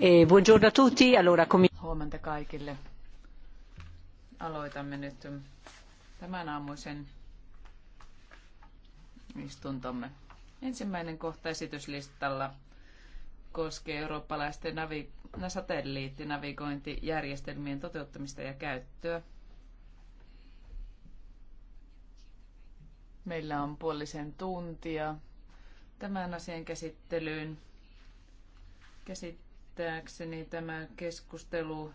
E, buongiorno a tutti. Allora, Huomenta kaikille. Aloitamme nyt tämän aamuisen istuntomme. Ensimmäinen kohta esityslistalla koskee eurooppalaisten navi- satelliittinavigointijärjestelmien toteuttamista ja käyttöä. Meillä on puolisen tuntia tämän asian käsittelyyn. Käsit- käsittääkseni tämä keskustelu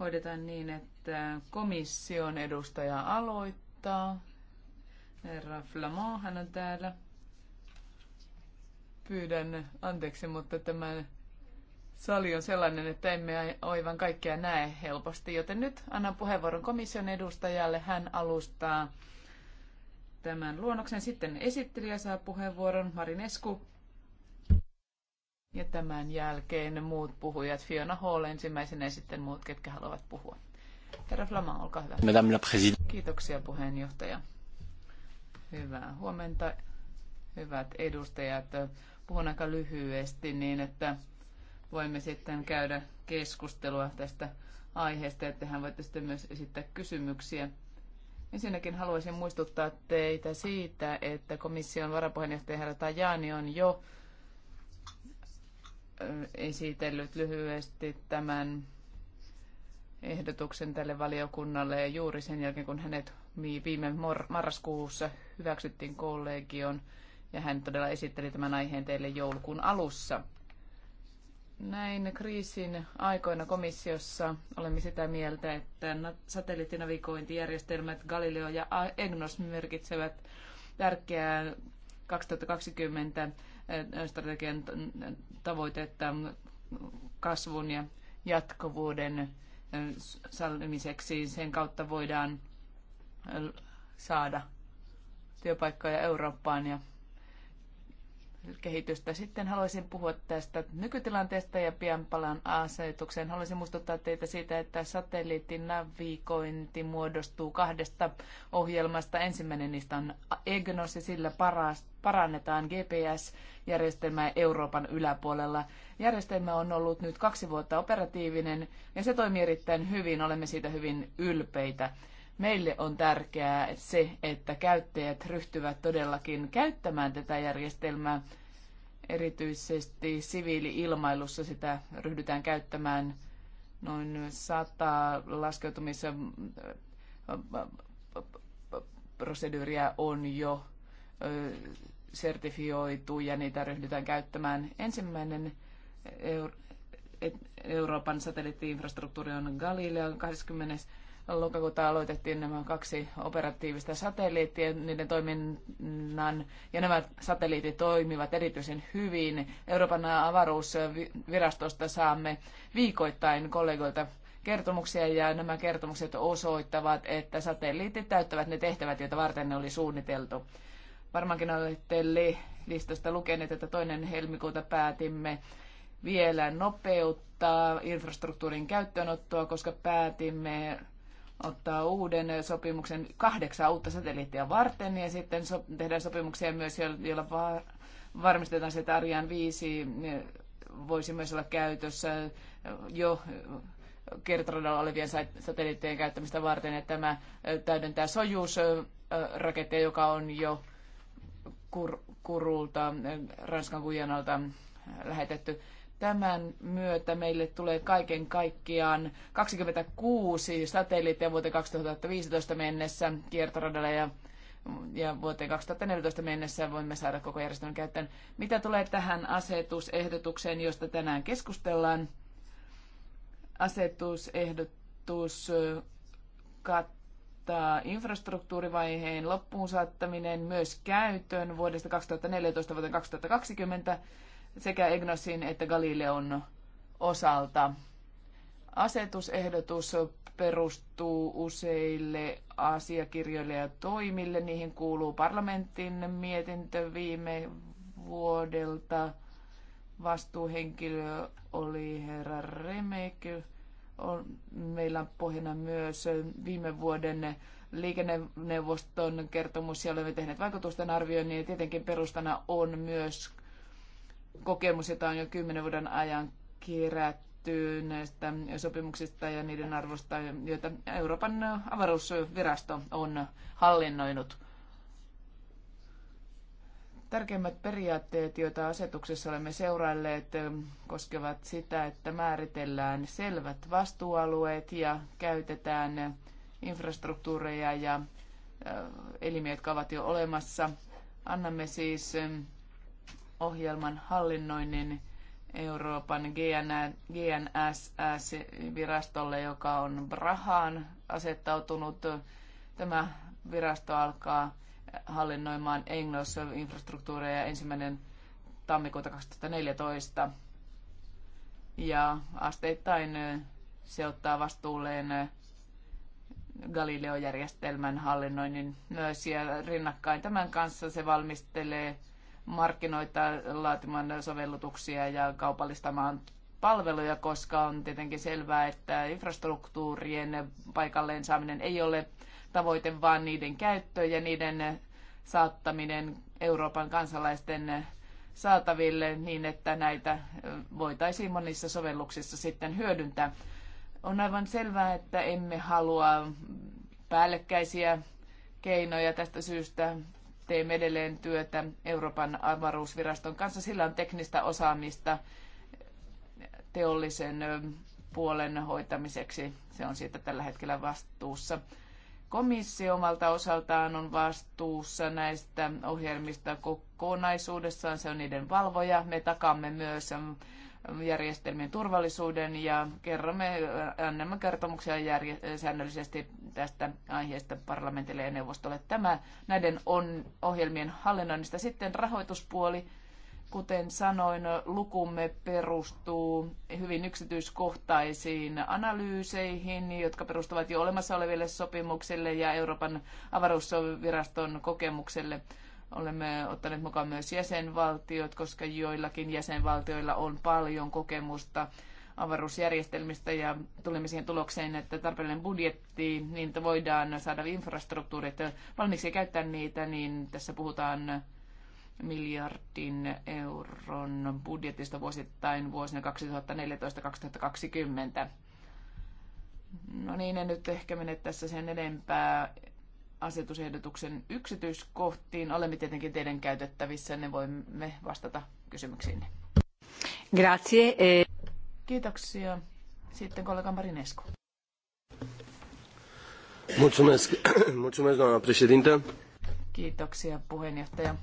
hoidetaan niin, että komission edustaja aloittaa. Herra Flamand, hän on täällä. Pyydän anteeksi, mutta tämä sali on sellainen, että emme aivan kaikkea näe helposti, joten nyt annan puheenvuoron komission edustajalle. Hän alustaa tämän luonnoksen. Sitten esittelijä saa puheenvuoron. Marin Esku, ja tämän jälkeen muut puhujat, Fiona Hall ensimmäisenä ja sitten muut, ketkä haluavat puhua. Herra Flama, olkaa hyvä. Madame la Présidente. Kiitoksia puheenjohtaja. Hyvää huomenta, hyvät edustajat. Puhun aika lyhyesti niin, että voimme sitten käydä keskustelua tästä aiheesta että hän voitte sitten myös esittää kysymyksiä. Ensinnäkin haluaisin muistuttaa teitä siitä, että komission varapuheenjohtaja herra Tajani on jo esitellyt lyhyesti tämän ehdotuksen tälle valiokunnalle ja juuri sen jälkeen, kun hänet viime marraskuussa hyväksyttiin kollegion ja hän todella esitteli tämän aiheen teille joulukuun alussa. Näin kriisin aikoina komissiossa olemme sitä mieltä, että satelliittinavigointijärjestelmät Galileo ja EGNOS merkitsevät tärkeää 2020 strategian tavoitetta kasvun ja jatkuvuuden sallimiseksi. Sen kautta voidaan saada työpaikkoja Eurooppaan ja kehitystä. Sitten haluaisin puhua tästä nykytilanteesta ja pian palaan asetukseen. Haluaisin muistuttaa teitä siitä, että satelliitin navigointi muodostuu kahdesta ohjelmasta. Ensimmäinen niistä on EGNOS ja sillä parasta parannetaan GPS-järjestelmää Euroopan yläpuolella. Järjestelmä on ollut nyt kaksi vuotta operatiivinen ja se toimii erittäin hyvin. Olemme siitä hyvin ylpeitä. Meille on tärkeää se, että käyttäjät ryhtyvät todellakin käyttämään tätä järjestelmää. Erityisesti siviili-ilmailussa sitä ryhdytään käyttämään noin sata laskeutumisen äh, äh, äh, proseduuria on jo sertifioitu ja niitä ryhdytään käyttämään. Ensimmäinen Euroopan satelliittiinfrastruktuuri on Galileo 20 lokakuuta aloitettiin nämä kaksi operatiivista satelliittia, niiden toiminnan, ja nämä satelliitit toimivat erityisen hyvin. Euroopan avaruusvirastosta saamme viikoittain kollegoilta kertomuksia, ja nämä kertomukset osoittavat, että satelliitit täyttävät ne tehtävät, joita varten ne oli suunniteltu. Varmaankin olette listasta lukeneet, että toinen helmikuuta päätimme vielä nopeuttaa infrastruktuurin käyttöönottoa, koska päätimme ottaa uuden sopimuksen kahdeksan uutta satelliittia varten ja sitten so- tehdään sopimuksia myös, joilla va- varmistetaan se, että Ariane 5 voisi myös olla käytössä jo kertoradalla olevien satelliittien käyttämistä varten. että tämä täydentää sojus joka on jo kur, Kurulta, Ranskan Gujanalta lähetetty. Tämän myötä meille tulee kaiken kaikkiaan 26 satelliittia vuoteen 2015 mennessä kiertoradalla ja, ja vuoteen 2014 mennessä voimme saada koko järjestelmän käyttöön. Mitä tulee tähän asetusehdotukseen, josta tänään keskustellaan? Asetusehdotus kat mutta infrastruktuurivaiheen loppuun saattaminen, myös käytön vuodesta 2014 vuoteen 2020 sekä Egnosin että Galileon osalta. Asetusehdotus perustuu useille asiakirjoille ja toimille. Niihin kuuluu parlamentin mietintö viime vuodelta. Vastuuhenkilö oli herra Remek meillä pohjana myös viime vuoden liikenneneuvoston kertomus ja olemme tehneet vaikutusten arvioinnin ja tietenkin perustana on myös kokemus, jota on jo kymmenen vuoden ajan kerätty näistä sopimuksista ja niiden arvosta, joita Euroopan avaruusvirasto on hallinnoinut. Tärkeimmät periaatteet, joita asetuksessa olemme seurailleet, ähm, koskevat sitä, että määritellään selvät vastuualueet ja käytetään äh, infrastruktuureja ja äh, elimiä, jotka ovat jo olemassa. Annamme siis ähm, ohjelman hallinnoinnin Euroopan GNSS-virastolle, joka on Brahaan asettautunut. Tämä virasto alkaa hallinnoimaan Englos-infrastruktuureja ensimmäinen tammikuuta 2014. Ja asteittain se ottaa vastuulleen Galileo-järjestelmän hallinnoinnin myös ja rinnakkain tämän kanssa se valmistelee markkinoita laatimaan sovellutuksia ja kaupallistamaan palveluja, koska on tietenkin selvää, että infrastruktuurien paikalleen saaminen ei ole tavoite, vaan niiden käyttö ja niiden saattaminen Euroopan kansalaisten saataville niin, että näitä voitaisiin monissa sovelluksissa sitten hyödyntää. On aivan selvää, että emme halua päällekkäisiä keinoja tästä syystä. Teemme edelleen työtä Euroopan avaruusviraston kanssa. Sillä on teknistä osaamista teollisen puolen hoitamiseksi. Se on siitä tällä hetkellä vastuussa. Komissio omalta osaltaan on vastuussa näistä ohjelmista kokonaisuudessaan, se on niiden valvoja. Me takamme myös järjestelmien turvallisuuden ja kerromme, annamme kertomuksia järje- säännöllisesti tästä aiheesta parlamentille ja neuvostolle. Tämä näiden on ohjelmien hallinnoinnista sitten rahoituspuoli. Kuten sanoin, lukumme perustuu hyvin yksityiskohtaisiin analyyseihin, jotka perustuvat jo olemassa oleville sopimuksille ja Euroopan avaruusviraston kokemukselle. Olemme ottaneet mukaan myös jäsenvaltiot, koska joillakin jäsenvaltioilla on paljon kokemusta avaruusjärjestelmistä ja tulimme siihen tulokseen, että tarpeellinen budjetti, niin että voidaan saada infrastruktuurit valmiiksi ja käyttää niitä, niin tässä puhutaan miljardin euron budjetista vuosittain vuosina 2014-2020. No niin, en nyt ehkä mene tässä sen enempää asetusehdotuksen yksityiskohtiin. Olemme tietenkin teidän käytettävissä, ne voimme vastata kysymyksiin. Grazie. E- Kiitoksia. Sitten kollega Marinescu. Mulțumesc, mulțumesc doamna președintă. Kiitoksia puheenjohtaja.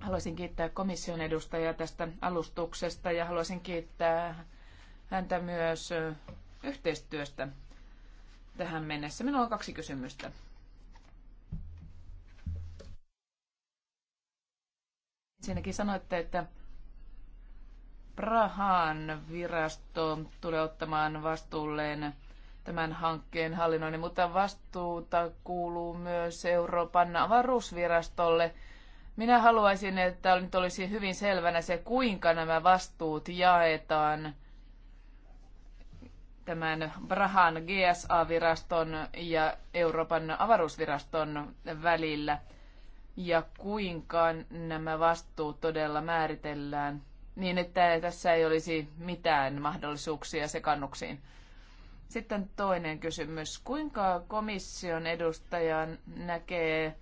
Haluaisin kiittää komission edustajaa tästä alustuksesta ja haluaisin kiittää häntä myös yhteistyöstä tähän mennessä. Minulla on kaksi kysymystä. Siinäkin sanoitte, että Prahan virasto tulee ottamaan vastuulleen tämän hankkeen hallinnoinnin, mutta vastuuta kuuluu myös Euroopan avaruusvirastolle – minä haluaisin, että nyt olisi hyvin selvänä se, kuinka nämä vastuut jaetaan tämän Brahan GSA-viraston ja Euroopan avaruusviraston välillä ja kuinka nämä vastuut todella määritellään niin, että tässä ei olisi mitään mahdollisuuksia sekannuksiin. Sitten toinen kysymys. Kuinka komission edustaja näkee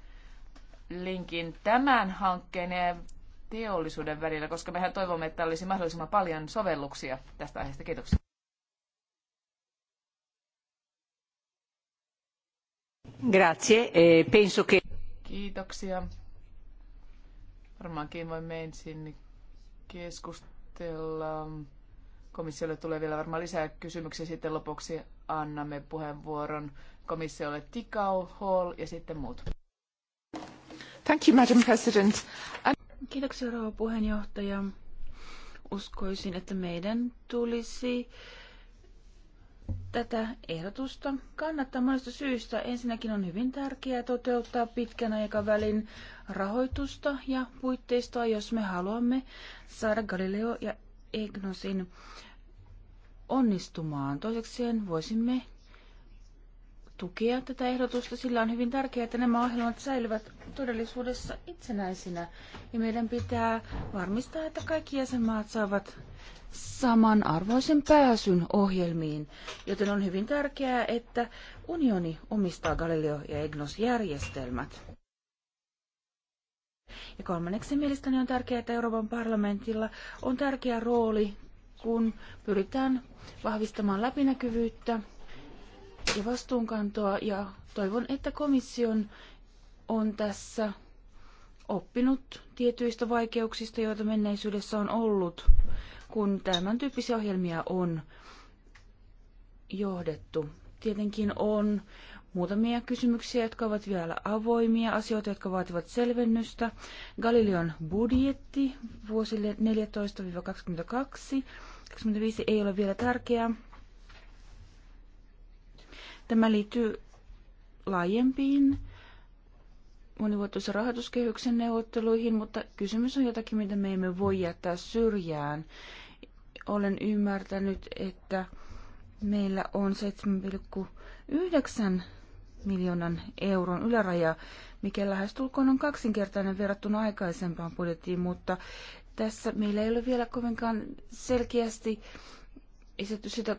linkin tämän hankkeen ja teollisuuden välillä, koska mehän toivomme, että olisi mahdollisimman paljon sovelluksia tästä aiheesta. Kiitoksia. Grazie. E, penso che... Kiitoksia. Varmaankin voimme ensin keskustella. Komissiolle tulee vielä varmaan lisää kysymyksiä. Sitten lopuksi annamme puheenvuoron komissiolle Tikau Hall ja sitten muut. Thank you, Madam President. Kiitoksia, rouva puheenjohtaja. Uskoisin, että meidän tulisi tätä ehdotusta kannattaa monesta syystä. Ensinnäkin on hyvin tärkeää toteuttaa pitkän aikavälin rahoitusta ja puitteistoa, jos me haluamme saada Galileo ja Egnosin onnistumaan. Toisekseen voisimme tukea tätä ehdotusta, sillä on hyvin tärkeää, että nämä ohjelmat säilyvät todellisuudessa itsenäisinä. Ja meidän pitää varmistaa, että kaikki jäsenmaat saavat samanarvoisen pääsyn ohjelmiin, joten on hyvin tärkeää, että unioni omistaa Galileo- ja EGNOS-järjestelmät. Ja kolmanneksi mielestäni on tärkeää, että Euroopan parlamentilla on tärkeä rooli, kun pyritään vahvistamaan läpinäkyvyyttä ja vastuunkantoa ja toivon, että komission on tässä oppinut tietyistä vaikeuksista, joita menneisyydessä on ollut, kun tämän tyyppisiä ohjelmia on johdettu. Tietenkin on muutamia kysymyksiä, jotka ovat vielä avoimia, asioita, jotka vaativat selvennystä. Galileon budjetti vuosille 14-22 25 ei ole vielä tärkeää. Tämä liittyy laajempiin monivuotoisen rahoituskehyksen neuvotteluihin, mutta kysymys on jotakin, mitä me emme voi jättää syrjään. Olen ymmärtänyt, että meillä on 7,9 miljoonan euron yläraja, mikä lähestulkoon on kaksinkertainen verrattuna aikaisempaan budjettiin, mutta tässä meillä ei ole vielä kovinkaan selkeästi esitetty sitä,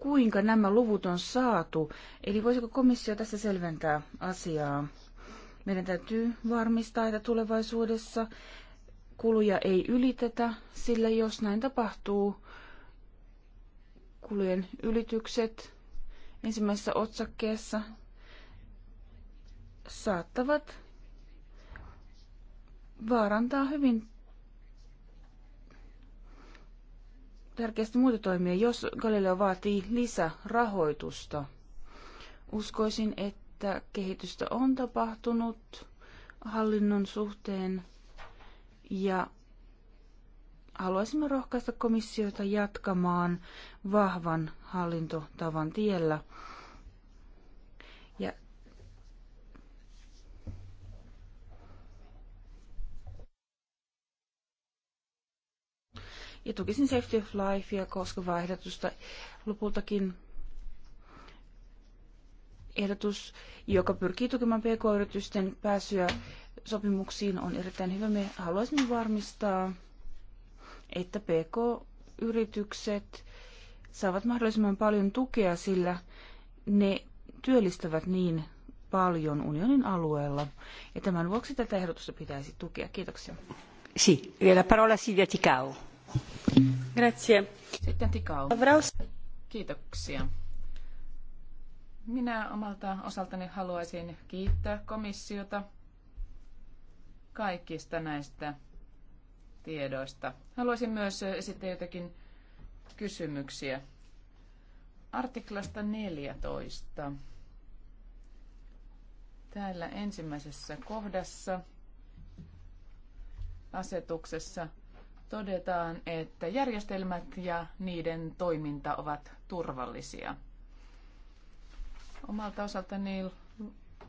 kuinka nämä luvut on saatu. Eli voisiko komissio tässä selventää asiaa? Meidän täytyy varmistaa, että tulevaisuudessa kuluja ei ylitetä, sillä jos näin tapahtuu, kulujen ylitykset ensimmäisessä otsakkeessa saattavat vaarantaa hyvin tärkeästi muita toimia, jos Galileo vaatii lisärahoitusta. Uskoisin, että kehitystä on tapahtunut hallinnon suhteen ja haluaisimme rohkaista komissiota jatkamaan vahvan hallintotavan tiellä. ja tukisin Safety of Lifea koskevaa ehdotusta. Lopultakin ehdotus, joka pyrkii tukemaan pk-yritysten pääsyä sopimuksiin, on erittäin hyvä. Me haluaisimme varmistaa, että pk-yritykset saavat mahdollisimman paljon tukea, sillä ne työllistävät niin paljon unionin alueella. Ja tämän vuoksi tätä ehdotusta pitäisi tukea. Kiitoksia. Si, vielä parola Silvia Ticao. Grazie. Sitten Tikau. Kiitoksia. Minä omalta osaltani haluaisin kiittää komissiota kaikista näistä tiedoista. Haluaisin myös esittää jotakin kysymyksiä. Artiklasta 14. Täällä ensimmäisessä kohdassa asetuksessa – todetaan, että järjestelmät ja niiden toiminta ovat turvallisia. Omalta osaltani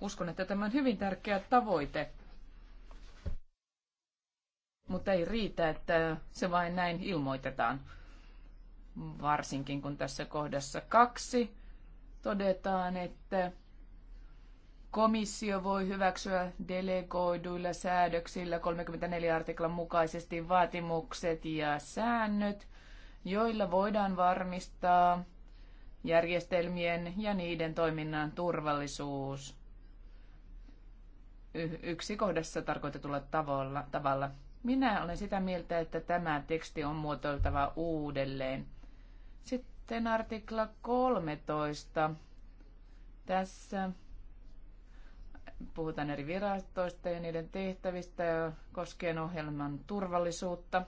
uskon, että tämä on hyvin tärkeä tavoite. Mutta ei riitä, että se vain näin ilmoitetaan. Varsinkin kun tässä kohdassa kaksi todetaan, että Komissio voi hyväksyä delegoiduilla säädöksillä 34 artiklan mukaisesti vaatimukset ja säännöt, joilla voidaan varmistaa järjestelmien ja niiden toiminnan turvallisuus yksi kohdassa tarkoitetulla tavalla, tavalla. Minä olen sitä mieltä, että tämä teksti on muotoiltava uudelleen. Sitten artikla 13. Tässä puhutaan eri virastoista ja niiden tehtävistä ja koskien ohjelman turvallisuutta.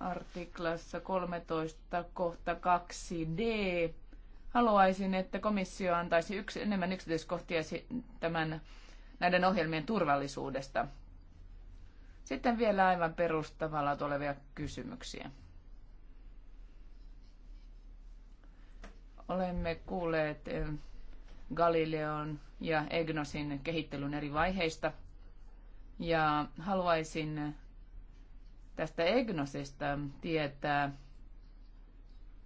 Artiklassa 13 kohta 2d haluaisin, että komissio antaisi yksi enemmän yksityiskohtia tämän, näiden ohjelmien turvallisuudesta. Sitten vielä aivan perustavalla tulevia kysymyksiä. Olemme kuulleet eh, Galileon ja EGNOSin kehittelyn eri vaiheista. Ja haluaisin tästä EGNOSista tietää,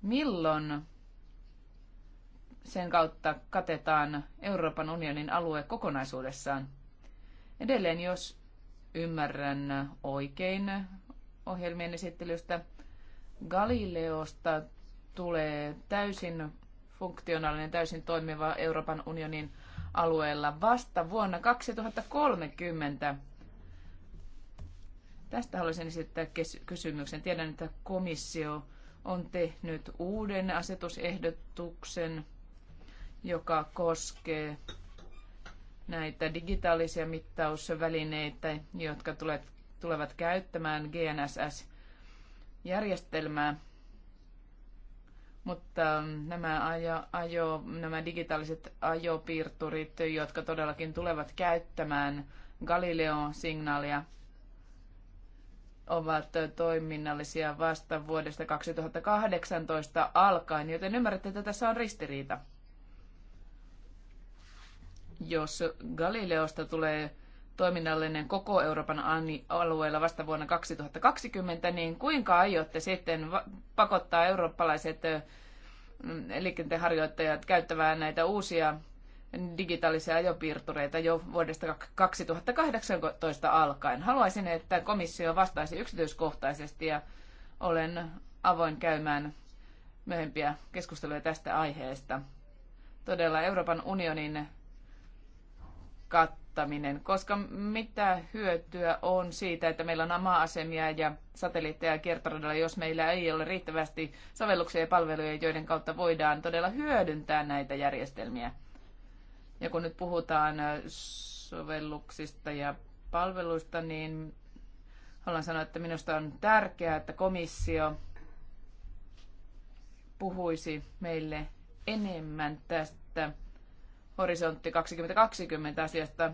milloin sen kautta katetaan Euroopan unionin alue kokonaisuudessaan. Edelleen, jos ymmärrän oikein ohjelmien esittelystä, Galileosta tulee täysin funktionaalinen, täysin toimiva Euroopan unionin alueella vasta vuonna 2030. Tästä haluaisin esittää kysymyksen. Tiedän, että komissio on tehnyt uuden asetusehdotuksen, joka koskee näitä digitaalisia mittausvälineitä, jotka tulevat käyttämään GNSS-järjestelmää mutta ähm, nämä, ajo, ajo, nämä digitaaliset ajopiirturit, jotka todellakin tulevat käyttämään Galileo-signaalia, ovat toiminnallisia vasta vuodesta 2018 alkaen, joten ymmärrätte, että tässä on ristiriita. Jos Galileosta tulee toiminnallinen koko Euroopan alueella vasta vuonna 2020, niin kuinka aiotte sitten pakottaa eurooppalaiset mm, liikenteenharjoittajat käyttämään näitä uusia digitaalisia ajopiirtureita jo vuodesta 2018 alkaen. Haluaisin, että komissio vastaisi yksityiskohtaisesti ja olen avoin käymään myöhempiä keskusteluja tästä aiheesta. Todella Euroopan unionin kat- muuttaminen, koska mitä hyötyä on siitä, että meillä on maa-asemia ja satelliitteja kiertoradalla, jos meillä ei ole riittävästi sovelluksia ja palveluja, joiden kautta voidaan todella hyödyntää näitä järjestelmiä. Ja kun nyt puhutaan sovelluksista ja palveluista, niin haluan sanoa, että minusta on tärkeää, että komissio puhuisi meille enemmän tästä horisontti 2020 asiasta.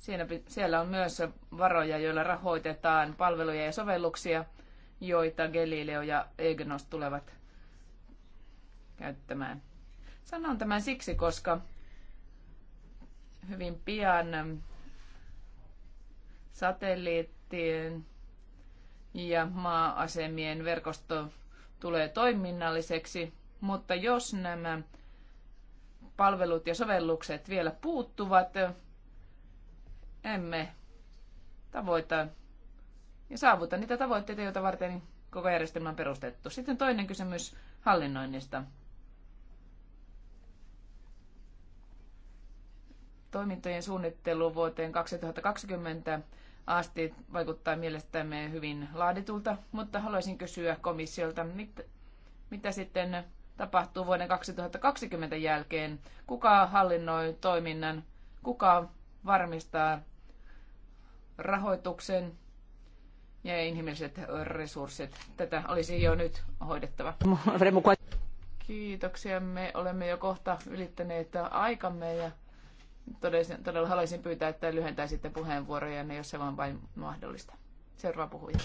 Siinä, siellä on myös varoja, joilla rahoitetaan palveluja ja sovelluksia, joita Galileo ja Egnos tulevat käyttämään. Sanon tämän siksi, koska hyvin pian satelliittien ja maa-asemien verkosto tulee toiminnalliseksi, mutta jos nämä palvelut ja sovellukset vielä puuttuvat, emme tavoita ja saavuta niitä tavoitteita, joita varten koko järjestelmä on perustettu. Sitten toinen kysymys hallinnoinnista. Toimintojen suunnittelu vuoteen 2020 asti vaikuttaa mielestämme hyvin laaditulta, mutta haluaisin kysyä komissiolta, mit, mitä sitten tapahtuu vuoden 2020 jälkeen? Kuka hallinnoi toiminnan? Kuka varmistaa rahoituksen ja inhimilliset resurssit. Tätä olisi jo nyt hoidettava. Kiitoksia. Me olemme jo kohta ylittäneet aikamme ja todella, haluaisin pyytää, että lyhentäisitte puheenvuoroja, jos se on vain mahdollista. Seuraava puhuja.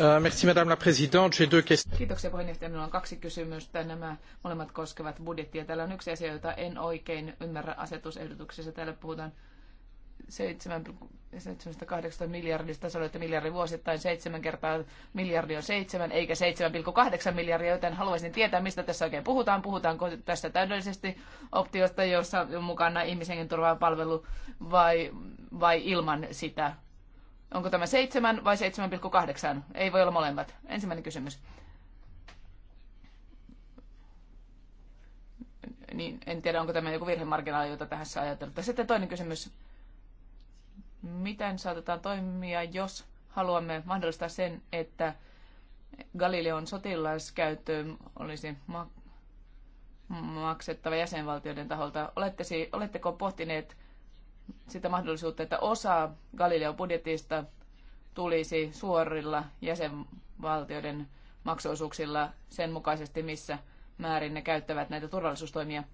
Äh, merci, madame la présidente. J'ai deux questions. Kiitoksia puheenjohtaja. Minulla on kaksi kysymystä. Nämä molemmat koskevat budjettia. Täällä on yksi asia, jota en oikein ymmärrä asetusehdotuksessa. Täällä puhutaan 7,8 miljardista, sanoin, että miljardi vuosittain, seitsemän kertaa miljardi on seitsemän, eikä 7,8 miljardia, joten haluaisin tietää, mistä tässä oikein puhutaan. Puhutaanko tässä täydellisesti optiosta, jossa on mukana ihmisen turvaa palvelu vai, vai ilman sitä? Onko tämä seitsemän vai 7,8? Ei voi olla molemmat. Ensimmäinen kysymys. Niin, en tiedä, onko tämä joku virhemarginaali, jota tähän saa ajatella. Sitten toinen kysymys miten saatetaan toimia, jos haluamme mahdollistaa sen, että Galileon sotilaskäyttö olisi maksettava jäsenvaltioiden taholta. oletteko pohtineet sitä mahdollisuutta, että osa Galileon budjetista tulisi suorilla jäsenvaltioiden maksuosuuksilla sen mukaisesti, missä määrin ne käyttävät näitä turvallisuustoimia.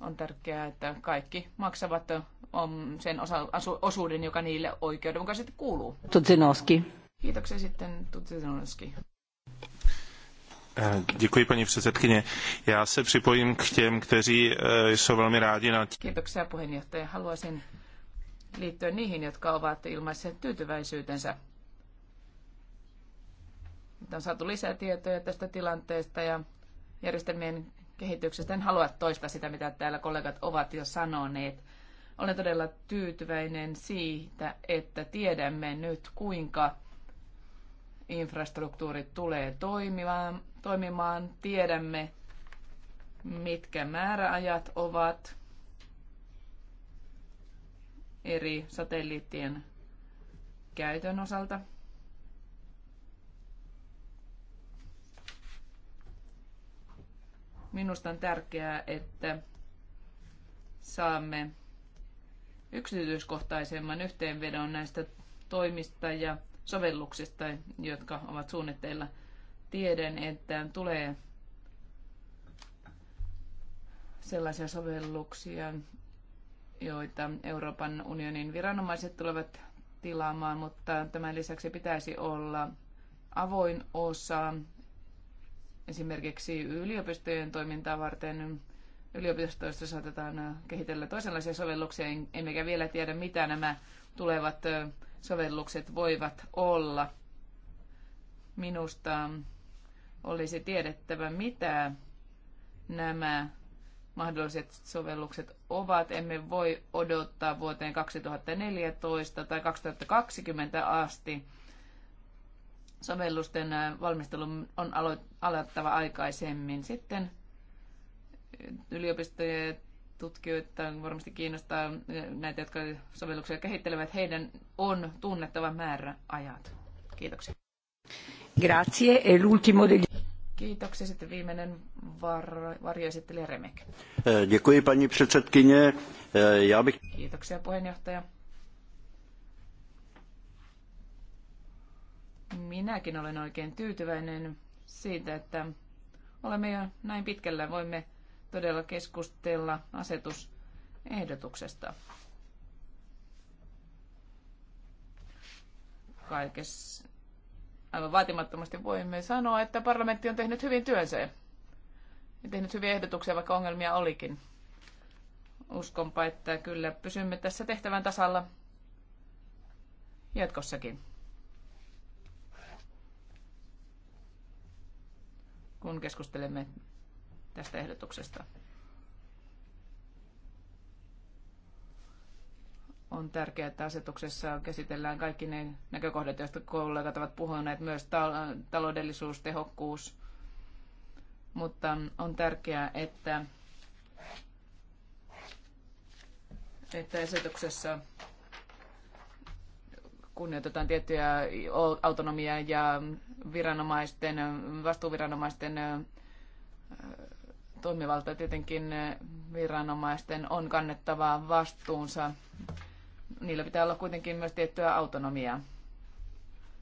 On tärkeää, että kaikki maksavat on sen osa, asu, osuuden, joka niille oikeudenmukaisesti kuuluu. Tutsinoski. Kiitoksia sitten Tutsinoski. Eh, děkuji, paní předsedkyně. Já se připojím k těm, kteří eh, jsou velmi rádi na... Kiitoksia, puheenjohtaja. Haluaisin liittyä niihin, jotka ovat ilmaisseet tyytyväisyytensä. Nyt on saatu lisää tietoja tästä tilanteesta ja järjestelmien kehityksestä. En halua toistaa sitä, mitä täällä kollegat ovat jo sanoneet. Olen todella tyytyväinen siitä, että tiedämme nyt kuinka infrastruktuuri tulee toimimaan. toimimaan. Tiedämme, mitkä määräajat ovat eri satelliittien käytön osalta. Minusta on tärkeää, että saamme yksityiskohtaisemman yhteenvedon näistä toimista ja sovelluksista, jotka ovat suunnitteilla. Tiedän, että tulee sellaisia sovelluksia, joita Euroopan unionin viranomaiset tulevat tilaamaan, mutta tämän lisäksi pitäisi olla avoin osa esimerkiksi yliopistojen toimintaa varten yliopistoista saatetaan äh, kehitellä toisenlaisia sovelluksia, emmekä vielä tiedä, mitä nämä tulevat äh, sovellukset voivat olla. Minusta olisi tiedettävä, mitä nämä mahdolliset sovellukset ovat. Emme voi odottaa vuoteen 2014 tai 2020 asti. Sovellusten äh, valmistelu on aloittava aikaisemmin. Sitten yliopistojen tutkijoita varmasti kiinnostaa näitä, jotka sovelluksia kehittelevät. Heidän on tunnettava määrä ajat. Kiitoksia. Grazie. E l'ultimo degli... Kiitoksia. Sitten viimeinen var... varjoesittelijä Remek. Eh, děkuji, paní předsedkyně. Eh, já bych... Kiitoksia, puheenjohtaja. Minäkin olen oikein tyytyväinen siitä, että olemme jo näin pitkällä. Voimme todella keskustella asetusehdotuksesta. Kaikessa aivan vaatimattomasti voimme sanoa, että parlamentti on tehnyt hyvin työnsä ja tehnyt hyviä ehdotuksia, vaikka ongelmia olikin. Uskonpa, että kyllä pysymme tässä tehtävän tasalla jatkossakin. Kun keskustelemme tästä ehdotuksesta. On tärkeää, että asetuksessa käsitellään kaikki ne näkökohdat, joista kollegat ovat puhuneet, myös taloudellisuus, tehokkuus. Mutta on tärkeää, että, että asetuksessa kunnioitetaan tiettyjä autonomiaa ja viranomaisten, vastuuviranomaisten toimivalta tietenkin eh, viranomaisten on kannettava vastuunsa. Niillä pitää olla kuitenkin myös tiettyä autonomiaa.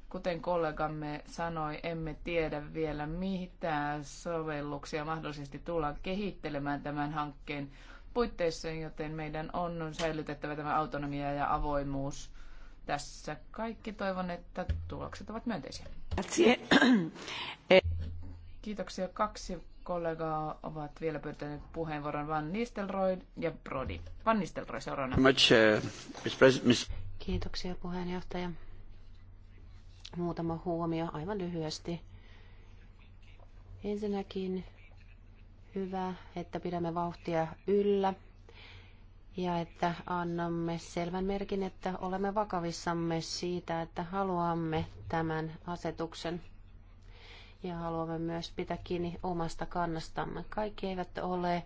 Kuten kollegamme sanoi, emme tiedä vielä mitä sovelluksia mahdollisesti tullaan kehittelemään tämän hankkeen puitteissa, joten meidän on säilytettävä tämä autonomia ja avoimuus. Tässä kaikki toivon, että tulokset ovat myönteisiä. Kiitoksia. Kaksi kollegaa ovat vielä pyytäneet puheenvuoron Van Nistelrooy ja Brody. Van Nistelrooy seuraavana. Much, uh, miss Kiitoksia puheenjohtaja. Muutama huomio aivan lyhyesti. Ensinnäkin hyvä, että pidämme vauhtia yllä ja että annamme selvän merkin, että olemme vakavissamme siitä, että haluamme tämän asetuksen ja haluamme myös pitää kiinni omasta kannastamme. Kaikki eivät ole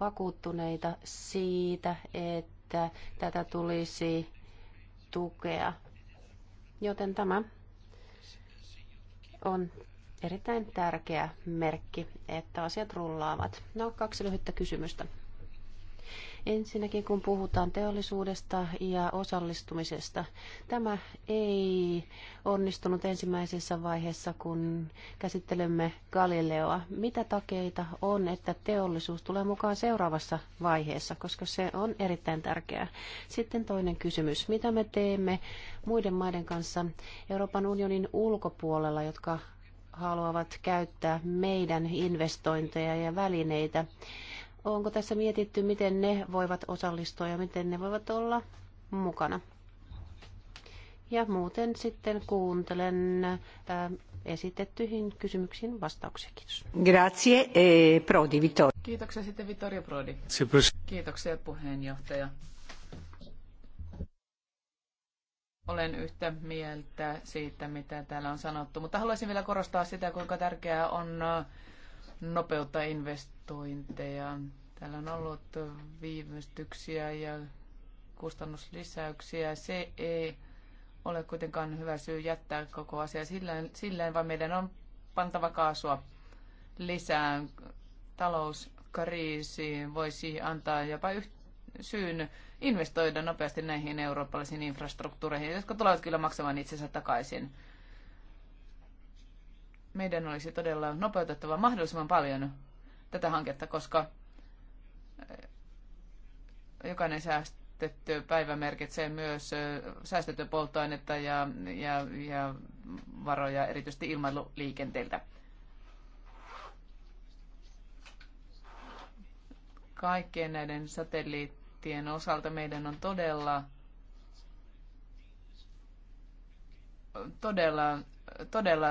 vakuuttuneita siitä, että tätä tulisi tukea. Joten tämä on erittäin tärkeä merkki, että asiat rullaavat. No, kaksi lyhyttä kysymystä. Ensinnäkin kun puhutaan teollisuudesta ja osallistumisesta, tämä ei onnistunut ensimmäisessä vaiheessa, kun käsittelemme Galileoa. Mitä takeita on, että teollisuus tulee mukaan seuraavassa vaiheessa, koska se on erittäin tärkeää. Sitten toinen kysymys. Mitä me teemme muiden maiden kanssa Euroopan unionin ulkopuolella, jotka haluavat käyttää meidän investointeja ja välineitä? Onko tässä mietitty, miten ne voivat osallistua ja miten ne voivat olla mukana? Ja muuten sitten kuuntelen äh, esitettyihin kysymyksiin vastauksia. Kiitos. Grazie, e Prodi, Vittorio. Kiitoksia sitten Vittorio Prodi. Kiitoksia puheenjohtaja. Olen yhtä mieltä siitä, mitä täällä on sanottu, mutta haluaisin vielä korostaa sitä, kuinka tärkeää on äh, nopeuttaa investointeja investointeja. Täällä on ollut viivästyksiä ja kustannuslisäyksiä. Se ei ole kuitenkaan hyvä syy jättää koko asia silleen, silleen vaan meidän on pantava kaasua lisää. Talouskriisi voisi antaa jopa yht- syyn investoida nopeasti näihin eurooppalaisiin infrastruktuureihin, jotka tulevat kyllä maksamaan itsensä takaisin. Meidän olisi todella nopeutettava mahdollisimman paljon tätä hanketta, koska eh, jokainen säästetty päivä merkitsee myös eh, säästettyä polttoainetta ja, ja, ja varoja erityisesti ilmailuliikenteeltä. Kaikkien näiden satelliittien osalta meidän on todella todella todella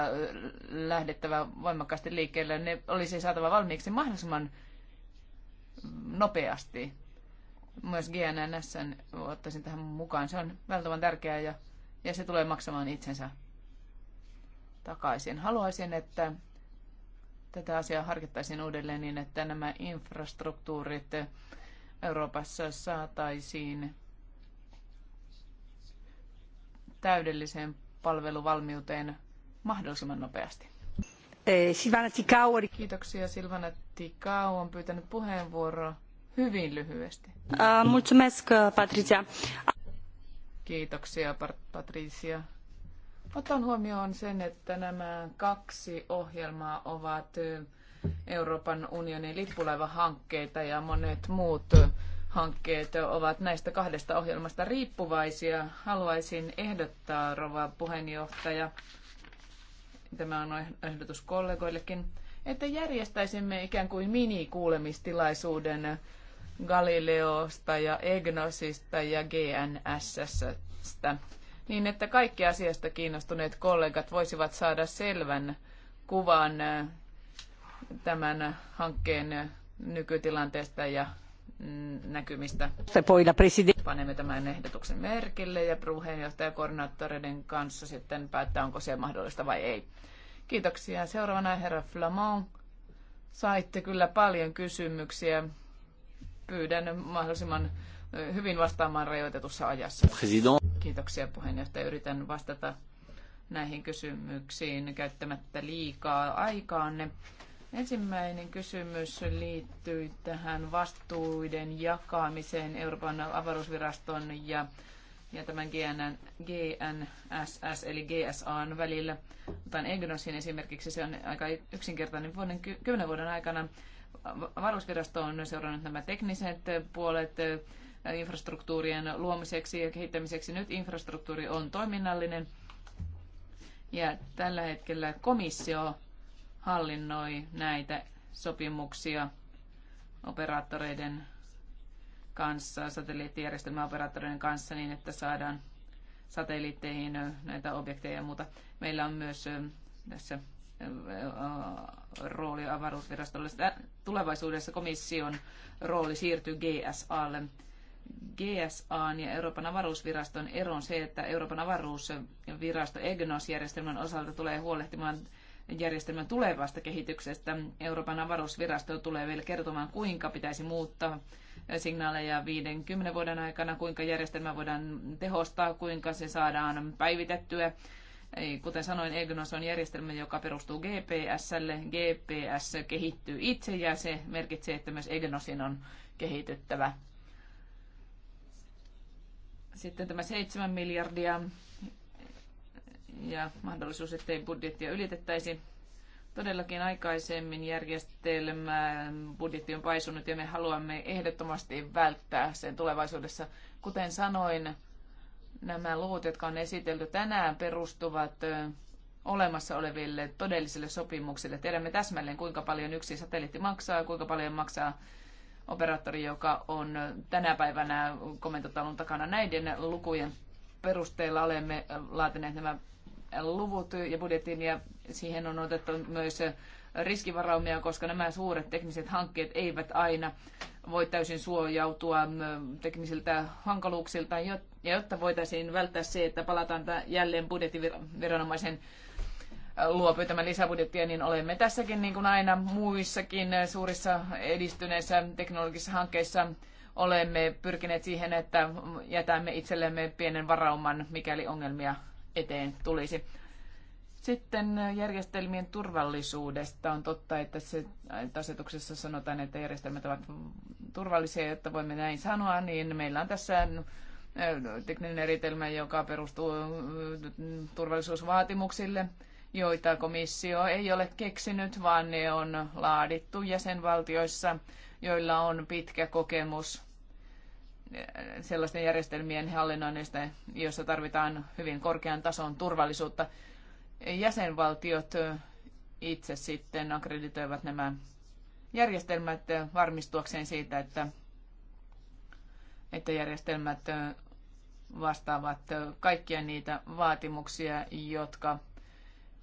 lähdettävä voimakkaasti liikkeelle. Ne olisi saatava valmiiksi mahdollisimman nopeasti. Myös GNNS ottaisin tähän mukaan. Se on valtavan tärkeää ja, ja se tulee maksamaan itsensä takaisin. Haluaisin, että tätä asiaa harkittaisiin uudelleen niin, että nämä infrastruktuurit Euroopassa saataisiin täydelliseen palveluvalmiuteen mahdollisimman nopeasti. Eh, Silvana Tikau. Kiitoksia Silvana Tikau on pyytänyt puheenvuoroa hyvin lyhyesti. Ah, mulțumesc, Patricia. Kiitoksia, Patricia. Otan huomioon sen, että nämä kaksi ohjelmaa ovat Euroopan unionin lippulaivahankkeita ja monet muut hankkeet ovat näistä kahdesta ohjelmasta riippuvaisia. Haluaisin ehdottaa, rova puheenjohtaja, tämä on eh, ehdotus kollegoillekin, että järjestäisimme ikään kuin minikuulemistilaisuuden Galileosta ja Egnosista ja GNSSstä, niin että kaikki asiasta kiinnostuneet kollegat voisivat saada selvän kuvan eh, tämän hankkeen nykytilanteesta ja näkymistä. Panemme tämän ehdotuksen merkille ja puheenjohtaja koordinaattoreiden kanssa sitten päättää, onko se mahdollista vai ei. Kiitoksia. Seuraavana herra Flamand. Saitte kyllä paljon kysymyksiä. Pyydän mahdollisimman hyvin vastaamaan rajoitetussa ajassa. President. Kiitoksia puheenjohtaja. Yritän vastata näihin kysymyksiin käyttämättä liikaa aikaanne. Ensimmäinen kysymys liittyy tähän vastuuden jakamiseen Euroopan avaruusviraston ja, ja tämän GNN, GNSS eli GSAn välillä. Otan EGNOSin esimerkiksi, se on aika yksinkertainen. Vuoden, kymmenen vuoden aikana avaruusvirasto on seurannut nämä tekniset puolet eh, infrastruktuurien luomiseksi ja kehittämiseksi. Nyt infrastruktuuri on toiminnallinen ja tällä hetkellä komissio hallinnoi näitä sopimuksia operaattoreiden kanssa, satelliittijärjestelmäoperaattoreiden kanssa niin, että saadaan satelliitteihin näitä objekteja ja muuta. Meillä on myös tässä rooli avaruusvirastolle. Tulevaisuudessa komission rooli siirtyy GSAlle. GSA ja Euroopan avaruusviraston ero on se, että Euroopan avaruusvirasto EGNOS-järjestelmän osalta tulee huolehtimaan järjestelmän tulevasta kehityksestä. Euroopan avaruusvirasto tulee vielä kertomaan, kuinka pitäisi muuttaa signaaleja 50 vuoden aikana, kuinka järjestelmä voidaan tehostaa, kuinka se saadaan päivitettyä. Kuten sanoin, EGNOS on järjestelmä, joka perustuu GPSlle. GPS kehittyy itse ja se merkitsee, että myös EGNOSin on kehityttävä. Sitten tämä 7 miljardia ja mahdollisuus, ettei budjettia ylitettäisi. Todellakin aikaisemmin järjestelmä budjetti on paisunut ja me haluamme ehdottomasti välttää sen tulevaisuudessa. Kuten sanoin, nämä luvut, jotka on esitelty tänään, perustuvat olemassa oleville todellisille sopimuksille. Tiedämme täsmälleen, kuinka paljon yksi satelliitti maksaa, kuinka paljon maksaa operaattori, joka on tänä päivänä komentotalon takana. Näiden lukujen perusteella olemme laatineet nämä luvut ja budjetin ja siihen on otettu myös riskivaraumia, koska nämä suuret tekniset hankkeet eivät aina voi täysin suojautua mm, teknisiltä hankaluuksilta, ja jotta voitaisiin välttää se, että palataan jälleen budjettiviranomaisen luo pyytämään lisäbudjettia, niin olemme tässäkin niin kuin aina muissakin suurissa edistyneissä teknologisissa hankkeissa olemme pyrkineet siihen, että jätämme itsellemme pienen varauman, mikäli ongelmia eteen tulisi. Sitten järjestelmien turvallisuudesta on totta, että, se, että asetuksessa sanotaan, että järjestelmät ovat turvallisia, jotta voimme näin sanoa, niin meillä on tässä äh, tekninen eritelmä, joka perustuu äh, turvallisuusvaatimuksille, joita komissio ei ole keksinyt, vaan ne on laadittu jäsenvaltioissa, joilla on pitkä kokemus sellaisten järjestelmien hallinnoinnista, jossa tarvitaan hyvin korkean tason turvallisuutta. Jäsenvaltiot itse sitten akkreditoivat nämä järjestelmät varmistuakseen siitä, että, että järjestelmät vastaavat kaikkia niitä vaatimuksia, jotka,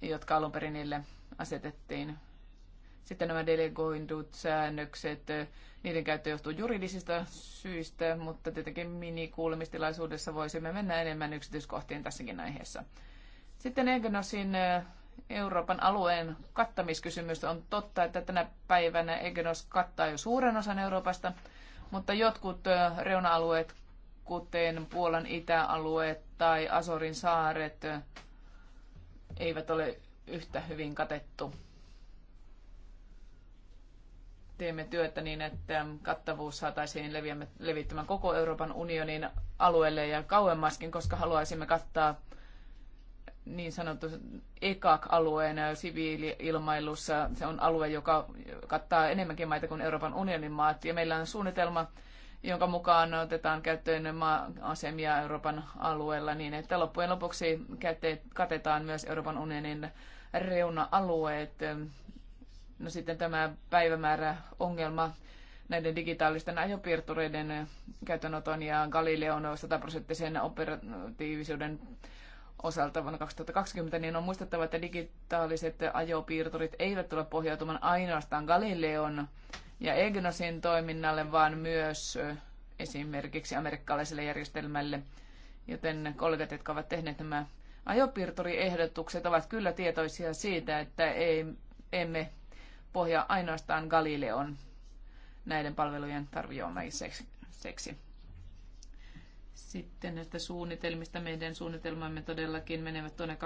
jotka alun perin niille asetettiin. Sitten nämä delegoidut säännökset, niiden käyttö johtuu juridisista syistä, mutta tietenkin minikuulemistilaisuudessa voisimme mennä enemmän yksityiskohtiin tässäkin aiheessa. Sitten Egnosin eh, Euroopan alueen kattamiskysymys on totta, että tänä päivänä Egenos kattaa jo suuren osan Euroopasta, mutta jotkut eh, reuna-alueet, kuten Puolan itäalueet tai Asorin saaret, eh, eivät ole yhtä hyvin katettu teemme työtä niin, että kattavuus saataisiin levittämään koko Euroopan unionin alueelle ja kauemmaskin, koska haluaisimme kattaa niin sanottu ECAC-alueen siviili-ilmailussa. Se on alue, joka kattaa enemmänkin maita kuin Euroopan unionin maat. Ja meillä on suunnitelma, jonka mukaan otetaan käyttöön maa-asemia Euroopan alueella niin, että loppujen lopuksi katetaan myös Euroopan unionin reuna-alueet No sitten tämä päivämäärä ongelma näiden digitaalisten ajopiirtureiden käytönoton ja Galileon 100-prosenttisen operatiivisuuden osalta vuonna 2020, niin on muistettava, että digitaaliset ajopiirturit eivät tule pohjautumaan ainoastaan Galileon ja Egnosin toiminnalle, vaan myös esimerkiksi amerikkalaiselle järjestelmälle. Joten kollegat, jotka ovat tehneet nämä ajopiirturiehdotukset, ovat kyllä tietoisia siitä, että ei, emme pohjaa ainoastaan Galileon näiden palvelujen tarjoamiseksi. Sitten näistä suunnitelmista. Meidän suunnitelmamme todellakin menevät tuonne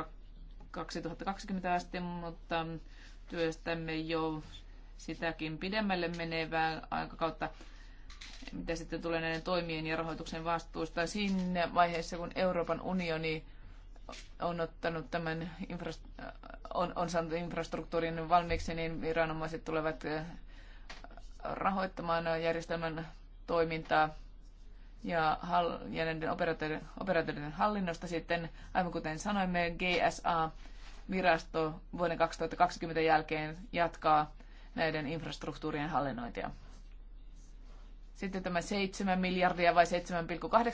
2020 asti, mutta työstämme jo sitäkin pidemmälle menevää aikakautta, mitä sitten tulee näiden toimien ja rahoituksen vastuusta. Siinä vaiheessa, kun Euroopan unioni on ottanut tämän infra- on, on saanut infrastruktuurin valmiiksi, niin viranomaiset tulevat eh, rahoittamaan järjestelmän toimintaa ja, hal- ja näiden operaatioiden, operaatioiden hallinnosta sitten, aivan kuten sanoimme, GSA-virasto vuoden 2020 jälkeen jatkaa näiden infrastruktuurien hallinnointia. Sitten tämä 7 miljardia vai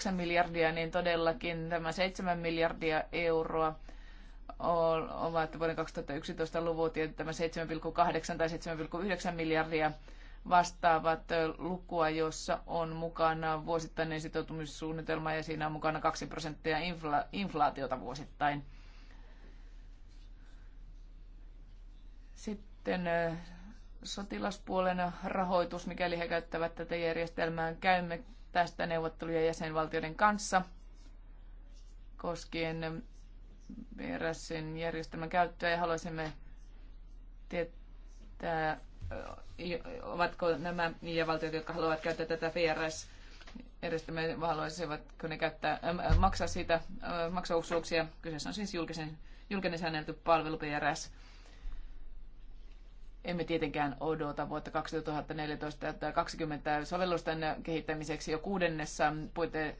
7,8 miljardia, niin todellakin tämä 7 miljardia euroa ovat vuoden 2011 luvut ja tämä 7,8 tai 7,9 miljardia vastaavat lukua, jossa on mukana vuosittainen sitoutumissuunnitelma ja siinä on mukana 2 prosenttia infla- inflaatiota vuosittain. Sitten sotilaspuolen rahoitus, mikäli he käyttävät tätä järjestelmää. Käymme tästä neuvotteluja jäsenvaltioiden kanssa koskien VRSin järjestelmän käyttöä ja haluaisimme tietää, ovatko nämä valtiot, jotka haluavat käyttää tätä VRS järjestelmää, haluaisivatko ne käyttää, maksaa siitä äh, maksuosuuksia. Kyseessä on siis julkisen, julkinen säännelty palvelu PRS emme tietenkään odota vuotta 2014 tai 20. sovellusten kehittämiseksi jo kuudennessa puite,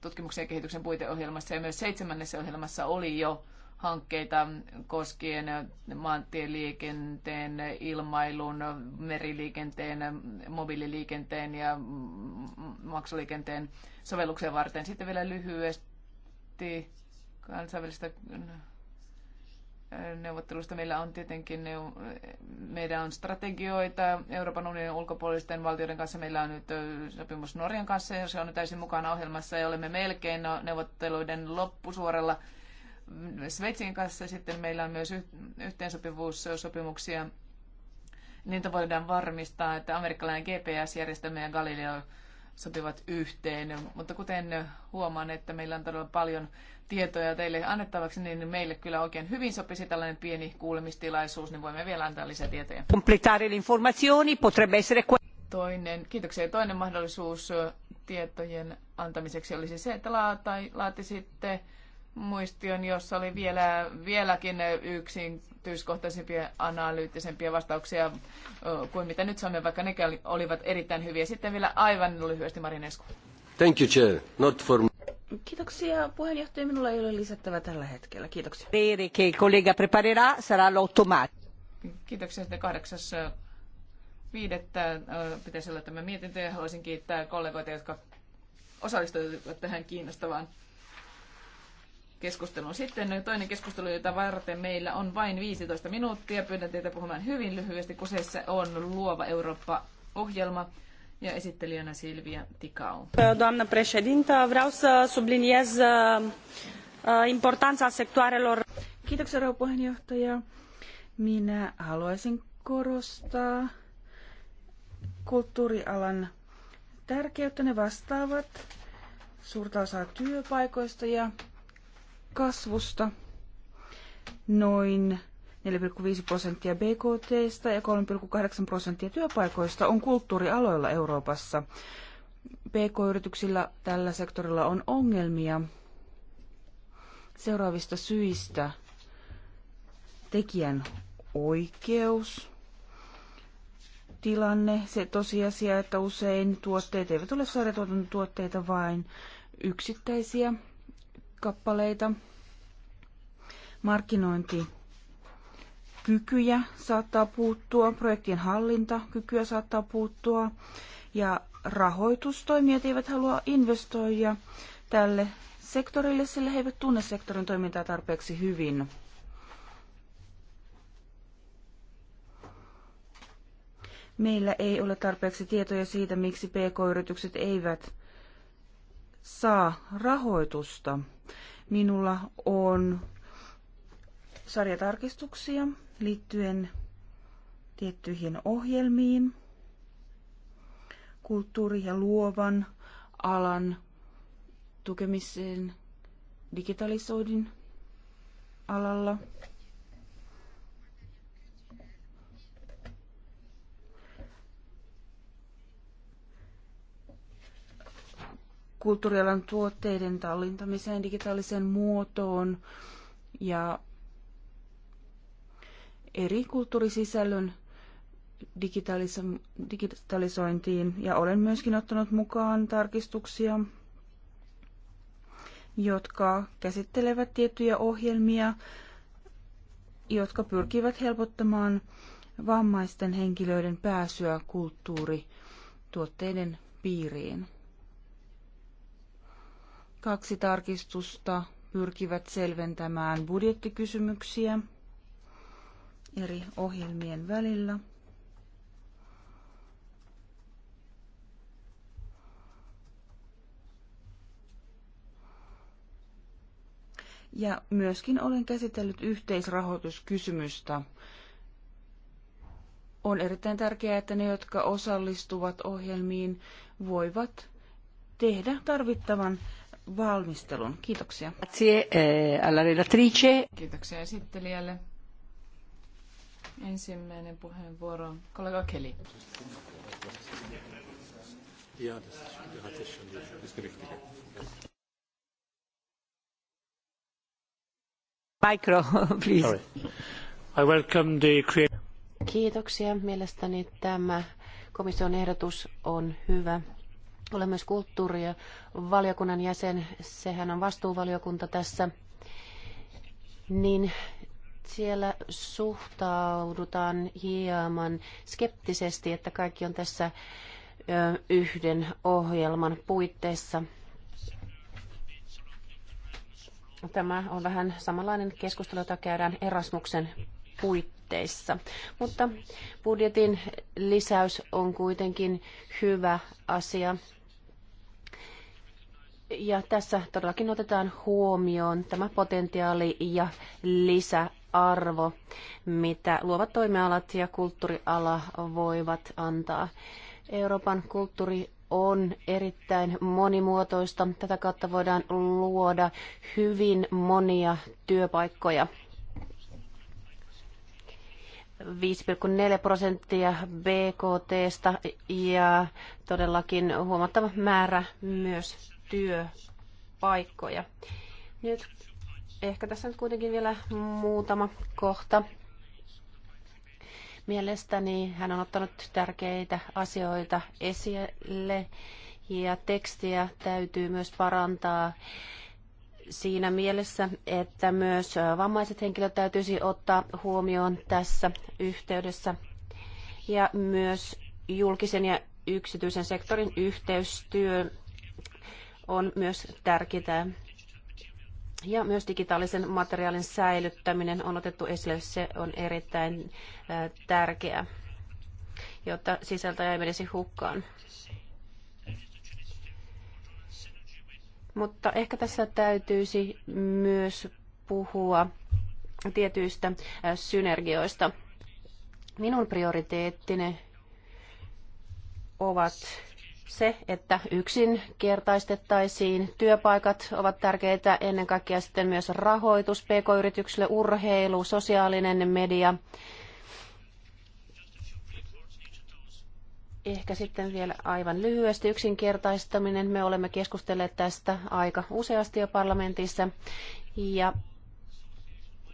tutkimuksen ja kehityksen puiteohjelmassa ja myös seitsemännessä ohjelmassa oli jo hankkeita koskien maantieliikenteen, ilmailun, meriliikenteen, mobiililiikenteen ja maksuliikenteen sovelluksen varten. Sitten vielä lyhyesti kansainvälistä neuvottelusta. Meillä on tietenkin, meidän on strategioita Euroopan unionin ulkopuolisten valtioiden kanssa. Meillä on nyt sopimus Norjan kanssa, ja se on täysin mukana ohjelmassa ja olemme melkein no, neuvotteluiden loppusuoralla. Sveitsin kanssa sitten meillä on myös yhteensopivuussopimuksia. Niitä voidaan varmistaa, että amerikkalainen GPS-järjestelmä ja Galileo sopivat yhteen. Mutta kuten huomaan, että meillä on todella paljon tietoja teille annettavaksi, niin meille kyllä oikein hyvin sopisi tällainen pieni kuulemistilaisuus, niin voimme vielä antaa lisää tietoja. Toinen, kiitoksia. Toinen mahdollisuus tietojen antamiseksi olisi se, että laatisitte muistion, jossa oli vielä, vieläkin yksityiskohtaisempia analyyttisempia vastauksia kuin mitä nyt saamme, vaikka ne olivat erittäin hyviä. Sitten vielä aivan lyhyesti Marinescu. Thank you, Chair. Not for... Kiitoksia puheenjohtaja. Minulla ei ole lisättävää tällä hetkellä. Kiitoksia. Che collega preparerà sarà Kiitoksia sitten kahdeksas viidettä. Pitäisi olla tämä mietintö ja haluaisin kiittää kollegoita, jotka osallistuivat tähän kiinnostavaan keskusteluun. Sitten toinen keskustelu, jota varten meillä on vain 15 minuuttia. Pyydän teitä puhumaan hyvin lyhyesti. Kuseessa on Luova Eurooppa-ohjelma ja esittelijänä Silvia Tikau. Doamna președintă, vreau să subliniez uh, uh, importanța sectoarelor. Kiitoksia, rouva puheenjohtaja. Minä haluaisin korostaa kulttuurialan tärkeyttä. Ne vastaavat suurta osaa työpaikoista ja kasvusta noin 4,5 prosenttia BKT ja 3,8 prosenttia työpaikoista on kulttuurialoilla Euroopassa. PK-yrityksillä tällä sektorilla on ongelmia seuraavista syistä. Tekijän oikeus, tilanne, se tosiasia, että usein tuotteet eivät ole tuotteita vain yksittäisiä kappaleita. Markkinointi kykyjä saattaa puuttua, projektien hallinta kykyä saattaa puuttua ja rahoitustoimijat eivät halua investoida tälle sektorille, sillä he eivät tunne sektorin toimintaa tarpeeksi hyvin. Meillä ei ole tarpeeksi tietoja siitä, miksi pk-yritykset eivät saa rahoitusta. Minulla on sarjatarkistuksia liittyen tiettyihin ohjelmiin, kulttuuri- ja luovan alan tukemiseen digitalisoidin alalla – kulttuurialan tuotteiden tallintamiseen digitaaliseen muotoon ja eri kulttuurisisällön digitalis- digitalisointiin. Ja olen myöskin ottanut mukaan tarkistuksia, jotka käsittelevät tiettyjä ohjelmia, jotka pyrkivät helpottamaan vammaisten henkilöiden pääsyä kulttuurituotteiden piiriin. Kaksi tarkistusta pyrkivät selventämään budjettikysymyksiä eri ohjelmien välillä. Ja myöskin olen käsitellyt yhteisrahoituskysymystä. On erittäin tärkeää, että ne, jotka osallistuvat ohjelmiin, voivat tehdä tarvittavan valmistelun. Kiitoksia. Eh, Kiitoksia esittelijälle. Ensimmäinen puheenvuoro, kollega Kelly. Ja, Micro, please. Sorry. I welcome the Kiitoksia. Mielestäni tämä komission ehdotus on hyvä olen myös valiokunnan jäsen, sehän on vastuuvaliokunta tässä, niin siellä suhtaudutaan hieman skeptisesti, että kaikki on tässä yhden ohjelman puitteissa. Tämä on vähän samanlainen keskustelu, jota käydään Erasmuksen puitteissa. Mutta budjetin lisäys on kuitenkin hyvä asia. Ja tässä todellakin otetaan huomioon tämä potentiaali ja lisäarvo, mitä luovat toimialat ja kulttuuriala voivat antaa. Euroopan kulttuuri on erittäin monimuotoista. Tätä kautta voidaan luoda hyvin monia työpaikkoja. 5,4 prosenttia BKTstä ja todellakin huomattava määrä myös työpaikkoja. Nyt ehkä tässä nyt kuitenkin vielä muutama kohta. Mielestäni hän on ottanut tärkeitä asioita esille ja tekstiä täytyy myös parantaa siinä mielessä, että myös vammaiset henkilöt täytyisi ottaa huomioon tässä yhteydessä ja myös julkisen ja yksityisen sektorin yhteystyön on myös tärkeää. Ja myös digitaalisen materiaalin säilyttäminen on otettu esille, se on erittäin äh, tärkeää, jotta sisältö ei menisi hukkaan. Mutta ehkä tässä täytyisi myös puhua tietyistä äh, synergioista. Minun prioriteettini ovat se, että yksinkertaistettaisiin. Työpaikat ovat tärkeitä ennen kaikkea sitten myös rahoitus pk-yrityksille, urheilu, sosiaalinen media. Ehkä sitten vielä aivan lyhyesti yksinkertaistaminen. Me olemme keskustelleet tästä aika useasti jo parlamentissa. Ja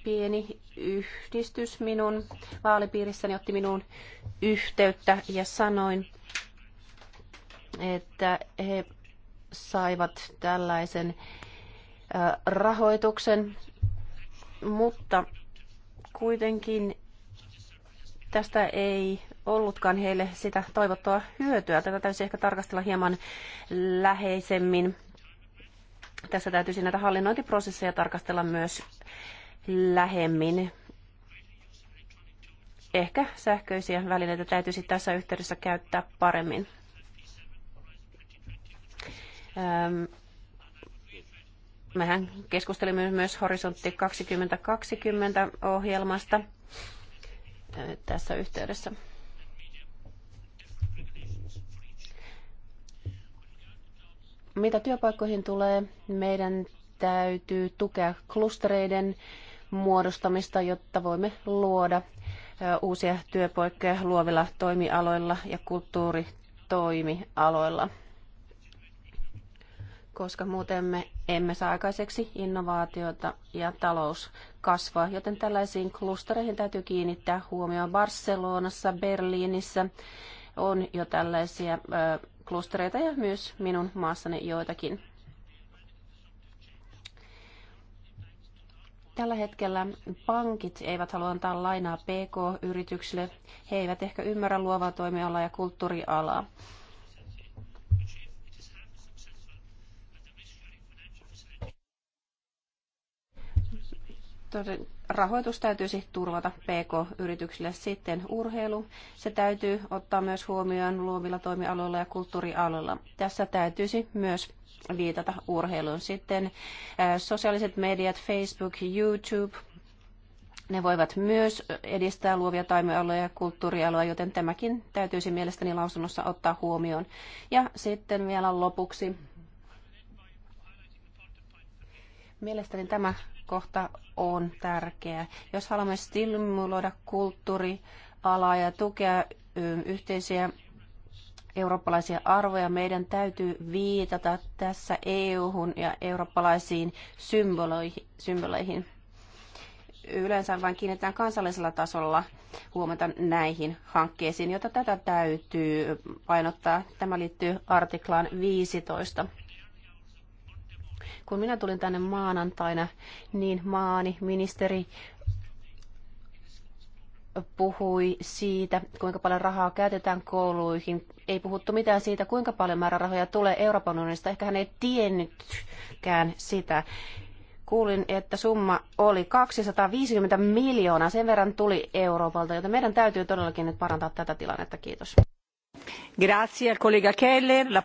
pieni yhdistys minun vaalipiirissäni otti minuun yhteyttä ja sanoin, että he saivat tällaisen rahoituksen, mutta kuitenkin tästä ei ollutkaan heille sitä toivottua hyötyä. Tätä täytyisi ehkä tarkastella hieman läheisemmin. Tässä täytyisi näitä hallinnointiprosesseja tarkastella myös lähemmin. Ehkä sähköisiä välineitä täytyisi tässä yhteydessä käyttää paremmin. Ähm, mehän keskustelimme myös Horisontti 2020 ohjelmasta äh, tässä yhteydessä. Mitä työpaikkoihin tulee, meidän täytyy tukea klustereiden muodostamista, jotta voimme luoda äh, uusia työpaikkoja luovilla toimialoilla ja kulttuuritoimialoilla koska muuten me emme saa aikaiseksi innovaatiota ja talous kasvaa. Joten tällaisiin klustereihin täytyy kiinnittää huomioon. Barcelonassa, Berliinissä on jo tällaisia klustereita ja myös minun maassani joitakin. Tällä hetkellä pankit eivät halua antaa lainaa PK-yrityksille. He eivät ehkä ymmärrä luovaa toimialaa ja kulttuurialaa. rahoitus täytyisi turvata PK-yrityksille. Sitten urheilu, se täytyy ottaa myös huomioon luovilla toimialoilla ja kulttuurialoilla. Tässä täytyisi myös viitata urheiluun. Sitten äh, sosiaaliset mediat, Facebook, YouTube, ne voivat myös edistää luovia taimialoja ja kulttuurialoja, joten tämäkin täytyisi mielestäni lausunnossa ottaa huomioon. Ja sitten vielä lopuksi. Mielestäni tämä kohta on tärkeä. Jos haluamme stimuloida kulttuurialaa ja tukea yhteisiä eurooppalaisia arvoja, meidän täytyy viitata tässä EU-hun ja eurooppalaisiin symboleihin. Yleensä vain kiinnitetään kansallisella tasolla huomata näihin hankkeisiin, jota tätä täytyy painottaa. Tämä liittyy artiklaan 15. Kun minä tulin tänne maanantaina, niin maani ministeri puhui siitä, kuinka paljon rahaa käytetään kouluihin. Ei puhuttu mitään siitä, kuinka paljon määrärahoja tulee Euroopan unionista. Ehkä hän ei tiennytkään sitä. Kuulin, että summa oli 250 miljoonaa. Sen verran tuli Euroopalta, joten meidän täytyy todellakin nyt parantaa tätä tilannetta. Kiitos. Grazie, kollega Keller. La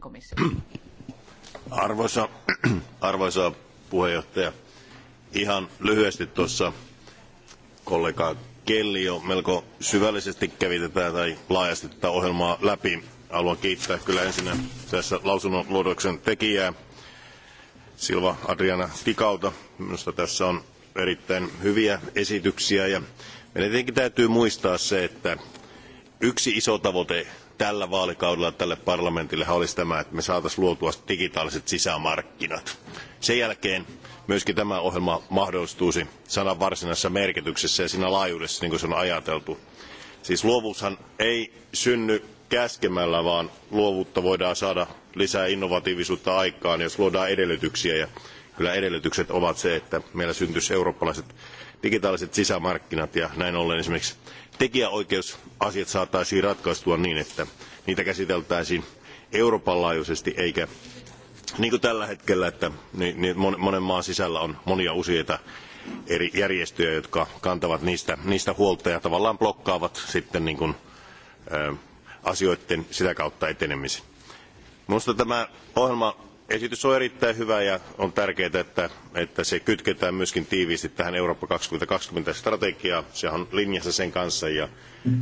komissio. Arvoisa, arvoisa ihan lyhyesti tuossa kollega kelly jo melko syvällisesti kävi tätä tai laajasti tätä ohjelmaa läpi. Haluan kiittää kyllä ensinnä tässä lausunnonluonnoksen tekijää Silva Adriana Tikauta. Minusta tässä on erittäin hyviä esityksiä ja meidän tietenkin täytyy muistaa se että yksi iso tavoite tällä vaalikaudella tälle parlamentille olisi tämä että me saisimme luotua digitaaliset sisämarkkinat. sen jälkeen myös tämä ohjelma mahdollistuisi sanan varsinaisessa merkityksessä ja siinä laajuudessa niin kuin se on ajateltu. siis luovuushan ei synny käskemällä vaan luovuutta voidaan saada lisää innovatiivisuutta aikaan jos luodaan edellytyksiä ja kyllä edellytykset ovat se että meillä syntyisi eurooppalaiset digitaaliset sisämarkkinat ja näin ollen esimerkiksi tekijäoikeusasiat saataisiin ratkaistua niin, että niitä käsiteltäisiin Euroopan laajuisesti eikä niin kuin tällä hetkellä, että niin, niin monen maan sisällä on monia useita eri järjestöjä, jotka kantavat niistä, niistä huolta ja tavallaan blokkaavat sitten niin kuin, asioiden sitä kautta etenemisen. Minusta tämä ohjelma esitys on erittäin hyvä ja on tärkeää että, se kytketään myös tiiviisti tähän eurooppa kaksituhatta kaksikymmentä strategiaan se on linjassa sen kanssa ja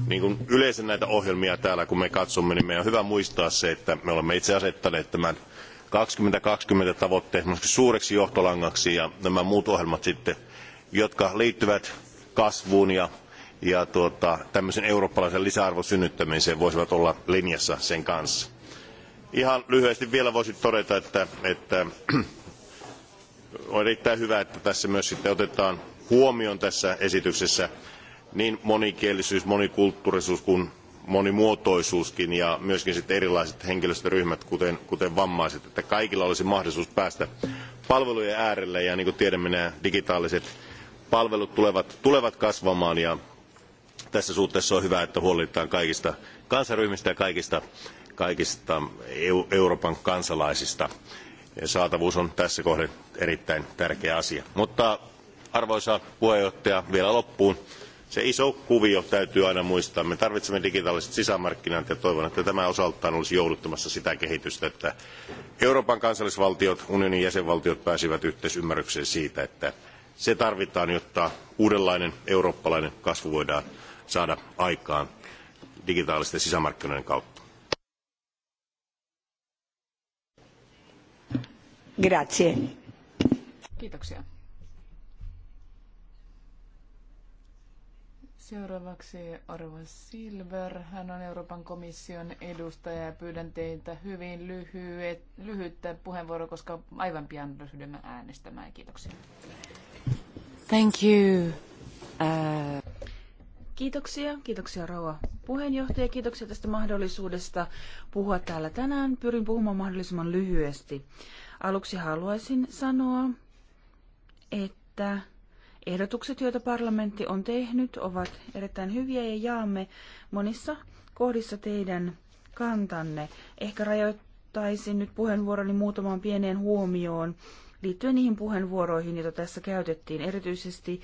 niin kuin yleensä näitä ohjelmia täällä kun me katsomme niin meidän on hyvä muistaa se että me olemme itse asettaneet tämän kaksituhatta kaksikymmentä tavoitteen suureksi johtolangaksi ja nämä muut ohjelmat sitten jotka liittyvät kasvuun ja ja tuota, tämmöisen eurooppalaisen lisäarvon synnyttämiseen voisivat olla linjassa sen kanssa ihan lyhyesti vielä voisin todeta että, on erittäin hyvä että tässä myös otetaan huomioon tässä esityksessä niin monikielisyys monikulttuurisuus kuin monimuotoisuuskin ja myös erilaiset henkilöstöryhmät kuten, vammaiset että kaikilla olisi mahdollisuus päästä palvelujen äärelle ja niin kuin tiedämme nämä digitaaliset palvelut tulevat, tulevat kasvamaan ja tässä suhteessa on hyvä että huolehditaan kaikista kansanryhmistä ja kaikista kaikista Euroopan kansalaisista. Saatavuus on tässä kohden erittäin tärkeä asia. Mutta arvoisa puheenjohtaja, vielä loppuun. Se iso kuvio täytyy aina muistaa. Me tarvitsemme digitaaliset sisämarkkinat ja toivon, että tämä osaltaan olisi jouduttamassa sitä kehitystä, että Euroopan kansallisvaltiot, unionin jäsenvaltiot pääsivät yhteisymmärrykseen siitä, että se tarvitaan, jotta uudenlainen eurooppalainen kasvu voidaan saada aikaan digitaalisten sisämarkkinoiden kautta. Kiitoksia. Seuraavaksi Arvo Silver. Hän on Euroopan komission edustaja ja pyydän teiltä hyvin lyhyet, lyhyttä puheenvuoroa, koska aivan pian ryhdymme äänestämään. Kiitoksia. Thank you. Uh... Kiitoksia, kiitoksia rouva puheenjohtaja, kiitoksia tästä mahdollisuudesta puhua täällä tänään. Pyrin puhumaan mahdollisimman lyhyesti. Aluksi haluaisin sanoa, että ehdotukset, joita parlamentti on tehnyt, ovat erittäin hyviä ja jaamme monissa kohdissa teidän kantanne. Ehkä rajoittaisin nyt puheenvuoroni muutamaan pieneen huomioon liittyen niihin puheenvuoroihin, joita tässä käytettiin, erityisesti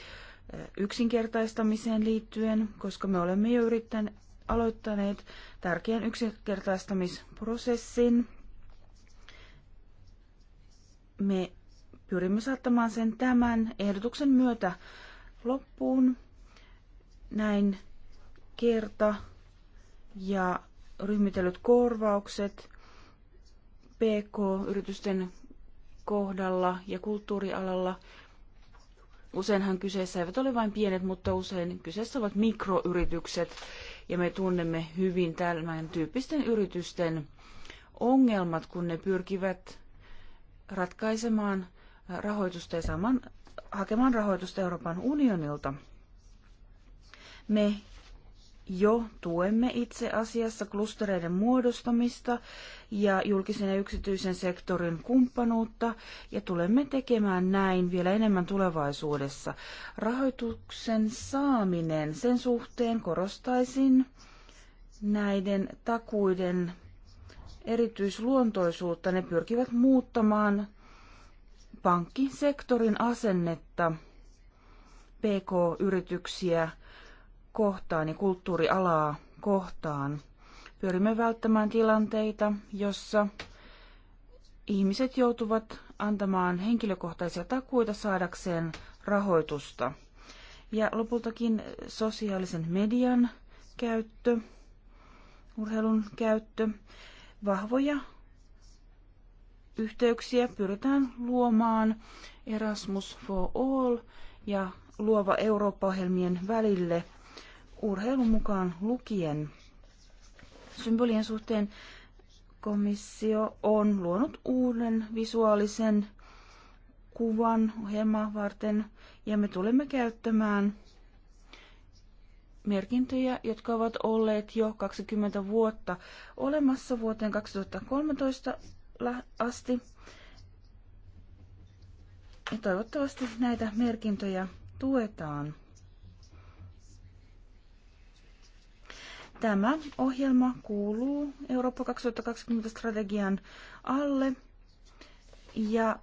yksinkertaistamiseen liittyen, koska me olemme jo yrittäneet aloittaneet tärkeän yksinkertaistamisprosessin me pyrimme saattamaan sen tämän ehdotuksen myötä loppuun näin kerta ja ryhmitellyt korvaukset PK-yritysten kohdalla ja kulttuurialalla. Useinhan kyseessä eivät ole vain pienet, mutta usein kyseessä ovat mikroyritykset ja me tunnemme hyvin tämän tyyppisten yritysten ongelmat, kun ne pyrkivät ratkaisemaan rahoitusta ja saamaan, hakemaan rahoitusta Euroopan unionilta. Me jo tuemme itse asiassa klustereiden muodostamista ja julkisen ja yksityisen sektorin kumppanuutta ja tulemme tekemään näin vielä enemmän tulevaisuudessa. Rahoituksen saaminen sen suhteen korostaisin näiden takuiden erityisluontoisuutta. Ne pyrkivät muuttamaan pankkisektorin asennetta PK-yrityksiä kohtaan ja kulttuurialaa kohtaan. Pyrimme välttämään tilanteita, jossa ihmiset joutuvat antamaan henkilökohtaisia takuita saadakseen rahoitusta. Ja lopultakin sosiaalisen median käyttö, urheilun käyttö vahvoja yhteyksiä pyritään luomaan Erasmus for All ja Luova Eurooppa-ohjelmien välille urheilun mukaan lukien. Symbolien suhteen komissio on luonut uuden visuaalisen kuvan ohjelmaa varten ja me tulemme käyttämään – merkintöjä, jotka ovat olleet jo 20 vuotta olemassa vuoteen 2013 asti. Ja toivottavasti näitä merkintöjä tuetaan. Tämä ohjelma kuuluu Eurooppa 2020 strategian alle ja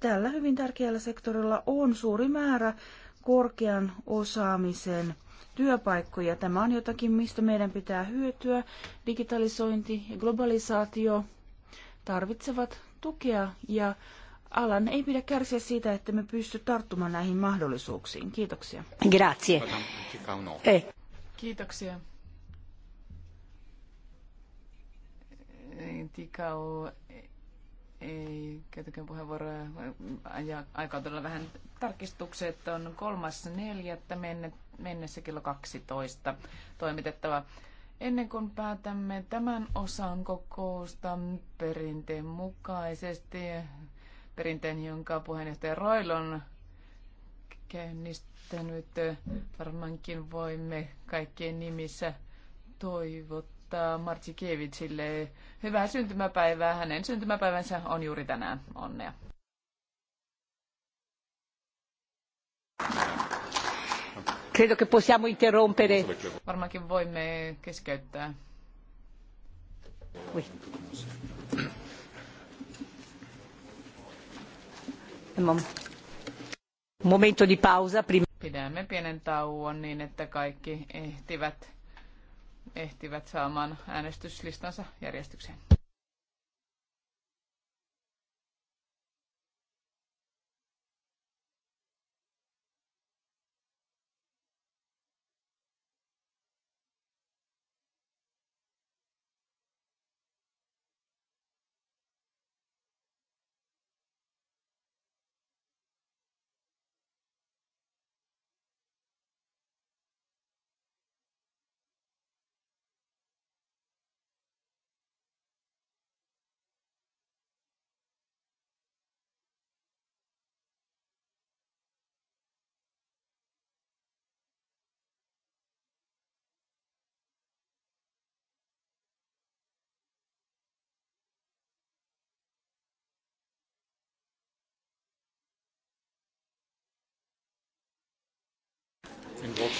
tällä hyvin tärkeällä sektorilla on suuri määrä korkean osaamisen työpaikkoja. Tämä on jotakin, mistä meidän pitää hyötyä. Digitalisointi ja globalisaatio tarvitsevat tukea ja alan ei pidä kärsiä siitä, että me pysty tarttumaan näihin mahdollisuuksiin. Kiitoksia. Grazie. Eh. Kiitoksia. Tikau ei käytäkään puheenvuoroja. Aika on todella vähän että On 3.4. mennessä kello 12 toimitettava. Ennen kuin päätämme tämän osan kokousta perinteen mukaisesti, perinteen, jonka puheenjohtaja Roil on käynnistänyt, varmaankin voimme kaikkien nimissä toivottaa toivottaa Kievitsille hyvää syntymäpäivää. Hänen syntymäpäivänsä on juuri tänään. Onnea. Credo che possiamo interrompere. Varmaankin voimme keskeyttää. Oui. Momento di pausa. Pidämme pienen tauon niin, että kaikki ehtivät ehtivät saamaan äänestyslistansa järjestykseen.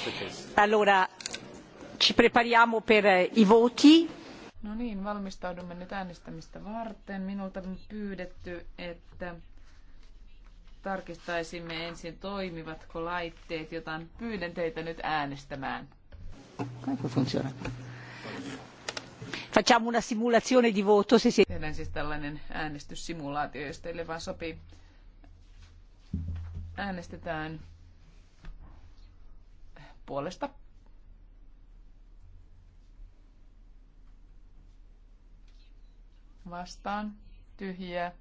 Eh, no niin, valmistaudumme nyt äänestämistä varten. Minulta on pyydetty, että tarkistaisimme ensin toimivatko laitteet, joten pyydän teitä nyt äänestämään. Ecco funziona. Facciamo una simulazione di voto se si... Tehdään siis tällainen äänestyssimulaatio, jos teille vaan sopii. Äänestetään puolesta. Vastaan. Tyhjiä.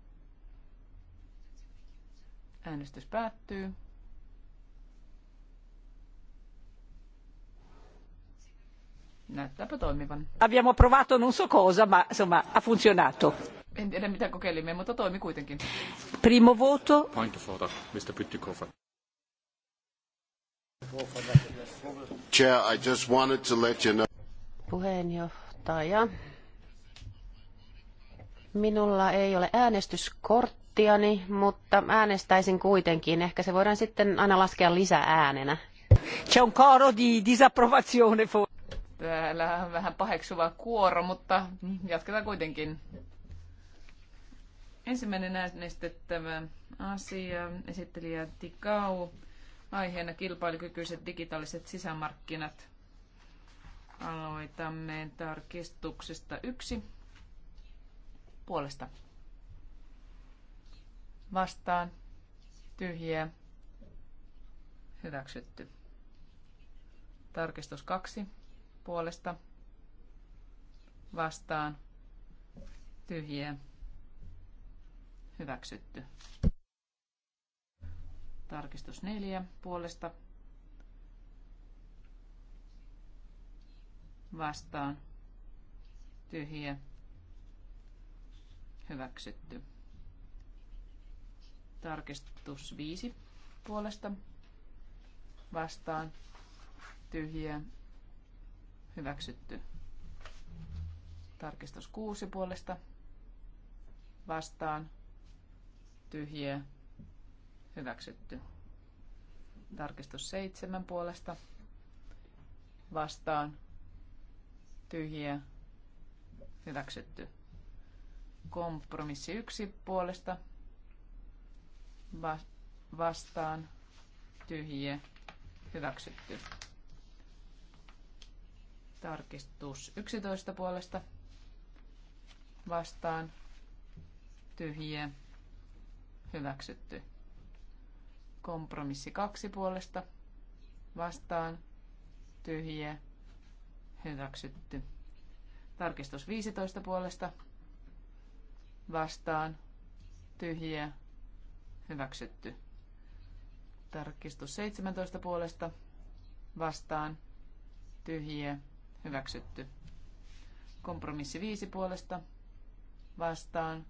Äänestys päättyy. Näyttääpä toimivan. Abbiamo provato non so cosa, ma insomma ha funzionato. En tiedä mitä kokeilimme, mutta toimi kuitenkin. Primo voto. Point of order, Mr. Pyttikofer. Chair, I just wanted to let you know. Puheenjohtaja, minulla ei ole äänestyskorttiani, mutta äänestäisin kuitenkin. Ehkä se voidaan sitten aina laskea lisääänenä. C'è un coro di disapprovazione for... Täällä on vähän paheksuva kuoro, mutta jatketaan kuitenkin. Ensimmäinen äänestettävä asia, esittelijä Tikau aiheena kilpailukykyiset digitaaliset sisämarkkinat. Aloitamme tarkistuksesta yksi puolesta. Vastaan. Tyhjiä. Hyväksytty. Tarkistus kaksi puolesta. Vastaan. Tyhjiä. Hyväksytty. Tarkistus neljä puolesta vastaan tyhjä hyväksytty. Tarkistus viisi puolesta vastaan tyhjä hyväksytty. Tarkistus kuusi puolesta vastaan tyhjä Hyväksytty. Tarkistus seitsemän puolesta. Vastaan. Tyhjiä. Hyväksytty. Kompromissi yksi puolesta. Va- vastaan. Tyhjiä. Hyväksytty. Tarkistus 11 puolesta. Vastaan. Tyhjiä. Hyväksytty. Kompromissi kaksi puolesta vastaan tyhjiä hyväksytty. Tarkistus 15 puolesta vastaan tyhjiä hyväksytty. Tarkistus 17 puolesta vastaan tyhjiä hyväksytty. Kompromissi 5 puolesta vastaan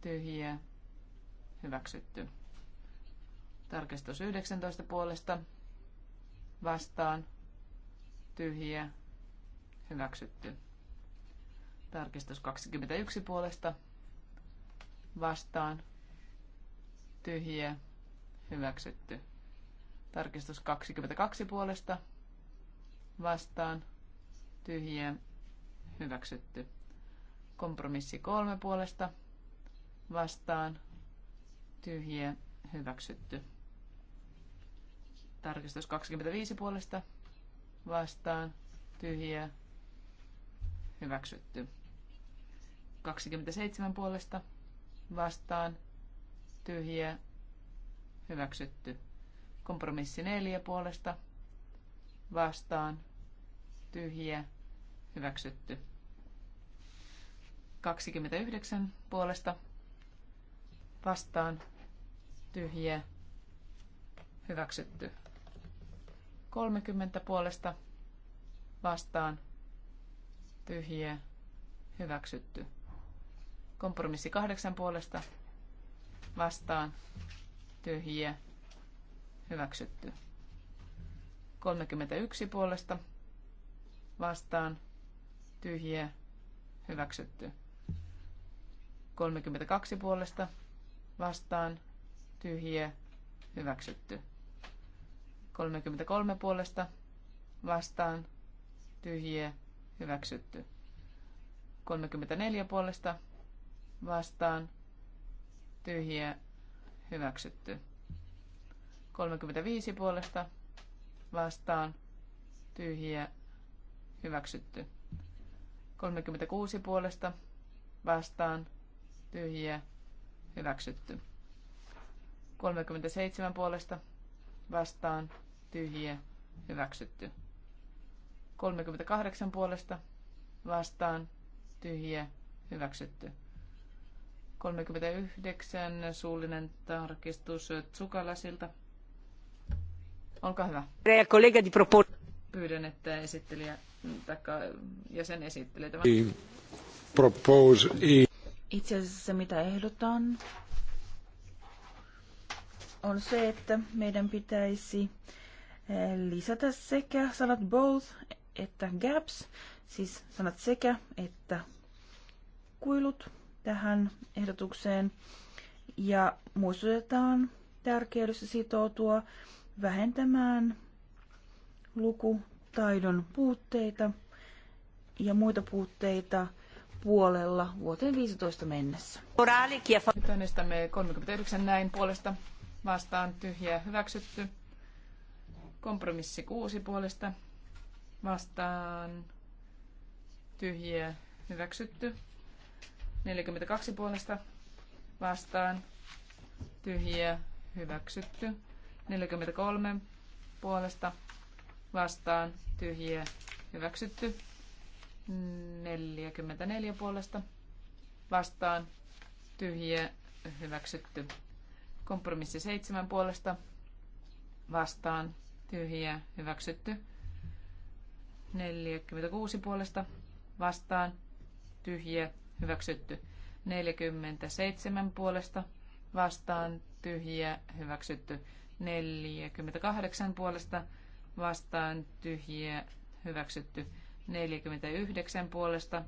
tyhjiä hyväksytty. Tarkistus 19 puolesta vastaan tyhjiä hyväksytty. Tarkistus 21 puolesta vastaan tyhjiä hyväksytty. Tarkistus 22 puolesta vastaan tyhjiä hyväksytty. Kompromissi 3 puolesta vastaan tyhjiä hyväksytty. Tarkistus 25 puolesta vastaan. Tyhjiä. Hyväksytty. 27 puolesta vastaan. Tyhjiä. Hyväksytty. Kompromissi 4 puolesta vastaan. Tyhjiä. Hyväksytty. 29 puolesta vastaan tyhjiä hyväksytty. 30 puolesta vastaan tyhjiä hyväksytty. Kompromissi 8 puolesta vastaan tyhjiä hyväksytty. 31 puolesta vastaan tyhjiä hyväksytty. 32 puolesta vastaan tyhjiä hyväksytty. 33 puolesta vastaan tyhjiä hyväksytty. 34 puolesta vastaan tyhjiä hyväksytty. 35 puolesta vastaan tyhjiä hyväksytty. 36 puolesta vastaan tyhjiä hyväksytty. 37 puolesta vastaan tyhjiä, hyväksytty. 38 puolesta vastaan, tyhjiä, hyväksytty. 39 suullinen tarkistus Tsukalasilta. Olkaa hyvä. Pyydän, että esittelijä taikka jäsen esittelee tämän. Propose. Itse asiassa se, mitä ehdotan, on se, että meidän pitäisi lisätä sekä sanat both että gaps, siis sanat sekä että kuilut tähän ehdotukseen. Ja muistutetaan tärkeydessä sitoutua vähentämään lukutaidon puutteita ja muita puutteita puolella vuoteen 15 mennessä. Nyt äänestämme 39 näin puolesta vastaan tyhjä hyväksytty. Kompromissi kuusi puolesta vastaan tyhjiä hyväksytty. 42 puolesta vastaan tyhjiä hyväksytty. 43 puolesta vastaan tyhjiä hyväksytty. 44 puolesta vastaan tyhjiä hyväksytty. Kompromissi 7 puolesta vastaan tyhjiä hyväksytty. 46 puolesta vastaan tyhjiä hyväksytty. 47 puolesta vastaan tyhjiä hyväksytty. 48 puolesta vastaan tyhjiä hyväksytty. 49 puolesta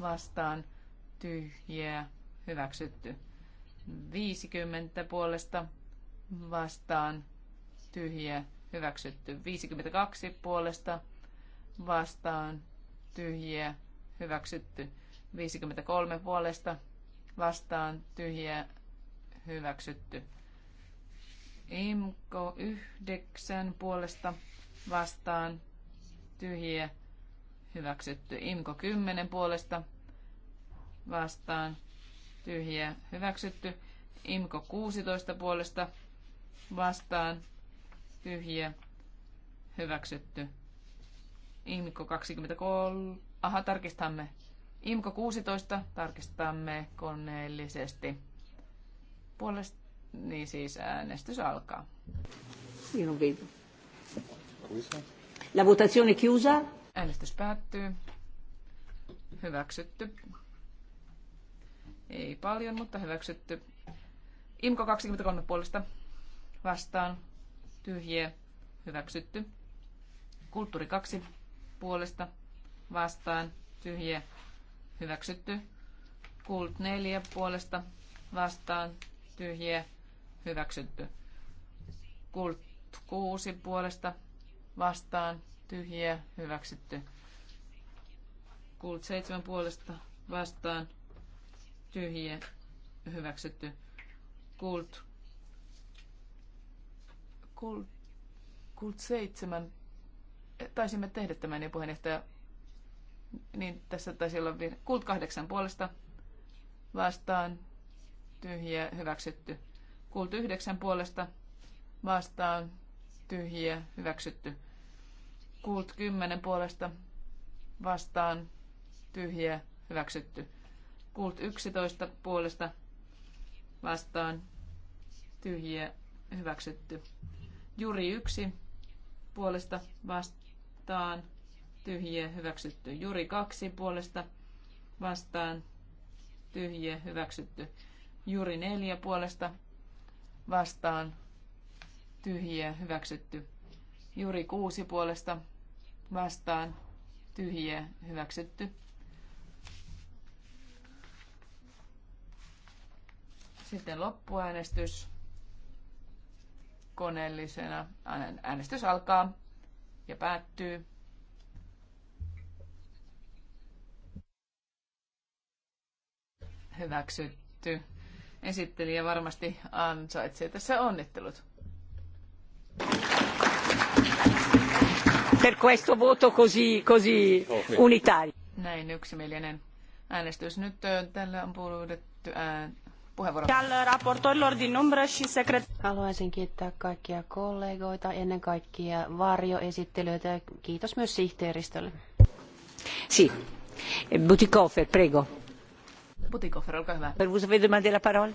vastaan tyhjiä hyväksytty. 50 puolesta vastaan tyhjiä hyväksytty. 52 puolesta vastaan tyhjiä hyväksytty. 53 puolesta vastaan tyhjiä hyväksytty. Imko 9 puolesta vastaan tyhjiä hyväksytty. Imko 10 puolesta vastaan tyhjiä hyväksytty. Imko 16 puolesta vastaan tyhjiä, hyväksytty. Imko 23, aha tarkistamme. Imko 16 tarkistamme koneellisesti. Puolest, niin siis äänestys alkaa. Minun viipu. La votazione chiusa. Äänestys päättyy. Hyväksytty. Ei paljon, mutta hyväksytty. Imko 23 puolesta vastaan tyhjiä, hyväksytty. Kulttuuri 2 puolesta vastaan, tyhjiä, hyväksytty. Kult 4 puolesta vastaan, tyhjiä, hyväksytty. Kult 6 puolesta vastaan, tyhjiä, hyväksytty. Kult 7 puolesta vastaan, tyhjiä, hyväksytty. Kult seitsemän. taisimme tehdä tämän ja puheenjohtaja, niin tässä taisi olla virhe. Kult kahdeksan puolesta vastaan tyhjiä hyväksytty. Kult yhdeksän puolesta vastaan tyhjiä hyväksytty. Kult kymmenen puolesta vastaan tyhjiä hyväksytty. Kult 11 puolesta vastaan tyhjiä hyväksytty. Juri 1 puolesta vastaan tyhjiä hyväksytty. Juri 2 puolesta vastaan tyhjiä hyväksytty. Juri 4 puolesta vastaan tyhjiä hyväksytty. Juri 6 puolesta vastaan tyhjiä hyväksytty. Sitten loppuäänestys koneellisena. Äänestys alkaa ja päättyy. Hyväksytty. Esittelijä varmasti ansaitsee tässä onnittelut. Per questo voto così, così unitario. Näin yksimielinen äänestys. Nyt tällä on puoludettu puheenvuoron. Haluaisin kiittää kaikkia kollegoita, ennen kaikkea varjoesittelyitä ja kiitos myös sihteeristölle. Si. Butikofer, prego. Butikofer, olkaa hyvä. Vous avez demandé la parole?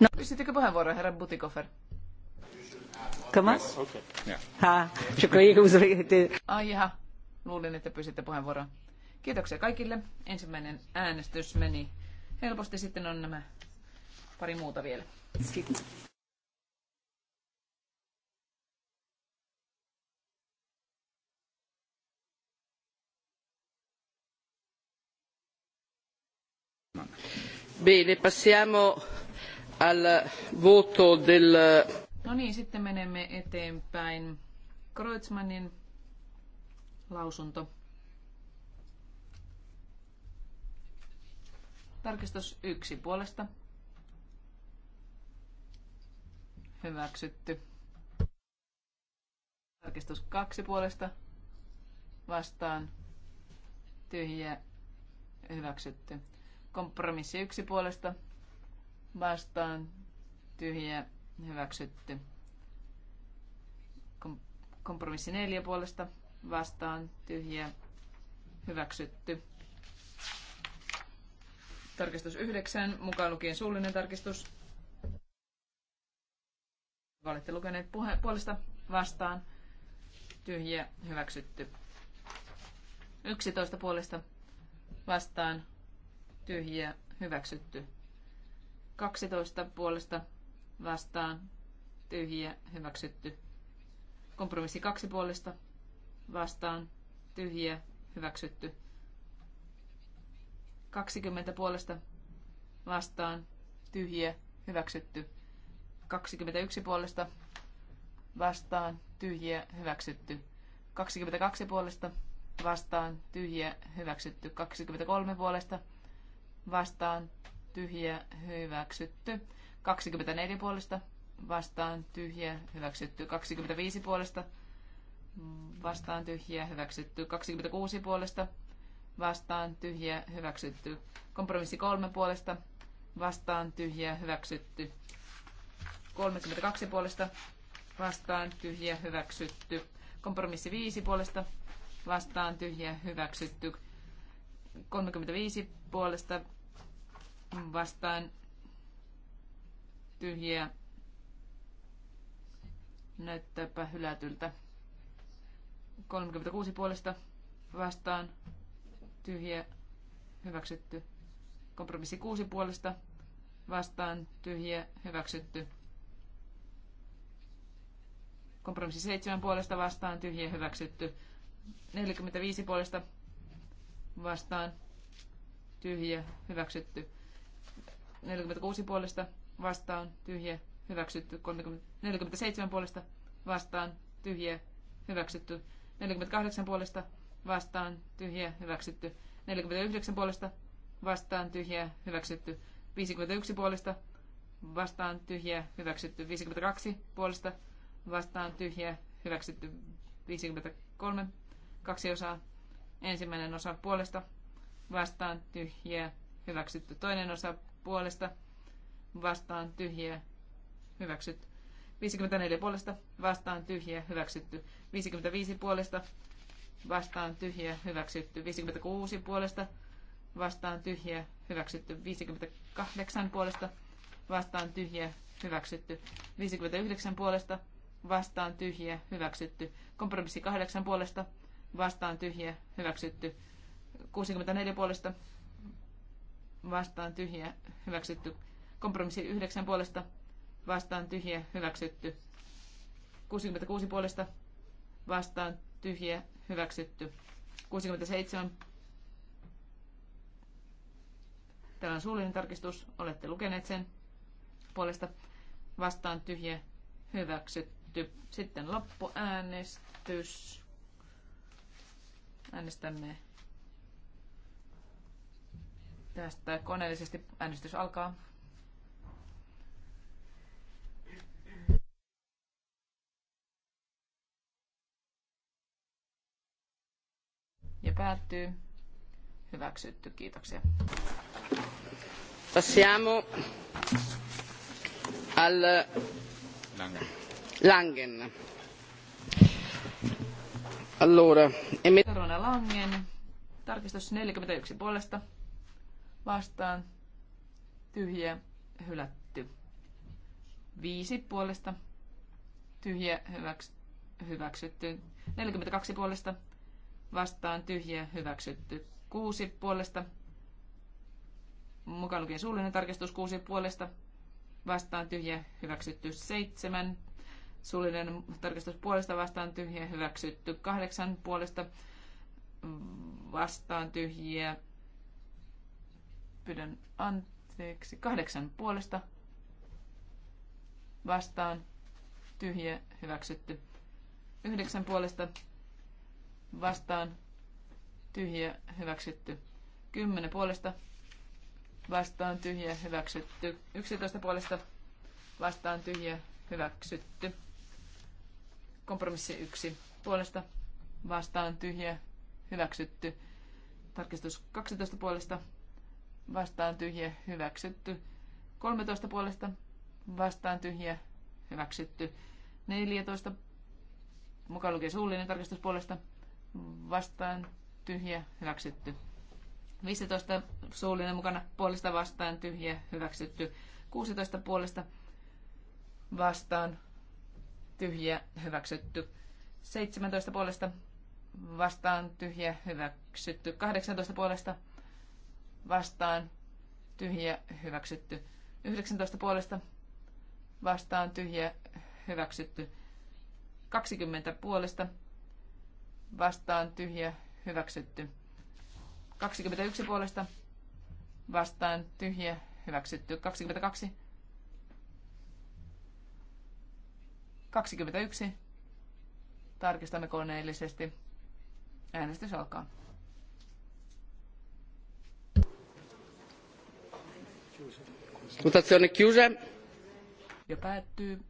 No. Pystyttekö puheenvuoron, herra Butikofer? Comment? Okay. Yeah. Ha, ah, je croyais que vous avez été... Ai jaha, luulin, että pyysitte puheenvuoron. Kiitoksia kaikille. Ensimmäinen äänestys meni helposti. Sitten on nämä pari muuta vielä. Bene, passiamo al voto del... No niin, sitten menemme eteenpäin. Kreutzmannin lausunto. Tarkistus yksi puolesta hyväksytty. Tarkistus kaksi puolesta vastaan tyhjä hyväksytty. Kompromissi yksi puolesta vastaan tyhjä hyväksytty. Kompromissi neljä puolesta vastaan tyhjä hyväksytty. Tarkistus yhdeksän, mukaan lukien suullinen tarkistus olette lukeneet puhe- puolesta vastaan. Tyhjiä hyväksytty. 11 puolesta vastaan. Tyhjiä hyväksytty. 12 puolesta vastaan. Tyhjiä hyväksytty. Kompromissi 2 puolesta vastaan. Tyhjiä hyväksytty. 20 puolesta vastaan. Tyhjiä hyväksytty. 21 puolesta vastaan tyhjiä hyväksytty. 22 puolesta vastaan tyhjiä hyväksytty. 23 puolesta vastaan tyhjiä hyväksytty. 24 puolesta vastaan tyhjiä hyväksytty. 25 puolesta vastaan tyhjiä hyväksytty. 26 puolesta vastaan tyhjiä hyväksytty. Kompromissi 3 puolesta vastaan tyhjiä hyväksytty. 32 puolesta vastaan tyhjä hyväksytty. Kompromissi 5 puolesta vastaan tyhjä hyväksytty. 35 puolesta vastaan tyhjiä. Näyttääpä hylätyltä. 36 puolesta vastaan tyhjiä hyväksytty. Kompromissi 6 puolesta vastaan tyhjiä hyväksytty. Kompromissi 7 puolesta vastaan, tyhjä hyväksytty. 45 puolesta vastaan, tyhjä hyväksytty. 46 puolesta vastaan, tyhjä hyväksytty. 30, 47 puolesta vastaan, tyhjä hyväksytty. 48 puolesta vastaan, tyhjä hyväksytty. 49 puolesta vastaan, tyhjä hyväksytty. 51 puolesta vastaan, tyhjä hyväksytty. 52 puolesta vastaan tyhjä hyväksytty 53, kaksi osaa. Ensimmäinen osa puolesta vastaan tyhjä hyväksytty. Toinen osa puolesta vastaan tyhjä hyväksytty. 54 puolesta vastaan tyhjä hyväksytty. 55 puolesta vastaan tyhjä hyväksytty. 56 puolesta vastaan tyhjä hyväksytty. 58 puolesta vastaan tyhjä hyväksytty. 59 puolesta vastaan tyhjiä, hyväksytty. Kompromissi kahdeksan puolesta vastaan tyhjiä, hyväksytty. 64 puolesta vastaan tyhjiä, hyväksytty. Kompromissi yhdeksän puolesta vastaan tyhjiä, hyväksytty. 66 puolesta vastaan tyhjiä, hyväksytty. 67 Täällä on suullinen tarkistus, olette lukeneet sen puolesta vastaan tyhjä hyväksytty. Hyväksytty. Sitten loppuäänestys. Äänestämme tästä koneellisesti. Äänestys alkaa. ja päättyy. Hyväksytty, kiitoksia. Passiamo al... Langen. Allora, emme... Rona Langen. Tarkistus 41 puolesta. Vastaan. Tyhjä. Hylätty. Viisi puolesta. Tyhjä. Hyväks... Hyväksytty. 42 puolesta. Vastaan. Tyhjä. Hyväksytty. Kuusi puolesta. Mukaan lukien suullinen tarkistus kuusi puolesta. Vastaan tyhjä hyväksytty seitsemän Suullinen tarkistus puolesta vastaan tyhjä hyväksytty. Kahdeksan puolesta vastaan tyhjiä. Pyydän anteeksi. Kahdeksan puolesta vastaan tyhjä hyväksytty. Yhdeksän puolesta vastaan tyhjä hyväksytty. Kymmenen puolesta vastaan tyhjä hyväksytty. Yksitoista puolesta vastaan tyhjä hyväksytty. Kompromissi yksi puolesta vastaan tyhjä hyväksytty. Tarkistus 12 puolesta vastaan tyhjä hyväksytty. 13 puolesta vastaan tyhjä hyväksytty. 14 mukaan lukee suullinen tarkistus puolesta vastaan tyhjä hyväksytty. 15 suullinen mukana puolesta vastaan tyhjä hyväksytty. 16 puolesta vastaan tyhjiä hyväksytty. 17 puolesta vastaan tyhjiä hyväksytty. 18 puolesta vastaan tyhjiä hyväksytty. 19 puolesta vastaan tyhjiä hyväksytty. 20 puolesta vastaan tyhjä hyväksytty. 21 puolesta vastaan tyhjä hyväksytty. 22 21. Tarkistamme koneellisesti. Äänestys alkaa. Votazione chiusa. Ja päättyy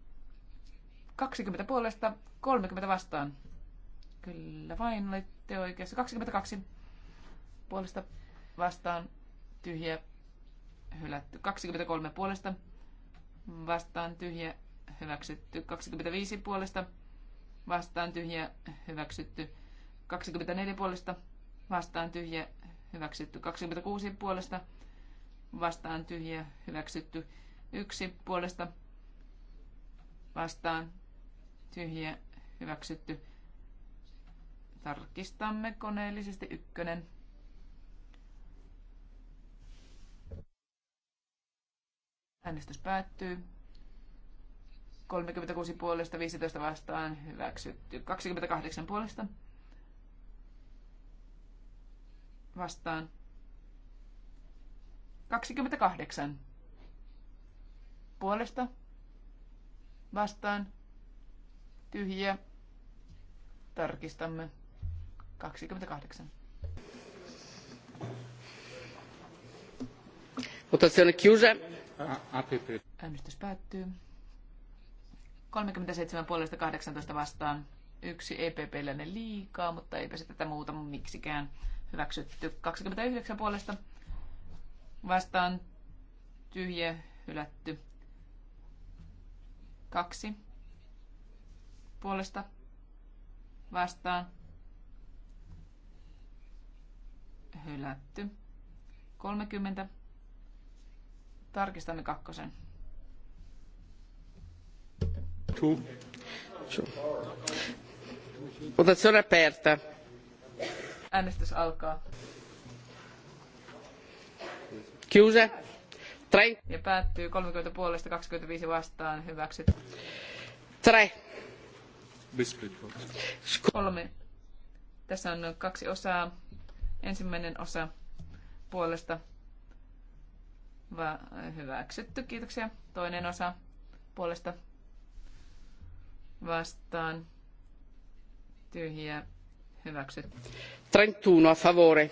20 puolesta, 30 vastaan. Kyllä vain, olette oikeassa. 22 puolesta vastaan, tyhjä, hylätty. 23 puolesta vastaan, tyhjä, hyväksytty. 25 puolesta vastaan tyhjä hyväksytty. 24 puolesta vastaan tyhjä hyväksytty. 26 puolesta vastaan tyhjä hyväksytty. 1 puolesta vastaan tyhjä hyväksytty. Tarkistamme koneellisesti ykkönen. Äänestys päättyy. 36 puolesta, 15 vastaan hyväksytty. 28 puolesta vastaan. 28 puolesta vastaan tyhjiä. Tarkistamme. 28. Votazione chiusa. Äänestys päättyy. 37 puolesta 18 vastaan. Yksi EPP-läinen liikaa, mutta eipä se tätä muuta miksikään hyväksytty. 29 puolesta vastaan tyhjä hylätty. Kaksi puolesta vastaan hylätty. 30. Tarkistamme kakkosen. Votazione aperta. Äänestys alkaa. Chiusa. Tre. Ja päättyy kolmekymmentä puolesta kaksikymmentäviisi vastaan. Hyväksyt. Tre. Kolme. Tässä on kaksi osaa. Ensimmäinen osa puolesta Va- hyväksytty. Kiitoksia. Toinen osa puolesta vastaan tyhjiä hyväksyt 31 a favore.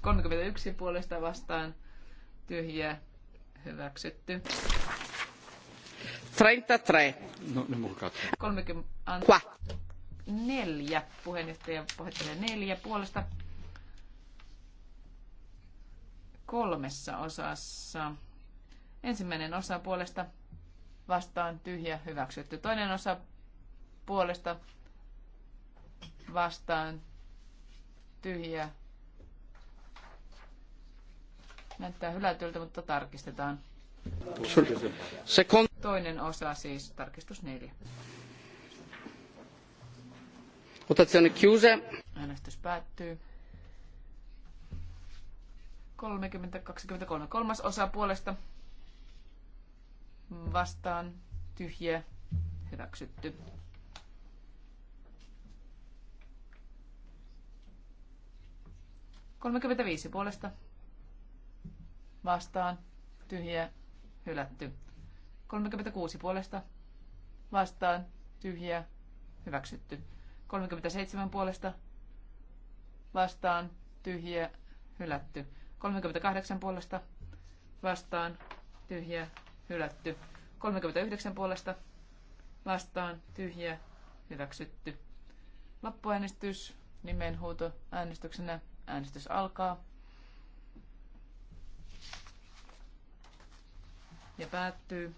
31 puolesta vastaan tyhjiä hyväksytty. 33. No, ne mukaan. 30, 4 neljä puheenjohtaja puheenjohtaja neljä puolesta kolmessa osassa. Ensimmäinen osa puolesta vastaan tyhjä hyväksytty. Toinen osa puolesta vastaan tyhjä. Näyttää hylätyltä, mutta tarkistetaan. Toinen osa siis, tarkistus neljä. Votazione chiuse. Äänestys päättyy. 30-23. Kolmas osa puolesta vastaan tyhjä hyväksytty. viisi puolesta vastaan tyhjä hylätty. kuusi puolesta vastaan tyhjä hyväksytty. seitsemän puolesta vastaan tyhjä hylätty. kahdeksan puolesta vastaan tyhjä hylätty. 39 puolesta vastaan tyhjä hyväksytty. Loppuäänestys nimenhuuto äänestyksenä. Äänestys alkaa. Ja päättyy.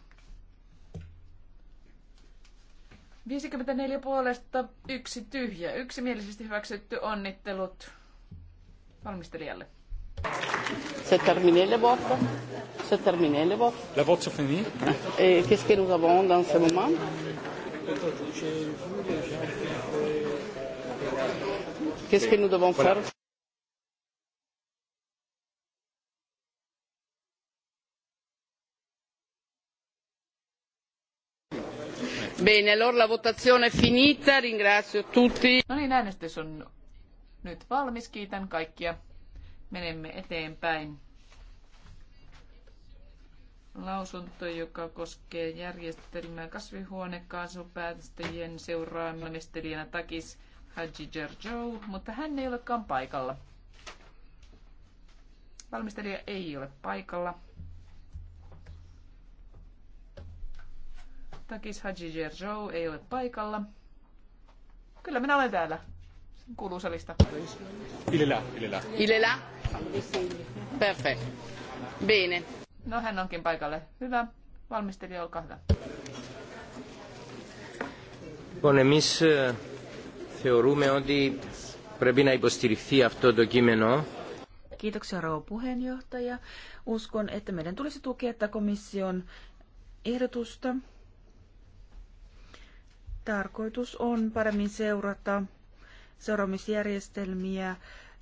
54 puolesta, yksi tyhjä. Yksimielisesti hyväksytty onnittelut valmistelijalle. C'est terminé le vote C'est terminé le vote Le vote se finit Et qu'est-ce que nous avons dans ce moment Qu'est-ce que nous devons voilà. faire Bene, allora la votazione è finita, ringrazio tutti. No niin, äänestys on nyt valmis, kiitän kaikkia menemme eteenpäin. Lausunto, joka koskee järjestelmää kasvihuonekaasupäästöjen seuraamistelijana Takis Haji Jerjo, mutta hän ei olekaan paikalla. Valmistelija ei ole paikalla. Takis Haji Jerjo ei ole paikalla. Kyllä minä olen täällä. Kuuluu salista. Il est là, Perfect. Bene. No hän onkin paikalle. Hyvä. Valmistelija, olkaa hyvä. Λοιπόν, εμείς θεωρούμε ότι πρέπει να υποστηριχθεί αυτό το κείμενο. Uskon, että meidän tulisi tukea tätä komission ehdotusta. Tarkoitus on paremmin seurata seuraamisjärjestelmiä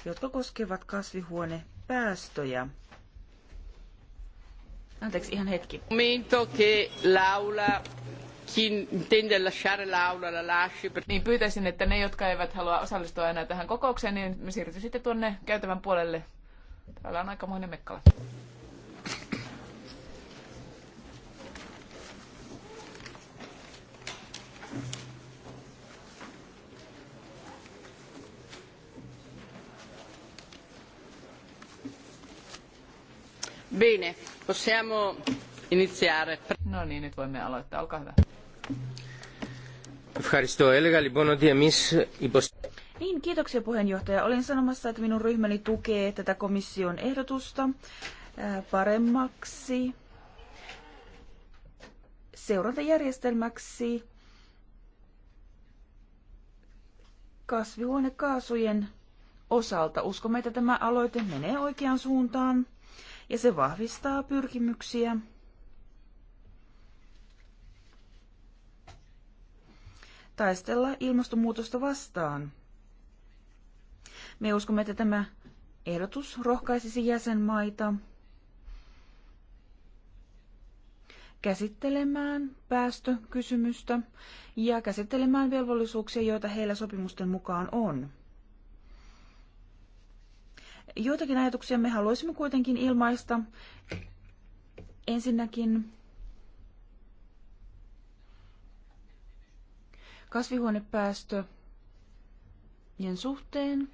jotka koskevat kasvihuonepäästöjä. Anteeksi, ihan hetki. Momento che l'aula chi intende lasciare l'aula la lasci. Niin pyytäisin, että ne, jotka eivät halua osallistua enää tähän kokoukseen, niin me siirrytään sitten tuonne käytävän puolelle. Täällä on aikamoinen mekkala. Bene, possiamo iniziare. No niin, nyt voimme aloittaa. Olkaa hyvä. Ευχαριστώ. Έλεγα λοιπόν ότι εμείς υποστηρίζουμε... Niin, kiitoksia puheenjohtaja. Olin sanomassa, että minun ryhmäni tukee tätä komission ehdotusta paremmaksi seurantajärjestelmäksi kasvihuonekaasujen osalta. Uskomme, että tämä aloite menee oikeaan suuntaan ja se vahvistaa pyrkimyksiä taistella ilmastonmuutosta vastaan. Me uskomme, että tämä ehdotus rohkaisisi jäsenmaita käsittelemään päästökysymystä ja käsittelemään velvollisuuksia, joita heillä sopimusten mukaan on. Joitakin ajatuksia me haluaisimme kuitenkin ilmaista. Ensinnäkin kasvihuonepäästöjen suhteen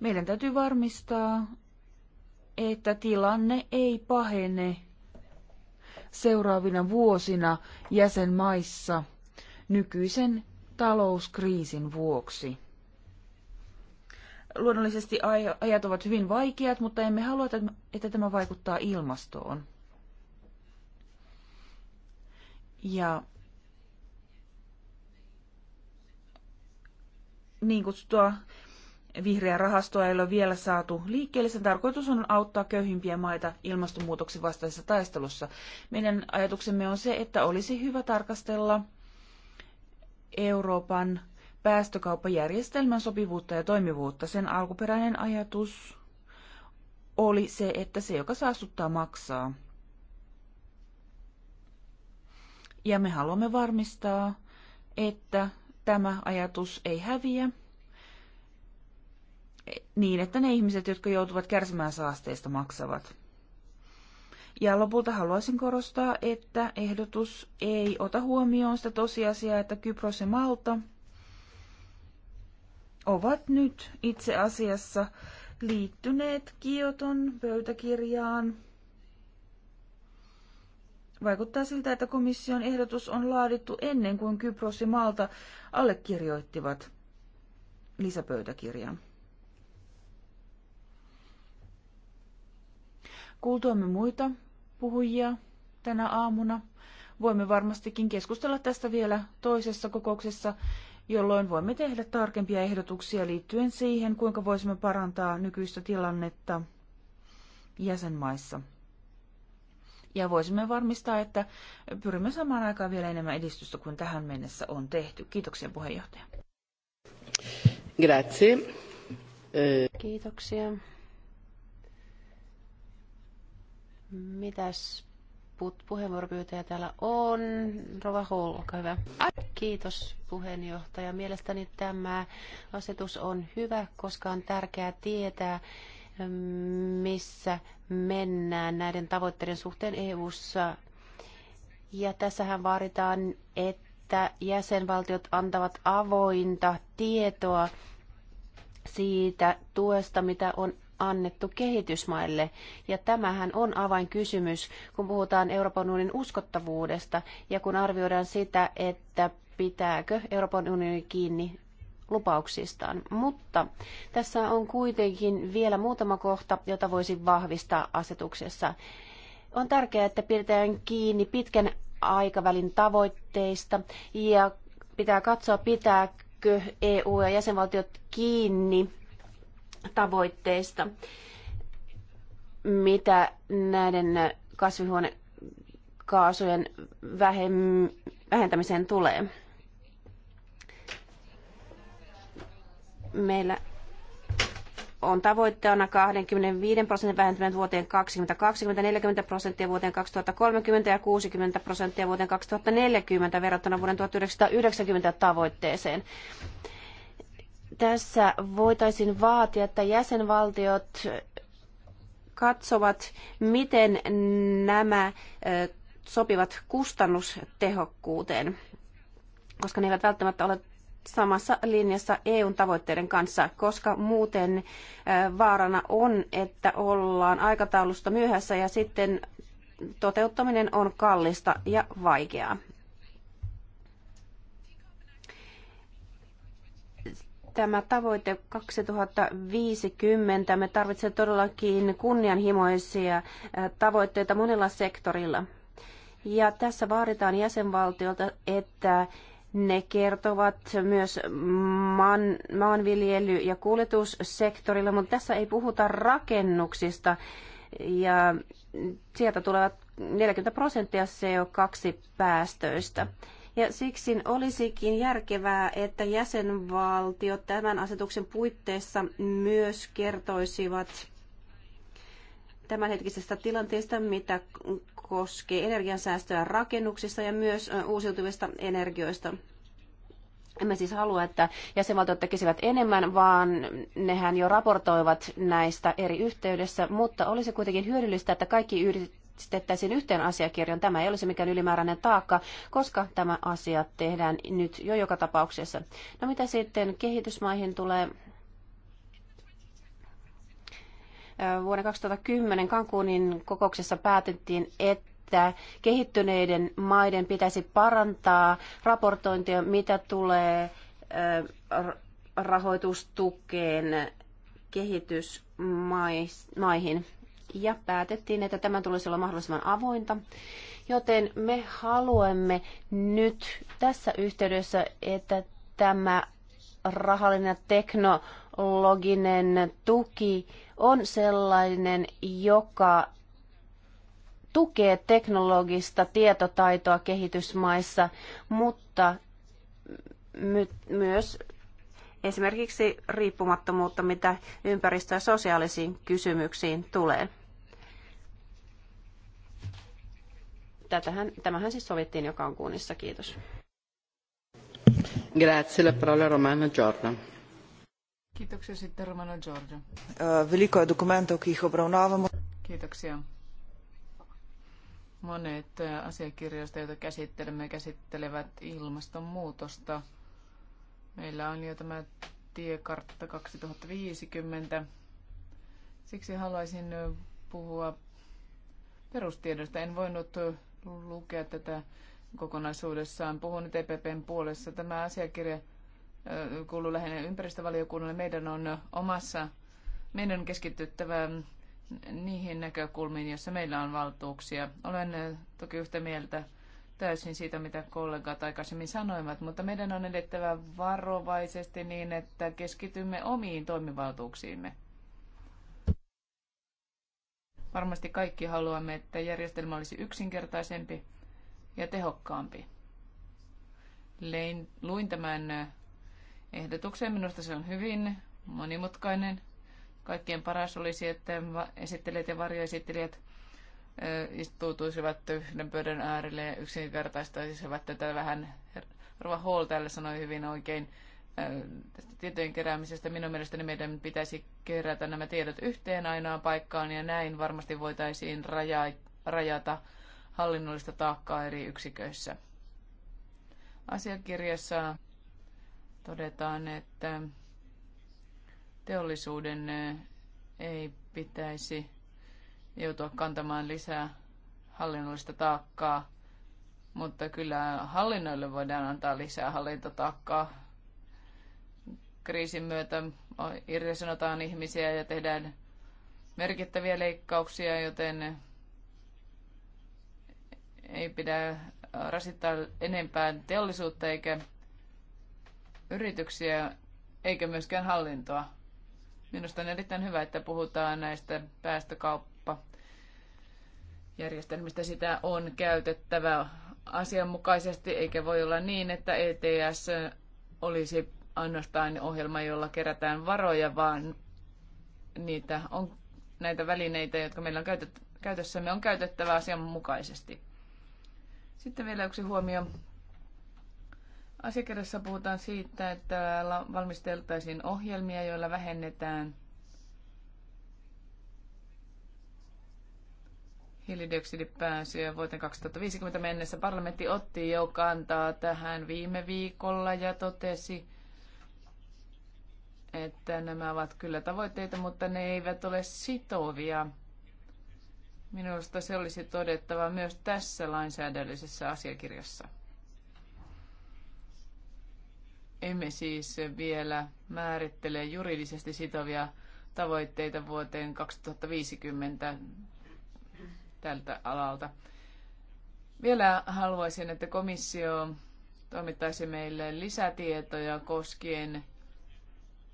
meidän täytyy varmistaa, että tilanne ei pahene seuraavina vuosina jäsenmaissa nykyisen talouskriisin vuoksi. Luonnollisesti ajat ovat hyvin vaikeat, mutta emme halua, että tämä vaikuttaa ilmastoon. Ja niin kutsuttua vihreää rahastoa ei ole vielä saatu liikkeelle. Sen tarkoitus on auttaa köyhimpiä maita ilmastonmuutoksen vastaisessa taistelussa. Meidän ajatuksemme on se, että olisi hyvä tarkastella Euroopan päästökauppajärjestelmän sopivuutta ja toimivuutta. Sen alkuperäinen ajatus oli se, että se, joka saastuttaa, maksaa. Ja me haluamme varmistaa, että tämä ajatus ei häviä niin, että ne ihmiset, jotka joutuvat kärsimään saasteista, maksavat. Ja lopulta haluaisin korostaa, että ehdotus ei ota huomioon sitä tosiasiaa, että Kypros ja Malta – ovat nyt itse asiassa liittyneet Kioton pöytäkirjaan. Vaikuttaa siltä, että komission ehdotus on laadittu ennen kuin Kypros ja Malta allekirjoittivat lisäpöytäkirjan. Kuultuamme muita puhujia tänä aamuna voimme varmastikin keskustella tästä vielä toisessa kokouksessa jolloin voimme tehdä tarkempia ehdotuksia liittyen siihen, kuinka voisimme parantaa nykyistä tilannetta jäsenmaissa. Ja voisimme varmistaa, että pyrimme samaan aikaan vielä enemmän edistystä kuin tähän mennessä on tehty. Kiitoksia puheenjohtaja. Grazie. Kiitoksia. Mitäs puheenvuoropyytäjä täällä on. Rova Hall, olkaa hyvä. Kiitos puheenjohtaja. Mielestäni tämä asetus on hyvä, koska on tärkeää tietää, missä mennään näiden tavoitteiden suhteen EU:ssa. Ja tässähän vaaditaan, että jäsenvaltiot antavat avointa tietoa siitä tuesta, mitä on annettu kehitysmaille. Ja tämähän on avainkysymys, kun puhutaan Euroopan unionin uskottavuudesta ja kun arvioidaan sitä, että pitääkö Euroopan unioni kiinni lupauksistaan. Mutta tässä on kuitenkin vielä muutama kohta, jota voisi vahvistaa asetuksessa. On tärkeää, että pidetään kiinni pitkän aikavälin tavoitteista ja pitää katsoa, pitääkö EU ja jäsenvaltiot kiinni tavoitteista, mitä näiden kasvihuonekaasujen vähentämiseen tulee. Meillä on tavoitteena 25 prosentin vähentäminen vuoteen 2020, 40 prosenttia vuoteen 2030 ja 60 prosenttia vuoteen 2040 verrattuna vuoden 1990 tavoitteeseen. Tässä voitaisiin vaatia, että jäsenvaltiot katsovat, miten nämä sopivat kustannustehokkuuteen, koska ne eivät välttämättä ole samassa linjassa EUn tavoitteiden kanssa, koska muuten vaarana on, että ollaan aikataulusta myöhässä ja sitten toteuttaminen on kallista ja vaikeaa. tämä tavoite 2050. Me tarvitsemme todellakin kunnianhimoisia tavoitteita monella sektorilla. Ja tässä vaaditaan jäsenvaltiolta, että ne kertovat myös maan, maanviljely- ja kuljetussektorilla, mutta tässä ei puhuta rakennuksista. Ja sieltä tulevat 40 prosenttia CO2-päästöistä. Ja siksi olisikin järkevää, että jäsenvaltiot tämän asetuksen puitteissa myös kertoisivat tämänhetkisestä tilanteesta, mitä koskee energiansäästöä rakennuksissa ja myös uusiutuvista energioista. Emme siis halua, että jäsenvaltiot tekisivät enemmän, vaan nehän jo raportoivat näistä eri yhteydessä, mutta olisi kuitenkin hyödyllistä, että kaikki yhdistettäisiin yhteen asiakirjan. Tämä ei olisi mikään ylimääräinen taakka, koska tämä asia tehdään nyt jo joka tapauksessa. No mitä sitten kehitysmaihin tulee? Vuonna 2010 Cancunin kokouksessa päätettiin, että kehittyneiden maiden pitäisi parantaa raportointia, mitä tulee rahoitustukeen kehitysmaihin ja päätettiin, että tämän tulisi olla mahdollisimman avointa. Joten me haluamme nyt tässä yhteydessä, että tämä rahallinen ja teknologinen tuki on sellainen, joka tukee teknologista tietotaitoa kehitysmaissa, mutta my- myös esimerkiksi riippumattomuutta, mitä ympäristö- ja sosiaalisiin kysymyksiin tulee. Tätähän, tämähän siis sovittiin jo on Kiitos. Grazie, la parola Romana Giorgio. Kiitoksia sitten Romano Giorgio. Eh, veliko je Kiitoksia. Monet eh, asiakirjoista, joita käsittelemme, käsittelevät ilmastonmuutosta. Meillä on jo tämä tiekartta 2050. Siksi haluaisin eh, puhua perustiedosta. En voinut lukea tätä kokonaisuudessaan. Puhun nyt EPPn puolessa. Tämä asiakirja kuuluu lähinnä ympäristövaliokunnalle. Meidän on omassa, meidän on keskityttävä niihin näkökulmiin, joissa meillä on valtuuksia. Olen toki yhtä mieltä täysin siitä, mitä kollegat aikaisemmin sanoivat, mutta meidän on edettävä varovaisesti niin, että keskitymme omiin toimivaltuuksiimme. Varmasti kaikki haluamme, että järjestelmä olisi yksinkertaisempi ja tehokkaampi. Lein, luin tämän ehdotuksen. Minusta se on hyvin monimutkainen. Kaikkien paras olisi, että esittelijät ja varjoesittelijät istuutuisivat yhden pöydän äärelle ja yksinkertaistaisivat tätä vähän. Rova Hall täällä sanoi hyvin oikein, tästä tietojen keräämisestä. Minun mielestäni meidän pitäisi kerätä nämä tiedot yhteen ainoaan paikkaan ja näin varmasti voitaisiin raja, rajata hallinnollista taakkaa eri yksiköissä. Asiakirjassa todetaan, että teollisuuden ei pitäisi joutua kantamaan lisää hallinnollista taakkaa, mutta kyllä hallinnoille voidaan antaa lisää hallintotaakkaa kriisin myötä irtisanotaan ihmisiä ja tehdään merkittäviä leikkauksia, joten ei pidä rasittaa enempää teollisuutta eikä yrityksiä eikä myöskään hallintoa. Minusta on erittäin hyvä, että puhutaan näistä päästökauppajärjestelmistä. Sitä on käytettävä asianmukaisesti, eikä voi olla niin, että ETS olisi ainoastaan ohjelma, jolla kerätään varoja, vaan niitä on, näitä välineitä, jotka meillä on käytet, käytössämme, on käytettävä asianmukaisesti. Sitten vielä yksi huomio. Asiakirjassa puhutaan siitä, että valmisteltaisiin ohjelmia, joilla vähennetään hiilidioksidipääsyä vuoteen 2050 mennessä. Parlamentti otti jo kantaa tähän viime viikolla ja totesi, että nämä ovat kyllä tavoitteita, mutta ne eivät ole sitovia. Minusta se olisi todettava myös tässä lainsäädännöllisessä asiakirjassa. Emme siis vielä määrittele juridisesti sitovia tavoitteita vuoteen 2050 tältä alalta. Vielä haluaisin, että komissio toimittaisi meille lisätietoja koskien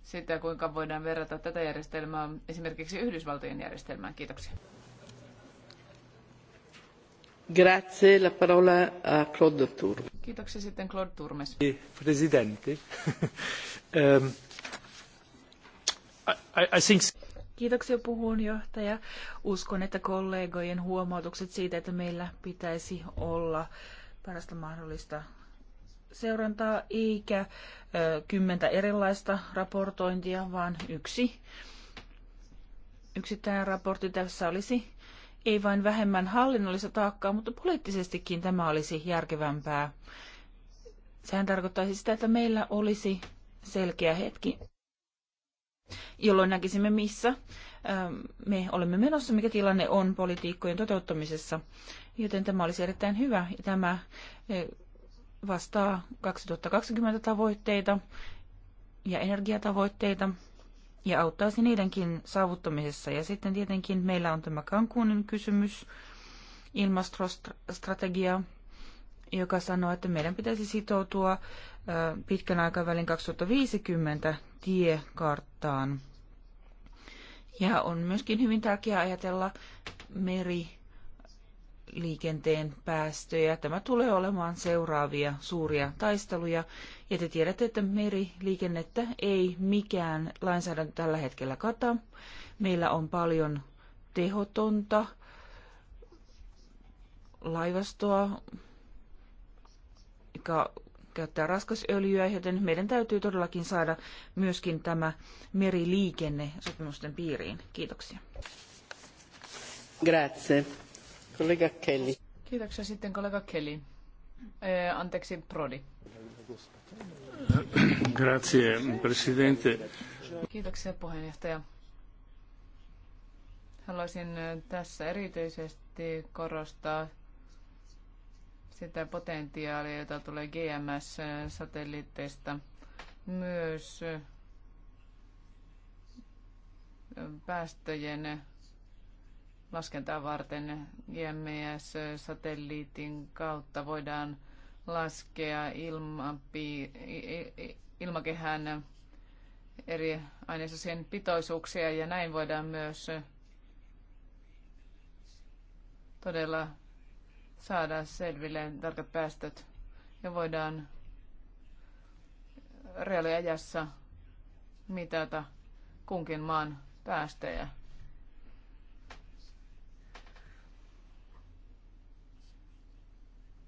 sitä, kuinka voidaan verrata tätä järjestelmää esimerkiksi Yhdysvaltojen järjestelmään. Kiitoksia. Grazie, la parola a Claude Turm. Kiitoksia sitten Claude Turmes. Presidente. um, I, I think... Kiitoksia puheenjohtaja. Uskon, että kollegojen huomautukset siitä, että meillä pitäisi olla parasta mahdollista seurantaa eikä kymmentä erilaista raportointia, vaan yksi yksittäinen raportti tässä olisi ei vain vähemmän hallinnollista taakkaa, mutta poliittisestikin tämä olisi järkevämpää. Sehän tarkoittaisi sitä, että meillä olisi selkeä hetki, jolloin näkisimme, missä me olemme menossa, mikä tilanne on politiikkojen toteuttamisessa. Joten tämä olisi erittäin hyvä. Tämä vastaa 2020 tavoitteita ja energiatavoitteita ja auttaisi niidenkin saavuttamisessa. Ja sitten tietenkin meillä on tämä Cancunin kysymys, ilmastrostrategia, joka sanoo, että meidän pitäisi sitoutua pitkän aikavälin 2050 tiekarttaan. Ja on myöskin hyvin tärkeää ajatella meri liikenteen päästöjä. Tämä tulee olemaan seuraavia suuria taisteluja. Ja te tiedätte, että meriliikennettä ei mikään lainsäädäntö tällä hetkellä kata. Meillä on paljon tehotonta laivastoa, joka käyttää raskasöljyä, joten meidän täytyy todellakin saada myöskin tämä meriliikenne sopimusten piiriin. Kiitoksia. Grazie kollega Kelly. Kiitoksia sitten kollega Kelly. Eh, anteeksi, Prodi. Grazie, presidente. Kiitoksia puheenjohtaja. Haluaisin eh, tässä erityisesti korostaa sitä potentiaalia, jota tulee GMS-satelliitteista myös eh, päästöjen laskentaa varten. GMS-satelliitin kautta voidaan laskea ilmakehän eri ainesosien pitoisuuksia ja näin voidaan myös todella saada selville tarkat päästöt ja voidaan reaaliajassa mitata kunkin maan päästöjä.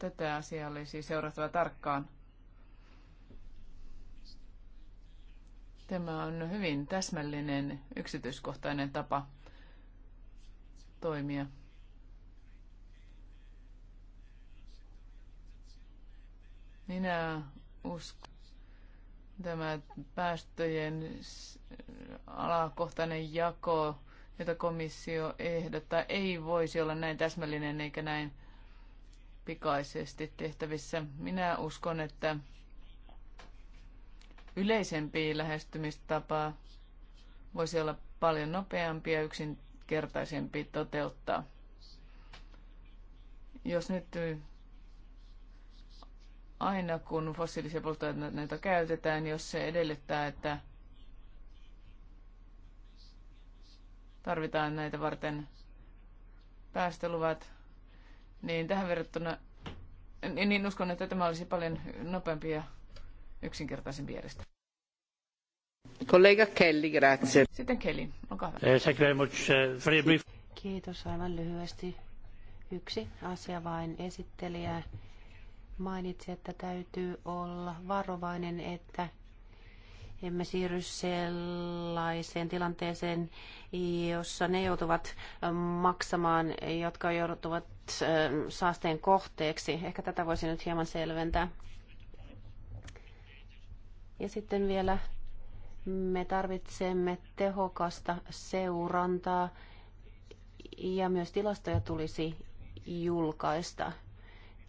Tätä asiaa olisi seurattava tarkkaan. Tämä on hyvin täsmällinen, yksityiskohtainen tapa toimia. Minä uskon, tämä päästöjen alakohtainen jako, jota komissio ehdottaa, ei voisi olla näin täsmällinen eikä näin pikaisesti tehtävissä. Minä uskon, että yleisempi lähestymistapa voisi olla paljon nopeampi ja yksinkertaisempi toteuttaa. Jos nyt aina kun fossiilisia polttoaineita käytetään, jos se edellyttää, että tarvitaan näitä varten päästöluvat, niin tähän verrattuna niin, niin uskon, että tämä olisi paljon nopeampi ja yksinkertaisempi järjestelmä. Kollega Kelly, grazie. Sitten Kelly, olkaa hyvä. Eh, thank you very much. Very eh, brief. Kiitos aivan lyhyesti. Yksi asia vain esittelijä mainitsi, että täytyy olla varovainen, että emme siirry sellaiseen tilanteeseen, jossa ne joutuvat ähm, maksamaan, jotka joutuvat ähm, saasteen kohteeksi. Ehkä tätä voisi nyt hieman selventää. Ja sitten vielä me tarvitsemme tehokasta seurantaa ja myös tilastoja tulisi julkaista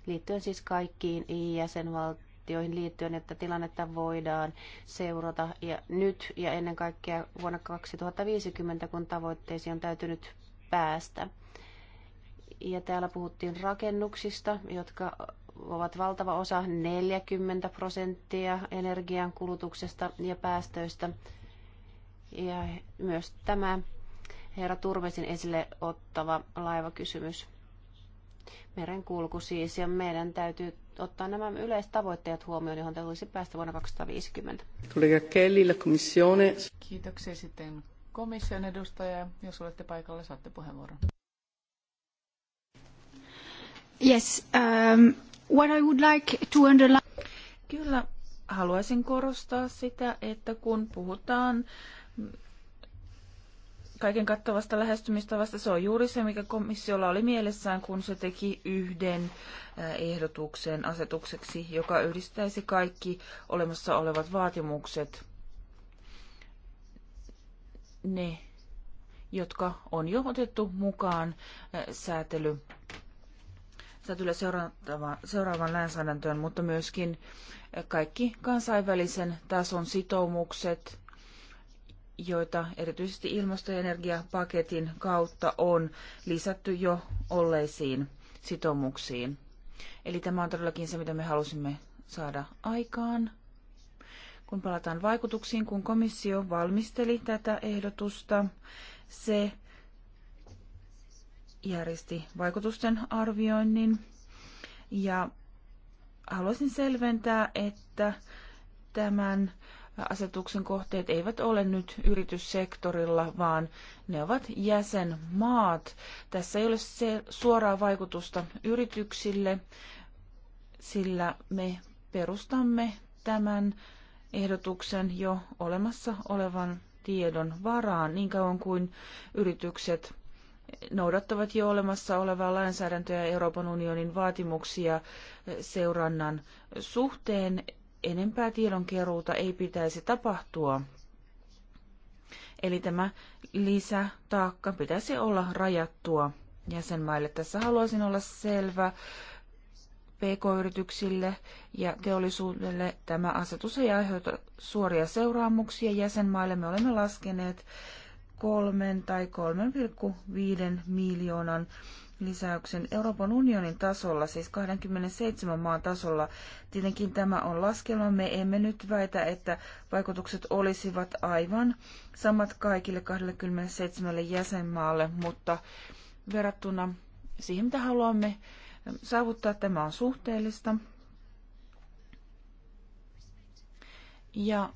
liittyen siis kaikkiin jäsenvaltioihin transaktioihin liittyen, että tilannetta voidaan seurata ja nyt ja ennen kaikkea vuonna 2050, kun tavoitteisiin on täytynyt päästä. Ja täällä puhuttiin rakennuksista, jotka ovat valtava osa 40 prosenttia energian kulutuksesta ja päästöistä. Ja myös tämä herra Turvesin esille ottava laivakysymys. Merenkulku siis, ja meidän täytyy ottaa nämä yleistavoitteet huomioon, johon tulisi päästä vuonna 2050. Kollega Kelly, la Commissione. Kiitoksia sitten komission edustaja. Jos olette paikalla, saatte puheenvuoron. Yes, um, what I would like to underline... Kyllä, haluaisin korostaa sitä, että kun puhutaan kaiken kattavasta lähestymistavasta. Se on juuri se, mikä komissiolla oli mielessään, kun se teki yhden ehdotuksen asetukseksi, joka yhdistäisi kaikki olemassa olevat vaatimukset. Ne, jotka on jo otettu mukaan säätely, säätelyä seuraavaan, seuraavan lainsäädäntöön, mutta myöskin kaikki kansainvälisen tason sitoumukset – joita erityisesti ilmasto- ja energiapaketin kautta on lisätty jo olleisiin sitoumuksiin. Eli tämä on todellakin se, mitä me halusimme saada aikaan. Kun palataan vaikutuksiin, kun komissio valmisteli tätä ehdotusta, se järjesti vaikutusten arvioinnin. Ja haluaisin selventää, että tämän asetuksen kohteet eivät ole nyt yrityssektorilla, vaan ne ovat jäsenmaat. Tässä ei ole se suoraa vaikutusta yrityksille, sillä me perustamme tämän ehdotuksen jo olemassa olevan tiedon varaan niin kauan kuin yritykset noudattavat jo olemassa olevaa lainsäädäntöä ja Euroopan unionin vaatimuksia seurannan suhteen enempää tiedonkeruuta ei pitäisi tapahtua. Eli tämä lisätaakka pitäisi olla rajattua jäsenmaille. Tässä haluaisin olla selvä. PK-yrityksille ja teollisuudelle tämä asetus ei aiheuta suoria seuraamuksia jäsenmaille. Me olemme laskeneet kolmen tai 3,5 miljoonan lisäyksen Euroopan unionin tasolla, siis 27 maan tasolla. Tietenkin tämä on laskelma. Me emme nyt väitä, että vaikutukset olisivat aivan samat kaikille 27 jäsenmaalle, mutta verrattuna siihen, mitä haluamme saavuttaa, tämä on suhteellista. Ja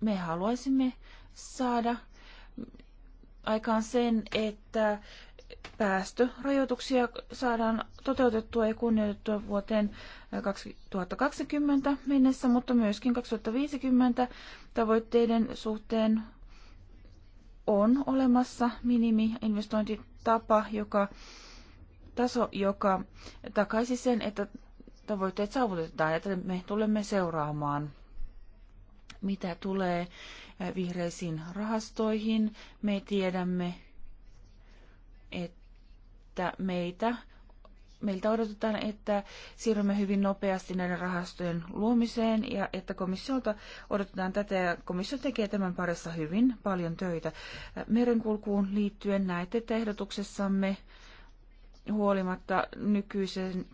me haluaisimme saada aikaan sen, että päästörajoituksia saadaan toteutettua ja kunnioitettua vuoteen 2020 mennessä, mutta myöskin 2050 tavoitteiden suhteen on olemassa minimiinvestointitapa, joka taso, joka takaisi sen, että tavoitteet saavutetaan, että me tulemme seuraamaan, mitä tulee vihreisiin rahastoihin. Me tiedämme, että että meitä meiltä odotetaan, että siirrymme hyvin nopeasti näiden rahastojen luomiseen ja että komissiolta odotetaan tätä ja komissio tekee tämän parissa hyvin paljon töitä. Merenkulkuun liittyen näette, että ehdotuksessamme huolimatta nykyisen,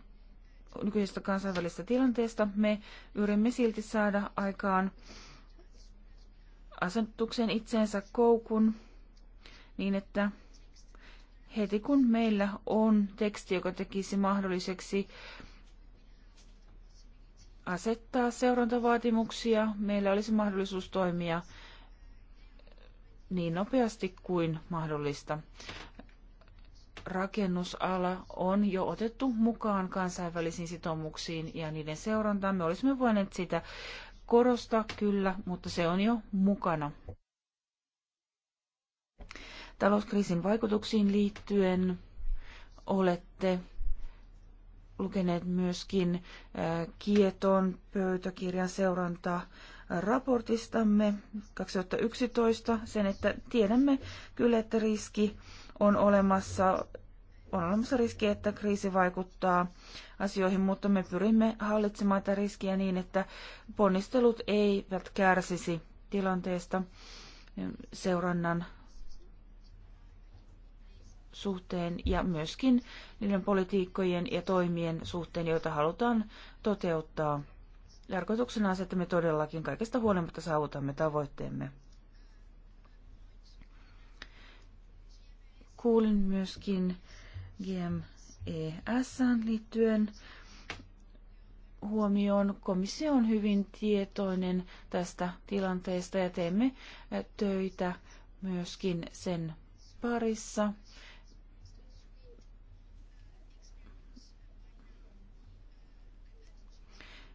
nykyisestä kansainvälisestä tilanteesta me yrimme silti saada aikaan asetuksen itseensä koukun niin, että heti kun meillä on teksti, joka tekisi mahdolliseksi asettaa seurantavaatimuksia, meillä olisi mahdollisuus toimia niin nopeasti kuin mahdollista. Rakennusala on jo otettu mukaan kansainvälisiin sitoumuksiin ja niiden seurantaan. Me olisimme voineet sitä korostaa kyllä, mutta se on jo mukana talouskriisin vaikutuksiin liittyen olette lukeneet myöskin Kieton pöytäkirjan seurantaa raportistamme 2011 sen, että tiedämme kyllä, että riski on olemassa, on olemassa riski, että kriisi vaikuttaa asioihin, mutta me pyrimme hallitsemaan tätä riskiä niin, että ponnistelut eivät kärsisi tilanteesta seurannan suhteen ja myöskin niiden politiikkojen ja toimien suhteen, joita halutaan toteuttaa. Tarkoituksena on se, että me todellakin kaikesta huolimatta saavutamme tavoitteemme. Kuulin myöskin GMES liittyen huomioon. Komissio on hyvin tietoinen tästä tilanteesta ja teemme töitä myöskin sen parissa.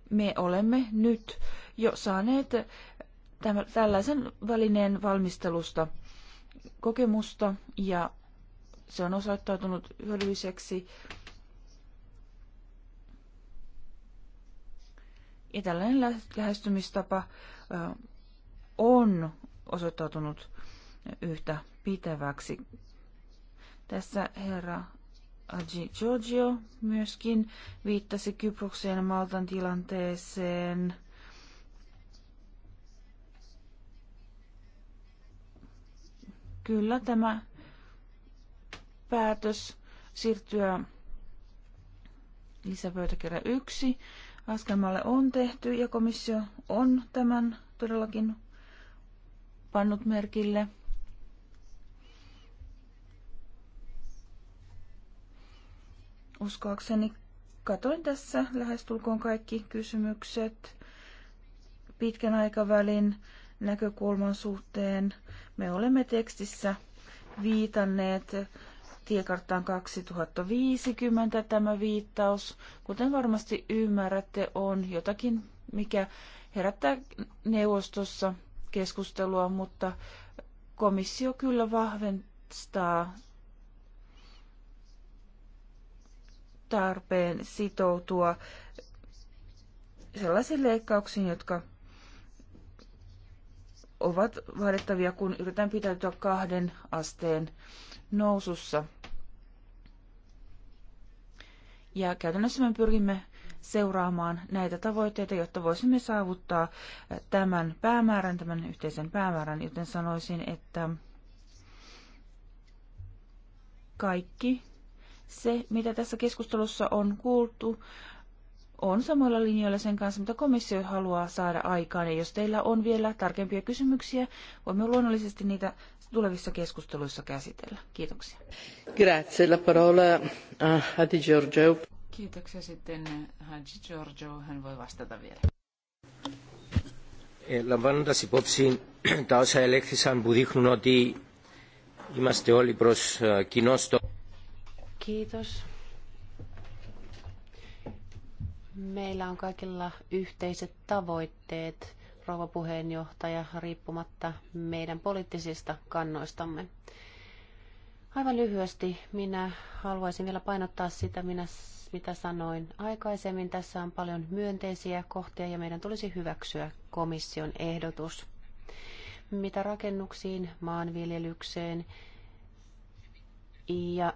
me olemme nyt jo saaneet tällaisen välineen valmistelusta kokemusta ja se on osoittautunut hyödylliseksi. Ja tällainen lähestymistapa on osoittautunut yhtä pitäväksi. Tässä herra Aji Giorgio myöskin viittasi Kyproksen ja Maltan tilanteeseen. Kyllä tämä päätös siirtyä lisäpöytäkirja 1 askelmalle on tehty ja komissio on tämän todellakin pannut merkille. uskoakseni katoin tässä lähestulkoon kaikki kysymykset pitkän aikavälin näkökulman suhteen. Me olemme tekstissä viitanneet tiekarttaan 2050 tämä viittaus. Kuten varmasti ymmärrätte, on jotakin, mikä herättää neuvostossa keskustelua, mutta komissio kyllä vahventaa tarpeen sitoutua sellaisiin leikkauksiin, jotka ovat vaadittavia, kun yritetään pitäytyä kahden asteen nousussa. Ja käytännössä me pyrimme seuraamaan näitä tavoitteita, jotta voisimme saavuttaa tämän päämäärän, tämän yhteisen päämäärän, joten sanoisin, että kaikki se, mitä tässä keskustelussa on kuultu, on samoilla linjoilla sen kanssa, mitä komissio haluaa saada aikaan. Ja jos teillä on vielä tarkempia kysymyksiä, voimme luonnollisesti niitä tulevissa keskusteluissa käsitellä. Kiitoksia. Grazie. La parola a Hadi Giorgio. Kiitoksia sitten Hadi Giorgio. Hän voi vastata vielä. Λαμβάνοντας υπόψη τα όσα ελέγχθησαν που δείχνουν ότι είμαστε όλοι προς κοινό στόχο. Kiitos. Meillä on kaikilla yhteiset tavoitteet, rouva puheenjohtaja, riippumatta meidän poliittisista kannoistamme. Aivan lyhyesti minä haluaisin vielä painottaa sitä, minä, mitä sanoin aikaisemmin. Tässä on paljon myönteisiä kohtia ja meidän tulisi hyväksyä komission ehdotus. Mitä rakennuksiin, maanviljelykseen ja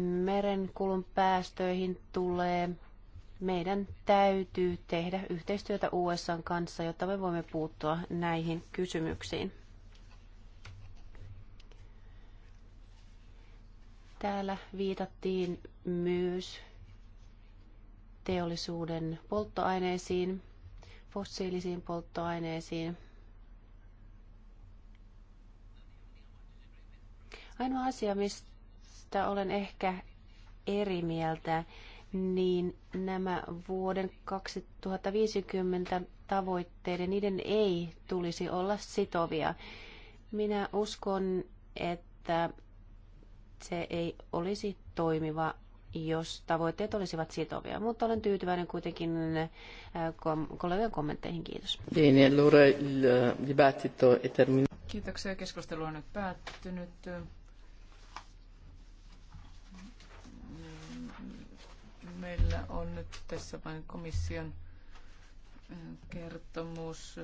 merenkulun päästöihin tulee, meidän täytyy tehdä yhteistyötä USA kanssa, jotta me voimme puuttua näihin kysymyksiin. Täällä viitattiin myös teollisuuden polttoaineisiin, fossiilisiin polttoaineisiin. Ainoa asia, mistä josta olen ehkä eri mieltä, niin nämä vuoden 2050 tavoitteiden, niiden ei tulisi olla sitovia. Minä uskon, että se ei olisi toimiva, jos tavoitteet olisivat sitovia. Mutta olen tyytyväinen kuitenkin äh, kollegan kommentteihin. Kiitos. Kiitoksia. Keskustelu on nyt päättynyt. Meillä on nyt tässä vain komission kertomus.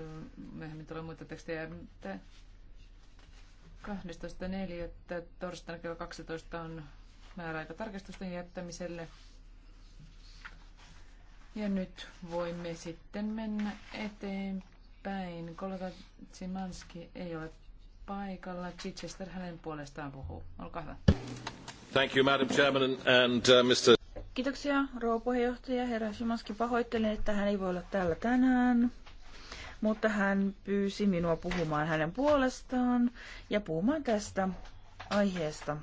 Myöhemmin tulee muita tekstejä. 12.4. torstaina kello 12 on määräaika tarkistusten jättämiselle. Ja nyt voimme sitten mennä eteenpäin. Kollega Tsimanski ei ole paikalla. Chichester hänen puolestaan puhuu. Olkaa hyvä. Thank you, Madam Chairman and uh, Mr. Kiitoksia, rouva puheenjohtaja. Herra Simaski pahoittelen, että hän ei voi olla täällä tänään, mutta hän pyysi minua puhumaan hänen puolestaan ja puhumaan tästä aiheesta.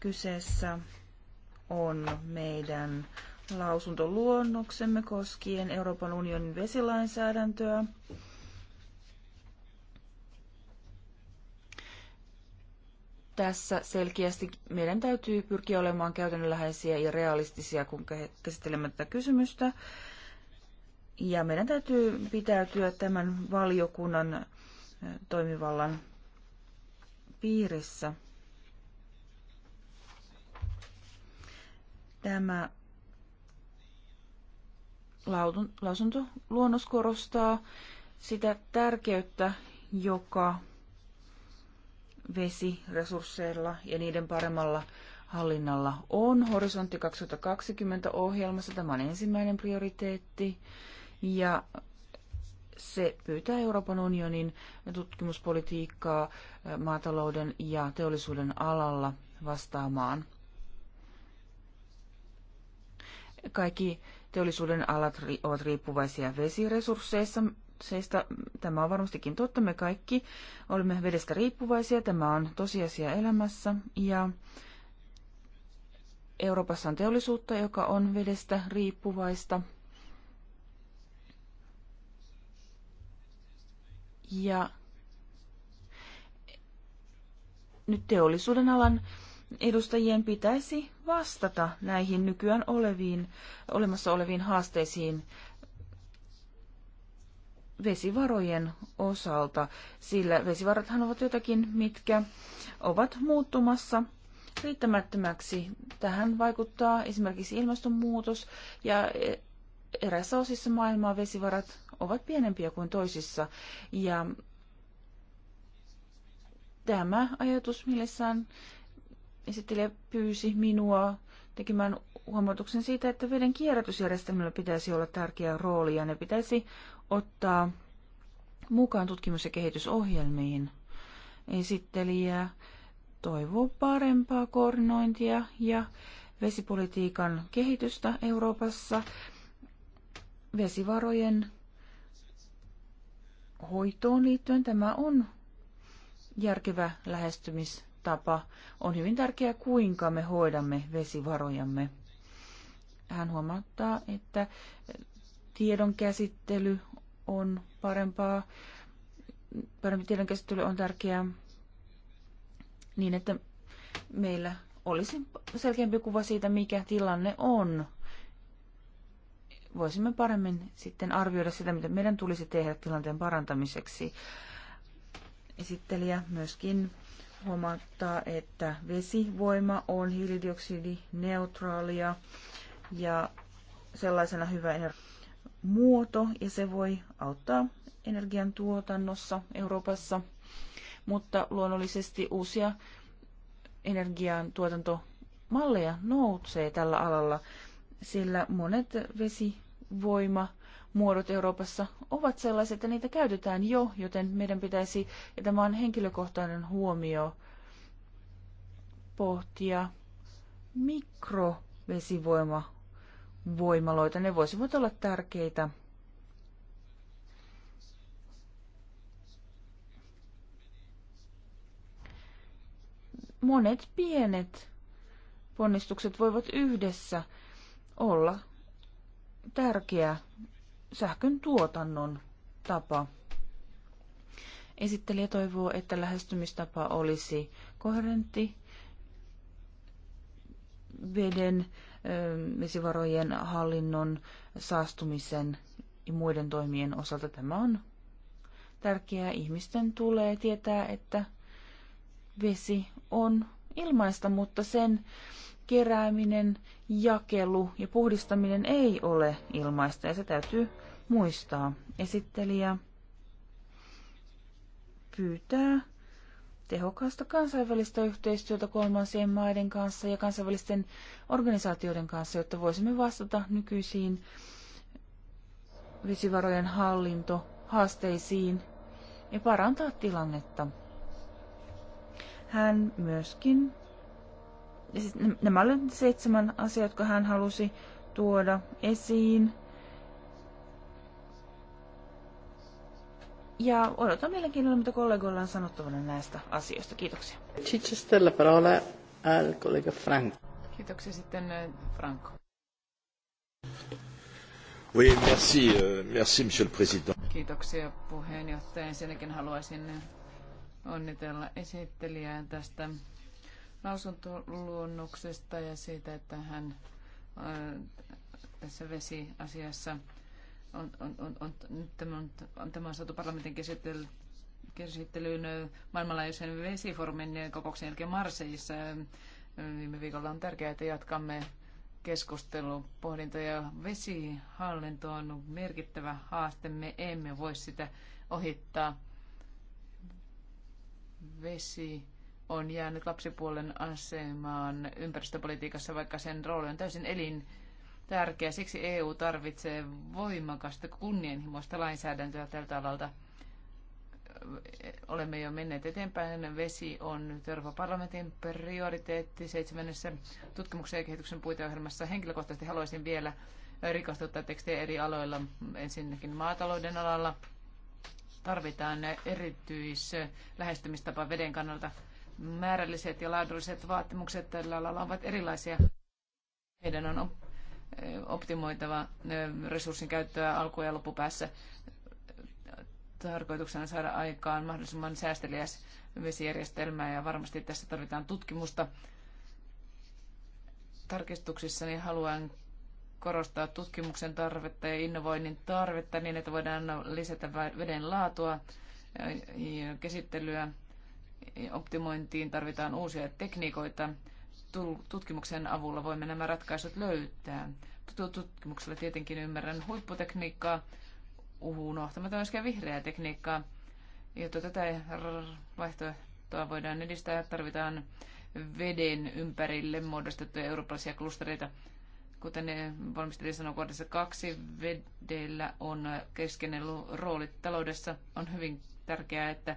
Kyseessä on meidän lausuntoluonnoksemme koskien Euroopan unionin vesilainsäädäntöä. tässä selkeästi meidän täytyy pyrkiä olemaan käytännönläheisiä ja realistisia, kun käsittelemme tätä kysymystä. Ja meidän täytyy pitäytyä tämän valiokunnan toimivallan piirissä. Tämä lausuntoluonnos korostaa sitä tärkeyttä, joka vesiresursseilla ja niiden paremmalla hallinnalla on. Horisontti 2020 ohjelmassa tämä on ensimmäinen prioriteetti ja se pyytää Euroopan unionin tutkimuspolitiikkaa maatalouden ja teollisuuden alalla vastaamaan. Kaikki teollisuuden alat ovat riippuvaisia vesiresursseissa, seista. Tämä on varmastikin totta. Me kaikki olemme vedestä riippuvaisia. Tämä on tosiasia elämässä. Ja Euroopassa on teollisuutta, joka on vedestä riippuvaista. Ja nyt teollisuuden alan edustajien pitäisi vastata näihin nykyään oleviin, olemassa oleviin haasteisiin vesivarojen osalta, sillä vesivarathan ovat jotakin, mitkä ovat muuttumassa riittämättömäksi. Tähän vaikuttaa esimerkiksi ilmastonmuutos ja eräissä osissa maailmaa vesivarat ovat pienempiä kuin toisissa. Ja tämä ajatus millessään esittelijä pyysi minua tekemään huomautuksen siitä, että veden kierrätysjärjestelmällä pitäisi olla tärkeä rooli ja ne pitäisi ottaa mukaan tutkimus- ja kehitysohjelmiin. Esittelijä toivoo parempaa koordinointia ja vesipolitiikan kehitystä Euroopassa, vesivarojen hoitoon liittyen. Tämä on järkevä lähestymistapa. On hyvin tärkeää, kuinka me hoidamme vesivarojamme. Hän huomauttaa, että tiedon käsittely on parempaa. Parempi tiedon käsittely on tärkeää niin, että meillä olisi selkeämpi kuva siitä, mikä tilanne on. Voisimme paremmin sitten arvioida sitä, mitä meidän tulisi tehdä tilanteen parantamiseksi. Esittelijä myöskin huomauttaa, että vesivoima on hiilidioksidineutraalia ja sellaisena hyvä energia muoto ja se voi auttaa energian tuotannossa Euroopassa, mutta luonnollisesti uusia energian tuotantomalleja nousee tällä alalla, sillä monet vesivoima muodot Euroopassa ovat sellaiset, että niitä käytetään jo, joten meidän pitäisi, ja tämä on henkilökohtainen huomio, pohtia mikrovesivoima voimaloita. Ne voisivat olla tärkeitä monet pienet ponnistukset voivat yhdessä olla tärkeä sähkön tuotannon tapa. Esittelijä toivoo, että lähestymistapa olisi koherentti veden vesivarojen hallinnon, saastumisen ja muiden toimien osalta tämä on tärkeää. Ihmisten tulee tietää, että vesi on ilmaista, mutta sen kerääminen, jakelu ja puhdistaminen ei ole ilmaista ja se täytyy muistaa. Esittelijä pyytää tehokasta kansainvälistä yhteistyötä kolmansien maiden kanssa ja kansainvälisten organisaatioiden kanssa, jotta voisimme vastata nykyisiin vesivarojen hallintohaasteisiin ja parantaa tilannetta. Hän myöskin, siis nämä olivat seitsemän asiaa, jotka hän halusi tuoda esiin. Ja odotan mielenkiinnolla, mitä kollegoilla on sanottavana näistä asioista. Kiitoksia. Chichester parola al collega Franco. Kiitoksia sitten eh, Franco. Oui, merci, eh, merci, monsieur le président. Kiitoksia puheenjohtaja. Ensinnäkin haluaisin eh, onnitella esittelijää tästä lausuntoluonnoksesta ja siitä, että hän tässä vesiasiassa on, on, on, on, tämä, on, on, tämä on saatu parlamentin käsittelyyn maailmanlaajuisen vesifoorumin kokouksen jälkeen Marseissa. Viime viikolla on tärkeää, että jatkamme keskustelun pohdintoja. Vesihallinto on merkittävä haaste. Me emme voi sitä ohittaa. Vesi on jäänyt lapsipuolen asemaan ympäristöpolitiikassa, vaikka sen rooli on täysin elin tärkeä. Siksi EU tarvitsee voimakasta kunnianhimoista lainsäädäntöä tältä alalta. Olemme jo menneet eteenpäin. Vesi on nyt Euroopan parlamentin prioriteetti seitsemännessä tutkimuksen ja kehityksen puiteohjelmassa. Henkilökohtaisesti haluaisin vielä rikastuttaa tekstejä eri aloilla. Ensinnäkin maatalouden alalla tarvitaan erityis lähestymistapa veden kannalta. Määrälliset ja laadulliset vaatimukset tällä alalla ovat erilaisia. Meidän on optimoitava resurssin käyttöä alku- ja loppupäässä tarkoituksena saada aikaan mahdollisimman säästeliäs vesijärjestelmä ja varmasti tässä tarvitaan tutkimusta. Tarkistuksissani haluan korostaa tutkimuksen tarvetta ja innovoinnin tarvetta niin, että voidaan lisätä veden laatua ja käsittelyä. Optimointiin tarvitaan uusia tekniikoita tutkimuksen avulla voimme nämä ratkaisut löytää. Tutkimuksella tietenkin ymmärrän huipputekniikkaa, ohtamatta myöskään vihreää tekniikkaa. Jotta tätä vaihtoehtoa voidaan edistää, tarvitaan veden ympärille muodostettuja eurooppalaisia klustereita. Kuten valmistelija sanoi kohdassa kaksi, vedellä on keskeinen rooli taloudessa. On hyvin tärkeää, että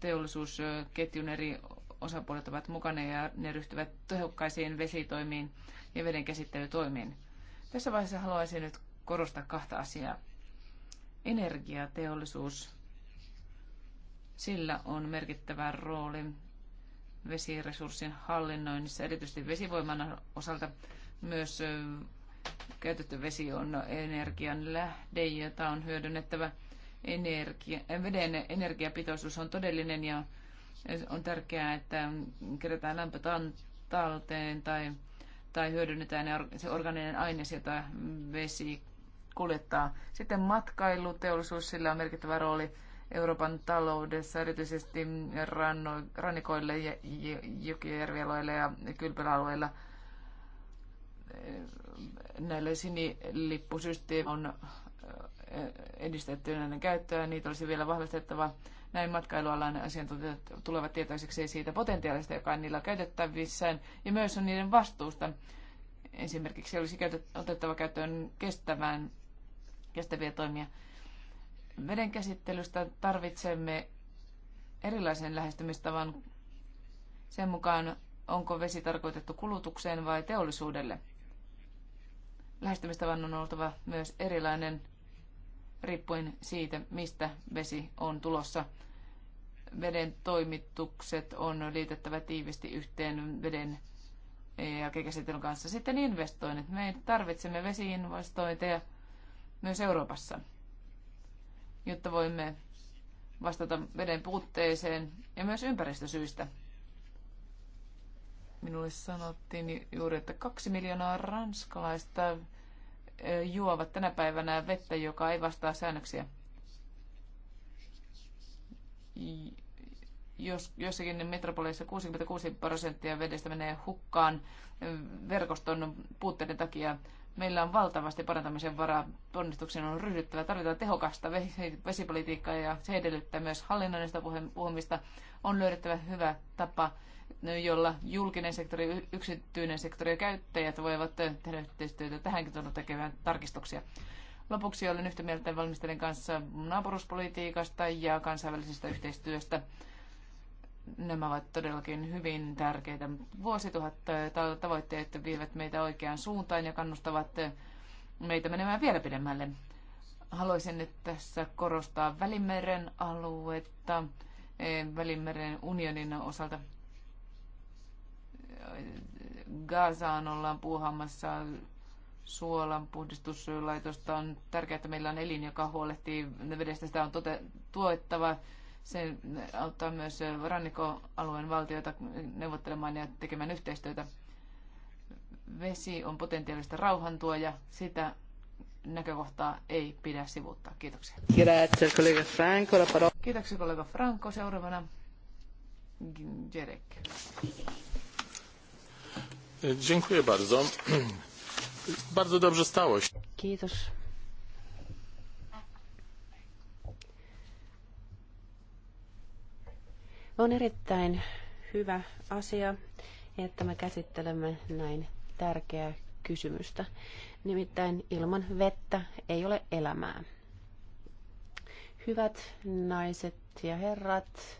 teollisuusketjun eri osapuolet ovat mukana ja ne ryhtyvät tehokkaisiin vesitoimiin ja vedenkäsittelytoimiin. Tässä vaiheessa haluaisin nyt korostaa kahta asiaa. Energiateollisuus, sillä on merkittävä rooli vesiresurssin hallinnoinnissa, erityisesti vesivoiman osalta myös käytetty vesi on energian lähde, jota on hyödynnettävä energia, veden energiapitoisuus on todellinen ja on tärkeää, että kerätään lämpö talteen tai, tai hyödynnetään se organinen aines, jota vesi kuljettaa. Sitten matkailu, teollisuus, sillä on merkittävä rooli Euroopan taloudessa, erityisesti ranno, rannikoille, jokijärvialueille ja kylpyläalueilla. Näillä sinilippusysteemi on edistetty näiden käyttöä, niitä olisi vielä vahvistettava näin matkailualan asiantuntijat tulevat tietoiseksi siitä potentiaalista, joka on niillä käytettävissään, ja myös on niiden vastuusta. Esimerkiksi olisi otettava käyttöön kestävään, kestäviä toimia. Veden käsittelystä tarvitsemme erilaisen lähestymistavan sen mukaan, onko vesi tarkoitettu kulutukseen vai teollisuudelle. Lähestymistavan on oltava myös erilainen riippuen siitä, mistä vesi on tulossa. Veden toimitukset on liitettävä tiivisti yhteen veden jälkikäsittelyn kanssa. Sitten investoinnit. Me tarvitsemme vesiinvestointeja myös Euroopassa, jotta voimme vastata veden puutteeseen ja myös ympäristösyistä. Minulle sanottiin juuri, että kaksi miljoonaa ranskalaista juovat tänä päivänä vettä, joka ei vastaa säännöksiä. Jos, jossakin metropolissa 66 prosenttia vedestä menee hukkaan verkoston puutteiden takia. Meillä on valtavasti parantamisen varaa. Ponnistuksen on ryhdyttävä. Tarvitaan tehokasta vesipolitiikkaa ja se edellyttää myös hallinnoinnista puhumista. On löydettävä hyvä tapa jolla julkinen sektori, yksityinen sektori ja käyttäjät voivat tehdä yhteistyötä. Tähänkin tullut tekemään tarkistuksia. Lopuksi olen yhtä mieltä valmistelijan kanssa naapuruspolitiikasta ja kansainvälisestä yhteistyöstä. Nämä ovat todellakin hyvin tärkeitä. Vuosituhatta tavoitteet vievät meitä oikeaan suuntaan ja kannustavat meitä menemään vielä pidemmälle. Haluaisin nyt tässä korostaa Välimeren aluetta Välimeren unionin osalta Gazaan ollaan puuhaamassa suolan puhdistuslaitosta. On tärkeää, että meillä on elin, joka huolehtii vedestä. Sitä on tote- tuettava. Se auttaa myös rannikkoalueen valtioita neuvottelemaan ja tekemään yhteistyötä. Vesi on potentiaalista rauhantuoja. Sitä näkökohtaa ei pidä sivuuttaa. Kiitoksia. Grazie, kollega Franco. Kiitoksia, kollega Franco. Seuraavana Jerek. Dziękuję bardzo. Bardzo dobrze stało się. On erittäin hyvä asia, että me käsittelemme näin tärkeää kysymystä. Nimittäin ilman vettä ei ole elämää. Hyvät naiset ja herrat,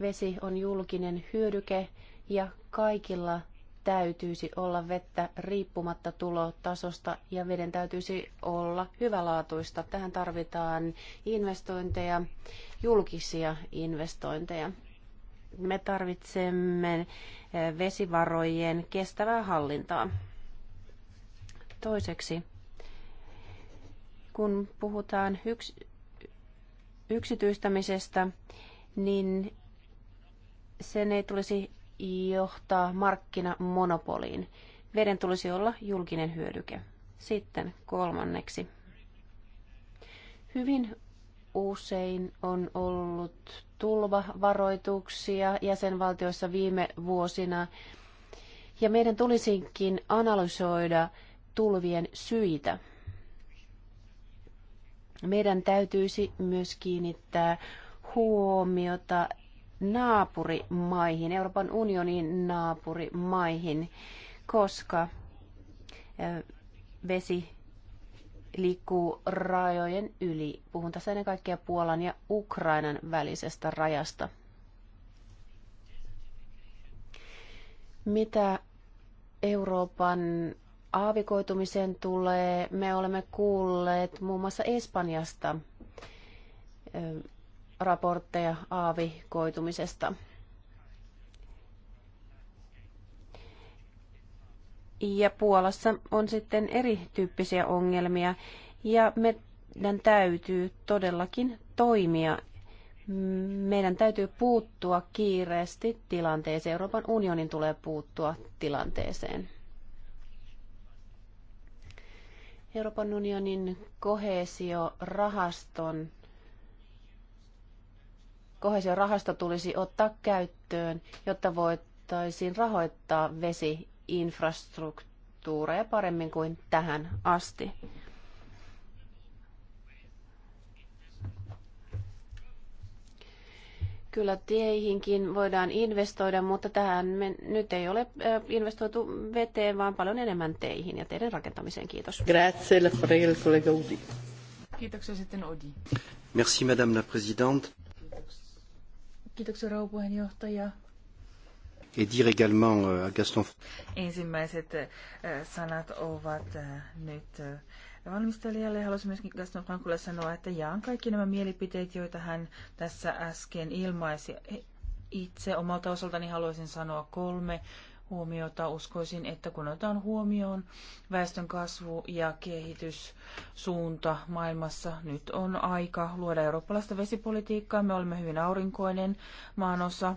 vesi on julkinen hyödyke ja kaikilla täytyisi olla vettä riippumatta tulotasosta ja veden täytyisi olla hyvälaatuista. Tähän tarvitaan investointeja, julkisia investointeja. Me tarvitsemme eh, vesivarojen kestävää hallintaa. Toiseksi, kun puhutaan yks, yksityistämisestä, niin sen ei tulisi johtaa markkinamonopoliin. Veden tulisi olla julkinen hyödyke. Sitten kolmanneksi. Hyvin usein on ollut tulvavaroituksia jäsenvaltioissa viime vuosina, ja meidän tulisikin analysoida tulvien syitä. Meidän täytyisi myös kiinnittää huomiota naapurimaihin, Euroopan unionin naapurimaihin, koska vesi liikkuu rajojen yli. Puhun tässä ennen kaikkea Puolan ja Ukrainan välisestä rajasta. Mitä Euroopan aavikoitumiseen tulee, me olemme kuulleet muun muassa Espanjasta raportteja aavikoitumisesta. Ja Puolassa on sitten erityyppisiä ongelmia ja meidän täytyy todellakin toimia. Meidän täytyy puuttua kiireesti tilanteeseen. Euroopan unionin tulee puuttua tilanteeseen. Euroopan unionin kohesiorahaston kohesiorahasto tulisi ottaa käyttöön, jotta voitaisiin rahoittaa vesiinfrastruktuureja paremmin kuin tähän asti. Kyllä teihinkin voidaan investoida, mutta tähän me, nyt ei ole investoitu veteen, vaan paljon enemmän teihin ja teidän rakentamiseen. Kiitos. Grazie, la collega Udi. Kiitoksia sitten Odi. Merci, madame la présidente. Kiitoksia rouva puheenjohtaja. Et dire également euh, à Gaston. Ensimmäiset äh, sanat ovat äh, nyt äh, valmistelijalle. Haluaisin myöskin Gaston Frankulle sanoa, että jaan kaikki nämä mielipiteet, joita hän tässä äsken ilmaisi. Itse omalta osaltani haluaisin sanoa kolme huomiota. Uskoisin, että kun otetaan huomioon väestön kasvu ja kehityssuunta maailmassa, nyt on aika luoda eurooppalaista vesipolitiikkaa. Me olemme hyvin aurinkoinen maanosa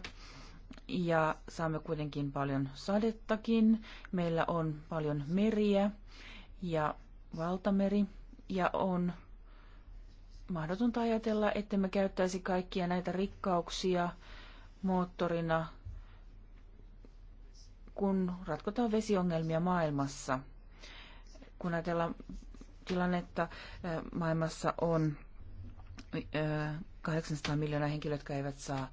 ja saamme kuitenkin paljon sadettakin. Meillä on paljon meriä ja valtameri ja on mahdotonta ajatella, että me käyttäisi kaikkia näitä rikkauksia moottorina kun ratkotaan vesiongelmia maailmassa. Kun ajatellaan tilannetta, äh, maailmassa on 800 äh, miljoonaa henkilöä, jotka eivät saa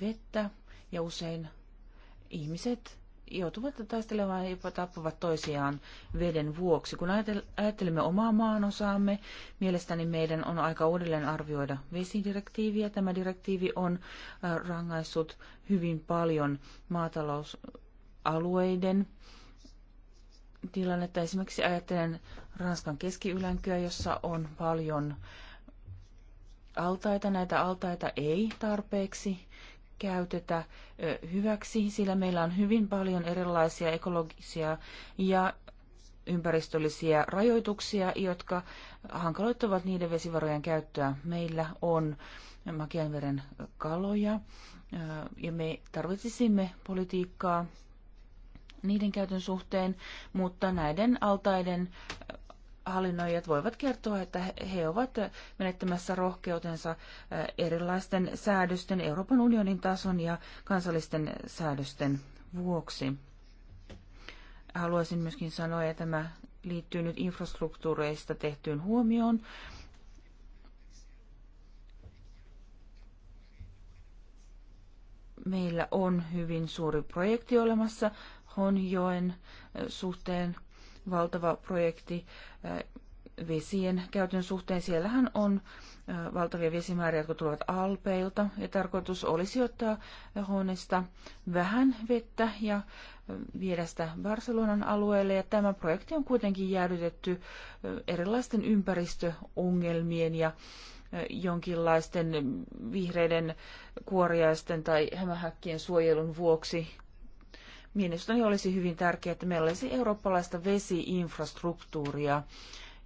vettä ja usein ihmiset joutuvat taistelemaan ja jopa tappavat toisiaan veden vuoksi. Kun ajattelemme omaa maanosaamme, mielestäni meidän on aika uudelleen arvioida vesidirektiiviä. Tämä direktiivi on äh, rangaissut hyvin paljon maatalous alueiden tilannetta. Esimerkiksi ajattelen Ranskan keskiylänköä, jossa on paljon altaita. Näitä altaita ei tarpeeksi käytetä hyväksi, sillä meillä on hyvin paljon erilaisia ekologisia ja ympäristöllisiä rajoituksia, jotka hankaloittavat niiden vesivarojen käyttöä. Meillä on Makianveren kaloja ja me tarvitsisimme politiikkaa, niiden käytön suhteen, mutta näiden altaiden äh, hallinnoijat voivat kertoa, että he ovat menettämässä rohkeutensa äh, erilaisten säädösten, Euroopan unionin tason ja kansallisten säädösten vuoksi. Haluaisin myöskin sanoa, että tämä liittyy nyt infrastruktuureista tehtyyn huomioon. Meillä on hyvin suuri projekti olemassa Honjoen suhteen valtava projekti vesien käytön suhteen. Siellähän on valtavia vesimääriä, jotka tulevat alpeilta, ja tarkoitus olisi ottaa Honesta vähän vettä ja viedä sitä Barcelonan alueelle, ja tämä projekti on kuitenkin jäädytetty erilaisten ympäristöongelmien ja jonkinlaisten vihreiden kuoriaisten tai hämähäkkien suojelun vuoksi Mielestäni olisi hyvin tärkeää, että meillä olisi eurooppalaista vesiinfrastruktuuria.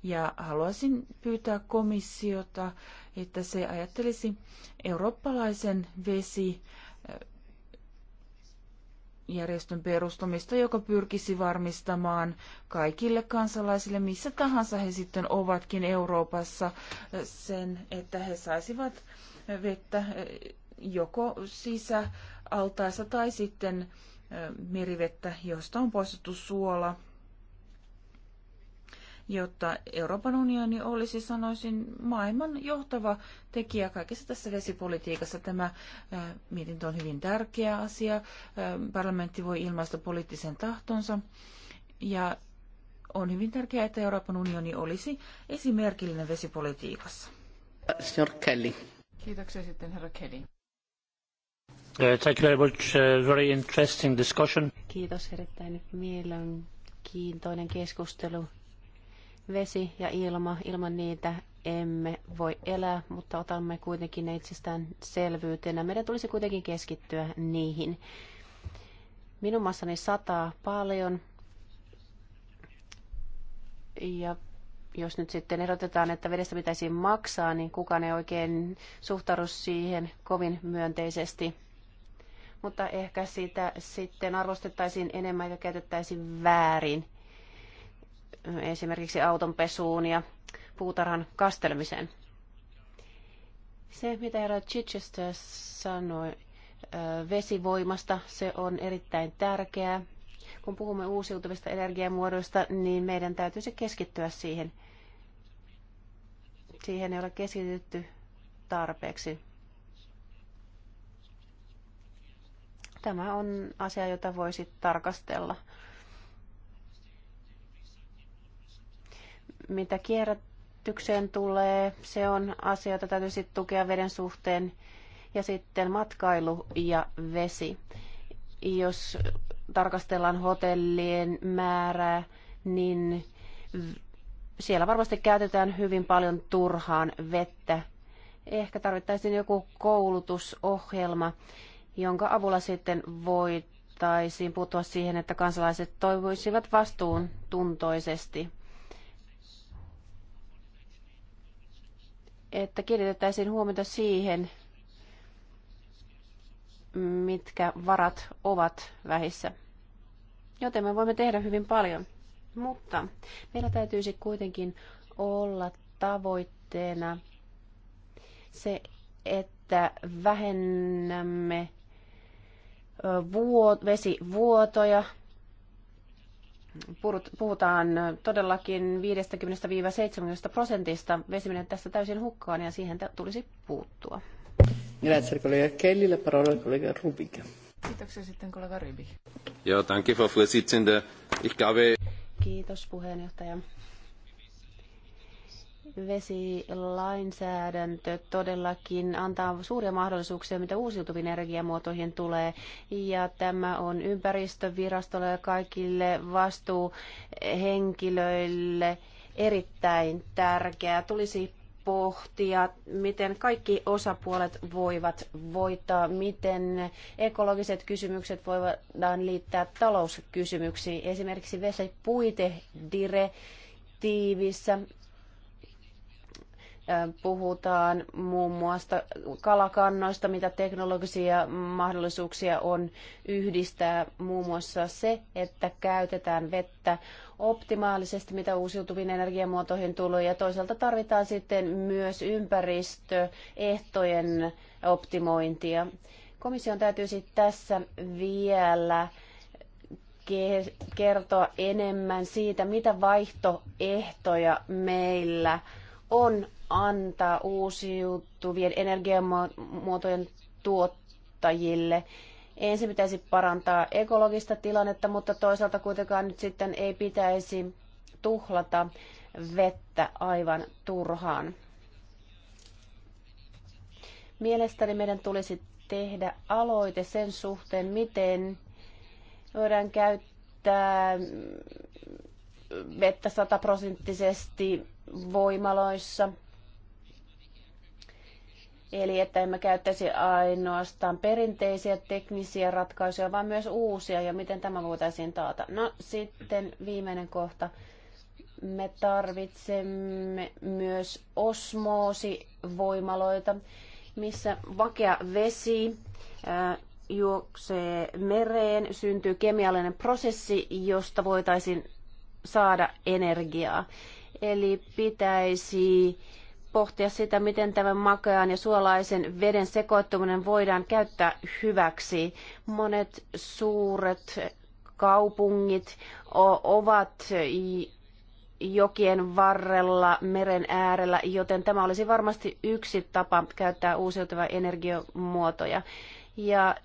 Ja haluaisin pyytää komissiota, että se ajattelisi eurooppalaisen vesi järjestön perustamista, joka pyrkisi varmistamaan kaikille kansalaisille, missä tahansa he sitten ovatkin Euroopassa, sen, että he saisivat vettä joko sisäaltaissa tai sitten merivettä, josta on poistettu suola, jotta Euroopan unioni olisi, sanoisin, maailman johtava tekijä kaikessa tässä vesipolitiikassa. Tämä äh, mietintö on hyvin tärkeä asia. Äh, parlamentti voi ilmaista poliittisen tahtonsa. Ja on hyvin tärkeää, että Euroopan unioni olisi esimerkillinen vesipolitiikassa. Kelly. Kiitoksia sitten herra Kelly. Uh, uh, Kiitos erittäin mielenkiintoinen keskustelu. Vesi ja ilma, ilman niitä emme voi elää, mutta otamme kuitenkin ne itsestään selvyytenä. Meidän tulisi kuitenkin keskittyä niihin. Minun maassani sataa paljon. Ja jos nyt sitten erotetaan, että vedestä pitäisi maksaa, niin kukaan ei oikein suhtaudu siihen kovin myönteisesti mutta ehkä sitä sitten arvostettaisiin enemmän ja käytettäisiin väärin esimerkiksi autonpesuun ja puutarhan kastelemiseen. Se, mitä herra Chichester sanoi vesivoimasta, se on erittäin tärkeää. Kun puhumme uusiutuvista energiamuodoista, niin meidän täytyy se keskittyä siihen. Siihen ei ole keskitytty tarpeeksi. Tämä on asia, jota voisi tarkastella. Mitä kierrätykseen tulee, se on asia, jota täytyy sitten tukea veden suhteen. Ja sitten matkailu ja vesi. Jos tarkastellaan hotellien määrää, niin siellä varmasti käytetään hyvin paljon turhaan vettä. Ehkä tarvittaisiin joku koulutusohjelma, jonka avulla sitten voitaisiin puuttua siihen, että kansalaiset toivoisivat vastuun tuntoisesti. Että kiinnitettäisiin huomiota siihen, mitkä varat ovat vähissä. Joten me voimme tehdä hyvin paljon. Mutta meillä täytyisi kuitenkin olla tavoitteena se, että vähennämme vesivuotoja. Puhutaan todellakin 50-70 prosentista. Vesi menee tästä täysin hukkaan ja siihen tulisi puuttua. Grazie, kollega Kelly. La parola kollega Rubik. Kiitoksia sitten kollega Rubik. Joo, danke, Frau Vorsitzende. Ich glaube... Kiitos puheenjohtaja vesilainsäädäntö todellakin antaa suuria mahdollisuuksia, mitä uusiutuviin energiamuotoihin tulee. Ja tämä on ympäristövirastolle ja kaikille vastuuhenkilöille erittäin tärkeää. Tulisi pohtia, miten kaikki osapuolet voivat voittaa, miten ekologiset kysymykset voidaan liittää talouskysymyksiin. Esimerkiksi vesipuitedirektiivissä Puhutaan muun muassa kalakannoista, mitä teknologisia mahdollisuuksia on yhdistää muun muassa se, että käytetään vettä optimaalisesti, mitä uusiutuviin energiamuotoihin tulee, ja toisaalta tarvitaan sitten myös ympäristöehtojen optimointia. Komission sitten tässä vielä kertoa enemmän siitä, mitä vaihtoehtoja meillä on antaa uusiutuvien energiamuotojen tuottajille. Ensin pitäisi parantaa ekologista tilannetta, mutta toisaalta kuitenkaan nyt sitten ei pitäisi tuhlata vettä aivan turhaan. Mielestäni meidän tulisi tehdä aloite sen suhteen, miten voidaan käyttää vettä sataprosenttisesti voimaloissa – Eli että emme käyttäisi ainoastaan perinteisiä teknisiä ratkaisuja, vaan myös uusia ja miten tämä voitaisiin taata. No sitten viimeinen kohta. Me tarvitsemme myös osmoosivoimaloita, missä vakea vesi juoksee mereen, syntyy kemiallinen prosessi, josta voitaisiin saada energiaa. Eli pitäisi äh, pohtia sitä, miten tämän makean ja suolaisen veden sekoittuminen voidaan käyttää hyväksi. Monet suuret kaupungit ovat jokien varrella, meren äärellä, joten tämä olisi varmasti yksi tapa käyttää uusiutuvia energiamuotoja. Ja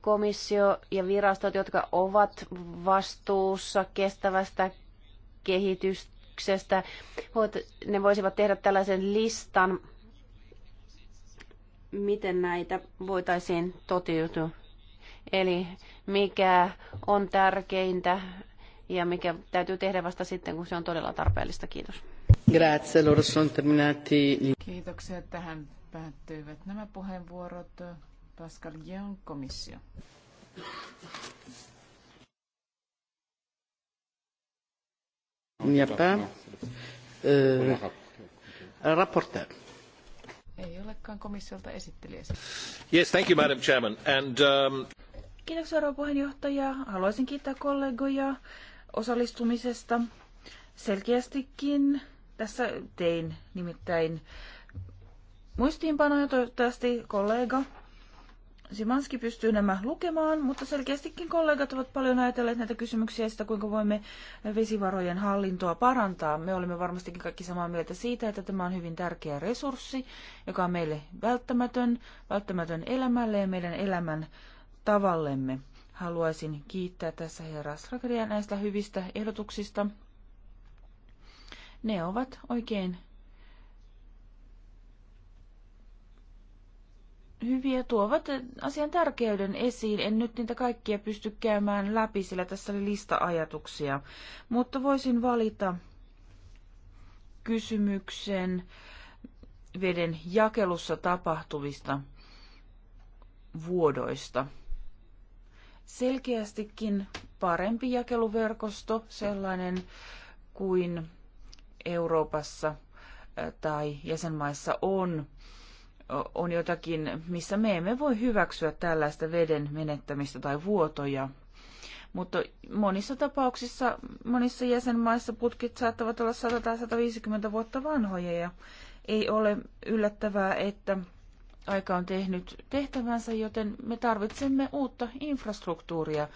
komissio ja virastot, jotka ovat vastuussa kestävästä kehitystä, kehityksestä. Ne voisivat tehdä tällaisen listan, miten näitä voitaisiin toteutua. Eli mikä on tärkeintä ja mikä täytyy tehdä vasta sitten, kun se on todella tarpeellista. Kiitos. Grazie, loro sono terminati. Kiitoksia. Tähän päättyivät nämä puheenvuorot. Pascal Jean, komissio. Il n'y a pas. Euh, rapporteur. Ei olekaan komissiolta esittelijä. Yes, thank you, Madam Chairman. And, um... Kiitoksia, rouva puheenjohtaja. Haluaisin kiittää kollegoja osallistumisesta. Selkeästikin tässä tein nimittäin muistiinpanoja. Toivottavasti kollega Simanski pystyy nämä lukemaan, mutta selkeästikin kollegat ovat paljon ajatelleet näitä kysymyksiä sitä, kuinka voimme vesivarojen hallintoa parantaa. Me olemme varmastikin kaikki samaa mieltä siitä, että tämä on hyvin tärkeä resurssi, joka on meille välttämätön, välttämätön elämälle ja meidän elämän tavallemme. Haluaisin kiittää tässä herra Srakaria näistä hyvistä ehdotuksista. Ne ovat oikein hyviä, tuovat asian tärkeyden esiin. En nyt niitä kaikkia pysty käymään läpi, sillä tässä oli lista ajatuksia. Mutta voisin valita kysymyksen veden jakelussa tapahtuvista vuodoista. Selkeästikin parempi jakeluverkosto, sellainen kuin Euroopassa äh, tai jäsenmaissa on, on jotakin, missä me emme voi hyväksyä tällaista veden menettämistä tai vuotoja. Mutta monissa tapauksissa, monissa jäsenmaissa putkit saattavat olla 100 tai 150 vuotta vanhoja ja ei ole yllättävää, että aika on tehnyt tehtävänsä, joten me tarvitsemme uutta infrastruktuuria.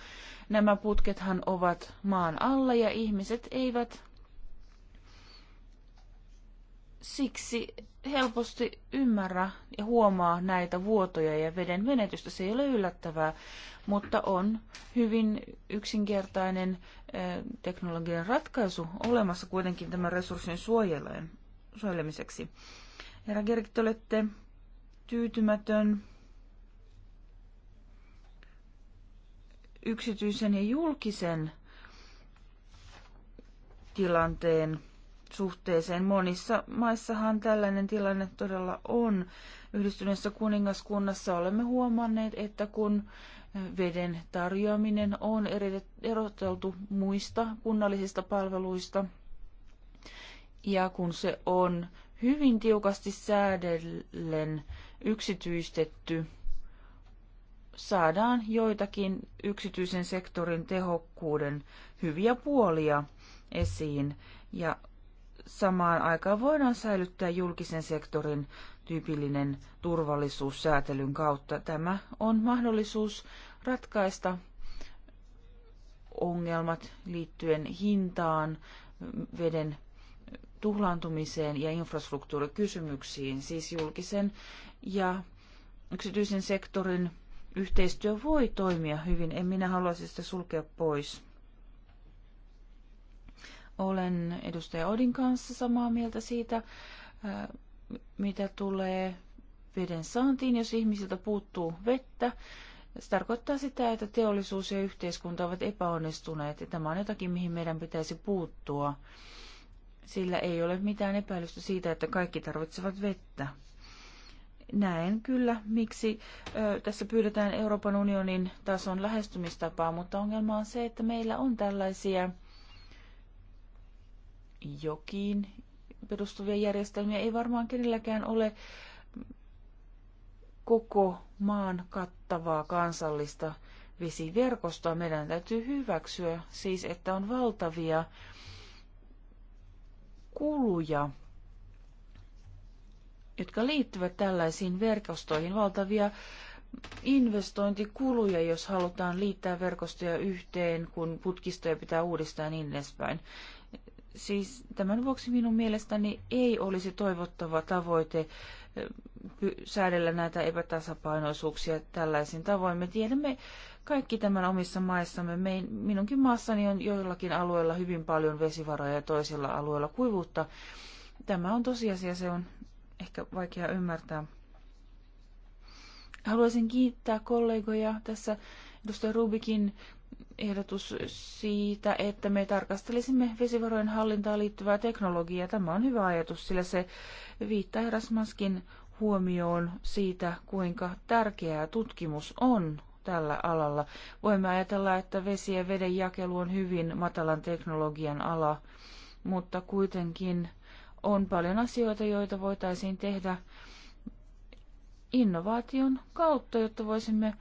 Nämä putkethan ovat maan alla ja ihmiset eivät siksi helposti ymmärrä ja huomaa näitä vuotoja ja veden menetystä. Se ei ole yllättävää, mutta on hyvin yksinkertainen eh, teknologian ratkaisu olemassa kuitenkin tämän resurssin suojelemiseksi. Herra Gerg, te olette tyytymätön yksityisen ja julkisen tilanteen suhteeseen. Monissa maissahan tällainen tilanne todella on. Yhdistyneessä kuningaskunnassa olemme huomanneet, että kun veden tarjoaminen on eroteltu muista kunnallisista palveluista, ja kun se on hyvin tiukasti säädellen yksityistetty, saadaan joitakin yksityisen sektorin tehokkuuden hyviä puolia esiin. Ja samaan aikaan voidaan säilyttää julkisen sektorin tyypillinen turvallisuus säätelyn kautta. Tämä on mahdollisuus ratkaista ongelmat liittyen hintaan, veden tuhlaantumiseen ja infrastruktuurikysymyksiin, siis julkisen ja yksityisen sektorin yhteistyö voi toimia hyvin. En minä haluaisi sitä sulkea pois. Olen edustaja Odin kanssa samaa mieltä siitä, mitä tulee veden saantiin, jos ihmisiltä puuttuu vettä. Se tarkoittaa sitä, että teollisuus ja yhteiskunta ovat epäonnistuneet ja tämä on jotakin, mihin meidän pitäisi puuttua. Sillä ei ole mitään epäilystä siitä, että kaikki tarvitsevat vettä. Näen kyllä, miksi ö, tässä pyydetään Euroopan unionin tason lähestymistapaa, mutta ongelma on se, että meillä on tällaisia jokiin perustuvia järjestelmiä ei varmaan kenelläkään ole koko maan kattavaa kansallista vesiverkostoa. Meidän täytyy hyväksyä siis, että on valtavia kuluja, jotka liittyvät tällaisiin verkostoihin, valtavia investointikuluja, jos halutaan liittää verkostoja yhteen, kun putkistoja pitää uudistaa ja niin edespäin. Siis tämän vuoksi minun mielestäni ei olisi toivottava tavoite eh, säädellä näitä epätasapainoisuuksia tällaisin tavoin. Me tiedämme kaikki tämän omissa maissamme. Mein, minunkin maassani on joillakin alueilla hyvin paljon vesivaroja ja toisilla alueilla kuivuutta. Tämä on tosiasia, se on ehkä vaikea ymmärtää. Haluaisin kiittää kollegoja tässä edustaja Rubikin ehdotus siitä, että me tarkastelisimme vesivarojen hallintaan liittyvää teknologiaa. Tämä on hyvä ajatus, sillä se viittaa Erasmuskin huomioon siitä, kuinka tärkeää tutkimus on tällä alalla. Voimme ajatella, että vesi- ja vedenjakelu on hyvin matalan teknologian ala, mutta kuitenkin on paljon asioita, joita voitaisiin tehdä innovaation kautta, jotta voisimme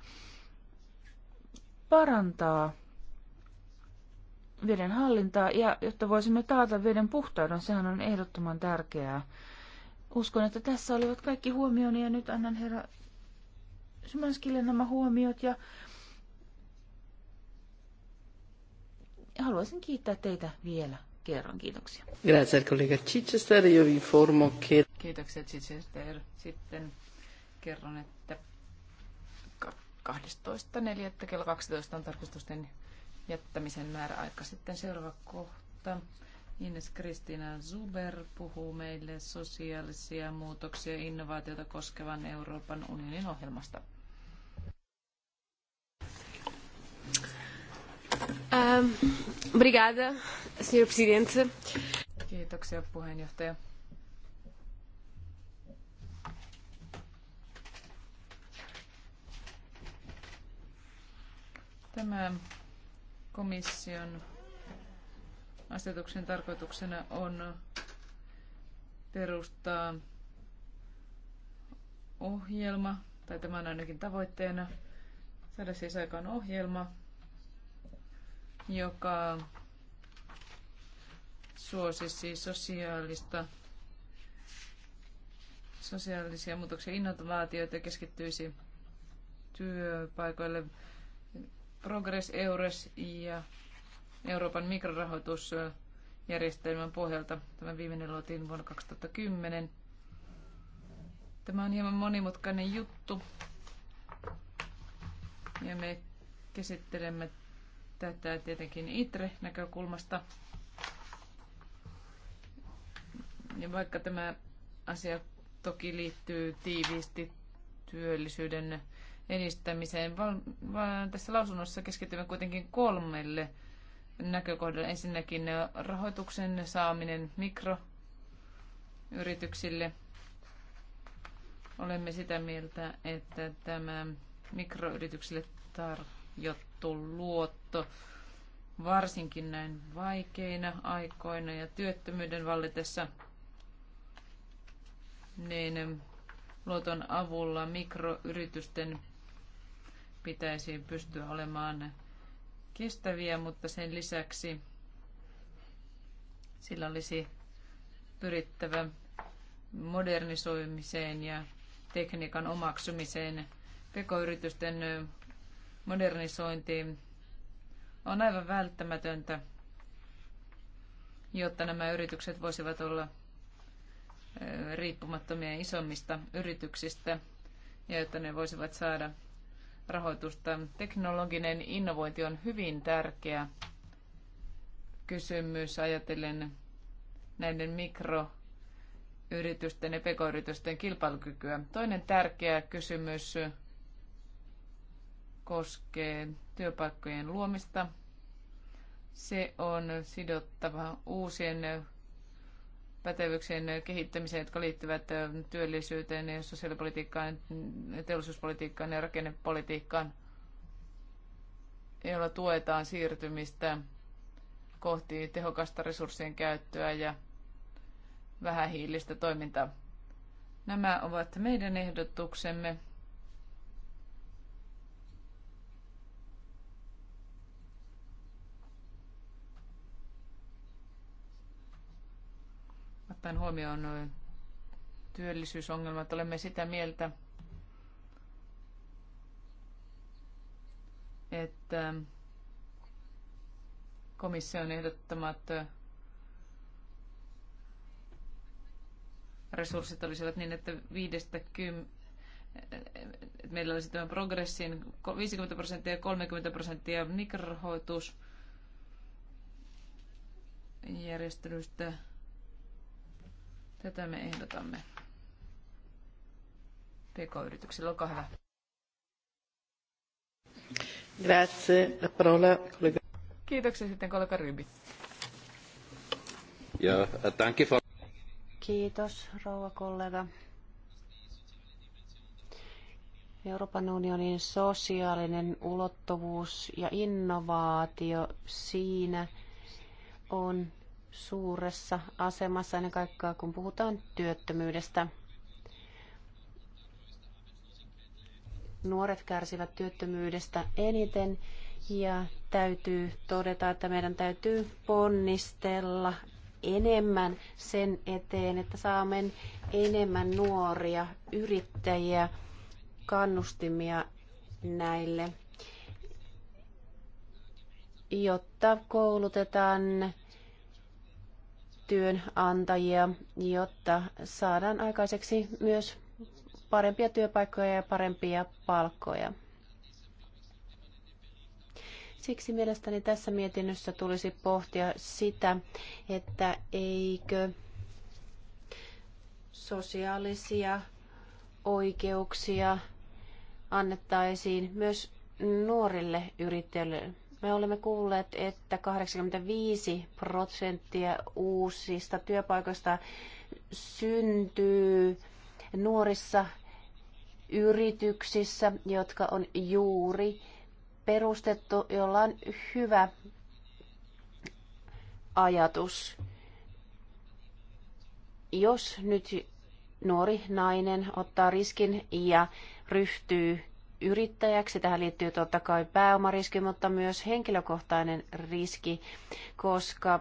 parantaa veden hallintaa ja jotta voisimme taata veden puhtauden, sehän on ehdottoman tärkeää. Uskon, että tässä olivat kaikki huomioni ja nyt annan herra Symanskille nämä huomiot ja haluaisin kiittää teitä vielä kerran. Kiitoksia. Grazie, kollega Chichester. Io vi informo che... Kiitoksia, Chichester. Sitten kerron, että 12.4. kello 12 on tarkastusten jättämisen määräaika. Sitten seuraava kohta. Ines Kristina Zuber puhuu meille sosiaalisia muutoksia ja innovaatiota koskevan Euroopan unionin ohjelmasta. Um, ehm, brigada, signor Presidente. Kiitoksia puheenjohtaja. Tämä komission asetuksen tarkoituksena on perustaa ohjelma, tai tämä on ainakin tavoitteena, saada siis aikaan ohjelma, joka suosisi sosiaalista, sosiaalisia muutoksia innovaatioita ja keskittyisi työpaikoille Progress Eures ja Euroopan mikrorahoitusjärjestelmän pohjalta. Tämä viimeinen luotiin vuonna 2010. Tämä on hieman monimutkainen juttu. Ja me käsittelemme tätä tietenkin ITRE-näkökulmasta. Ja vaikka tämä asia toki liittyy tiiviisti työllisyyden edistämiseen. Val, tässä lausunnossa keskitymme kuitenkin kolmelle näkökohdalle. Ensinnäkin rahoituksen saaminen mikroyrityksille. Olemme sitä mieltä, että tämä mikroyrityksille tarjottu luotto varsinkin näin vaikeina aikoina ja työttömyyden vallitessa, niin luoton avulla mikroyritysten pitäisi pystyä olemaan kestäviä, mutta sen lisäksi sillä olisi pyrittävä modernisoimiseen ja tekniikan omaksumiseen. Pekoyritysten modernisointi on aivan välttämätöntä, jotta nämä yritykset voisivat olla riippumattomia isommista yrityksistä ja jotta ne voisivat saada rahoitusta. Teknologinen innovointi on hyvin tärkeä kysymys ajatellen näiden mikroyritysten ja pekoyritysten kilpailukykyä. Toinen tärkeä kysymys koskee työpaikkojen luomista. Se on sidottava uusien pätevyyksien kehittämiseen, jotka liittyvät työllisyyteen ja sosiaalipolitiikkaan, teollisuuspolitiikkaan ja rakennepolitiikkaan, joilla tuetaan siirtymistä kohti tehokasta resurssien käyttöä ja vähähiilistä toimintaa. Nämä ovat meidän ehdotuksemme. ottaen huomioon työllisyysongelmat, olemme sitä mieltä, että komission ehdottamat resurssit olisivat niin, että viidestä kym- että meillä olisi tämä progressin 50 prosenttia ja 30 prosenttia mikrorahoitus järjestelystä. Tätä me ehdotamme. PK-yrityksillä, olkaa hyvä. Grazie. La parola, collega. Kiitoksia sitten kollega Ryby. Ja, danke for... Kiitos, rouva kollega. Euroopan unionin sosiaalinen ulottuvuus ja innovaatio siinä on suuressa asemassa ennen kaikkea, kun puhutaan työttömyydestä. Nuoret kärsivät työttömyydestä eniten ja täytyy todeta, että meidän täytyy ponnistella enemmän sen eteen, että saamme enemmän nuoria yrittäjiä, kannustimia näille, jotta koulutetaan työnantajia, jotta saadaan aikaiseksi myös parempia työpaikkoja ja parempia palkkoja. Siksi mielestäni tässä mietinnössä tulisi pohtia sitä, että eikö sosiaalisia oikeuksia annettaisiin myös nuorille yrittäjille me olemme kuulleet, että 85 prosenttia uusista työpaikoista syntyy nuorissa yrityksissä, jotka on juuri perustettu, jolla on hyvä ajatus. Jos nyt nuori nainen ottaa riskin ja ryhtyy yrittäjäksi. Tähän liittyy totta kai pääomariski, mutta myös henkilökohtainen riski, koska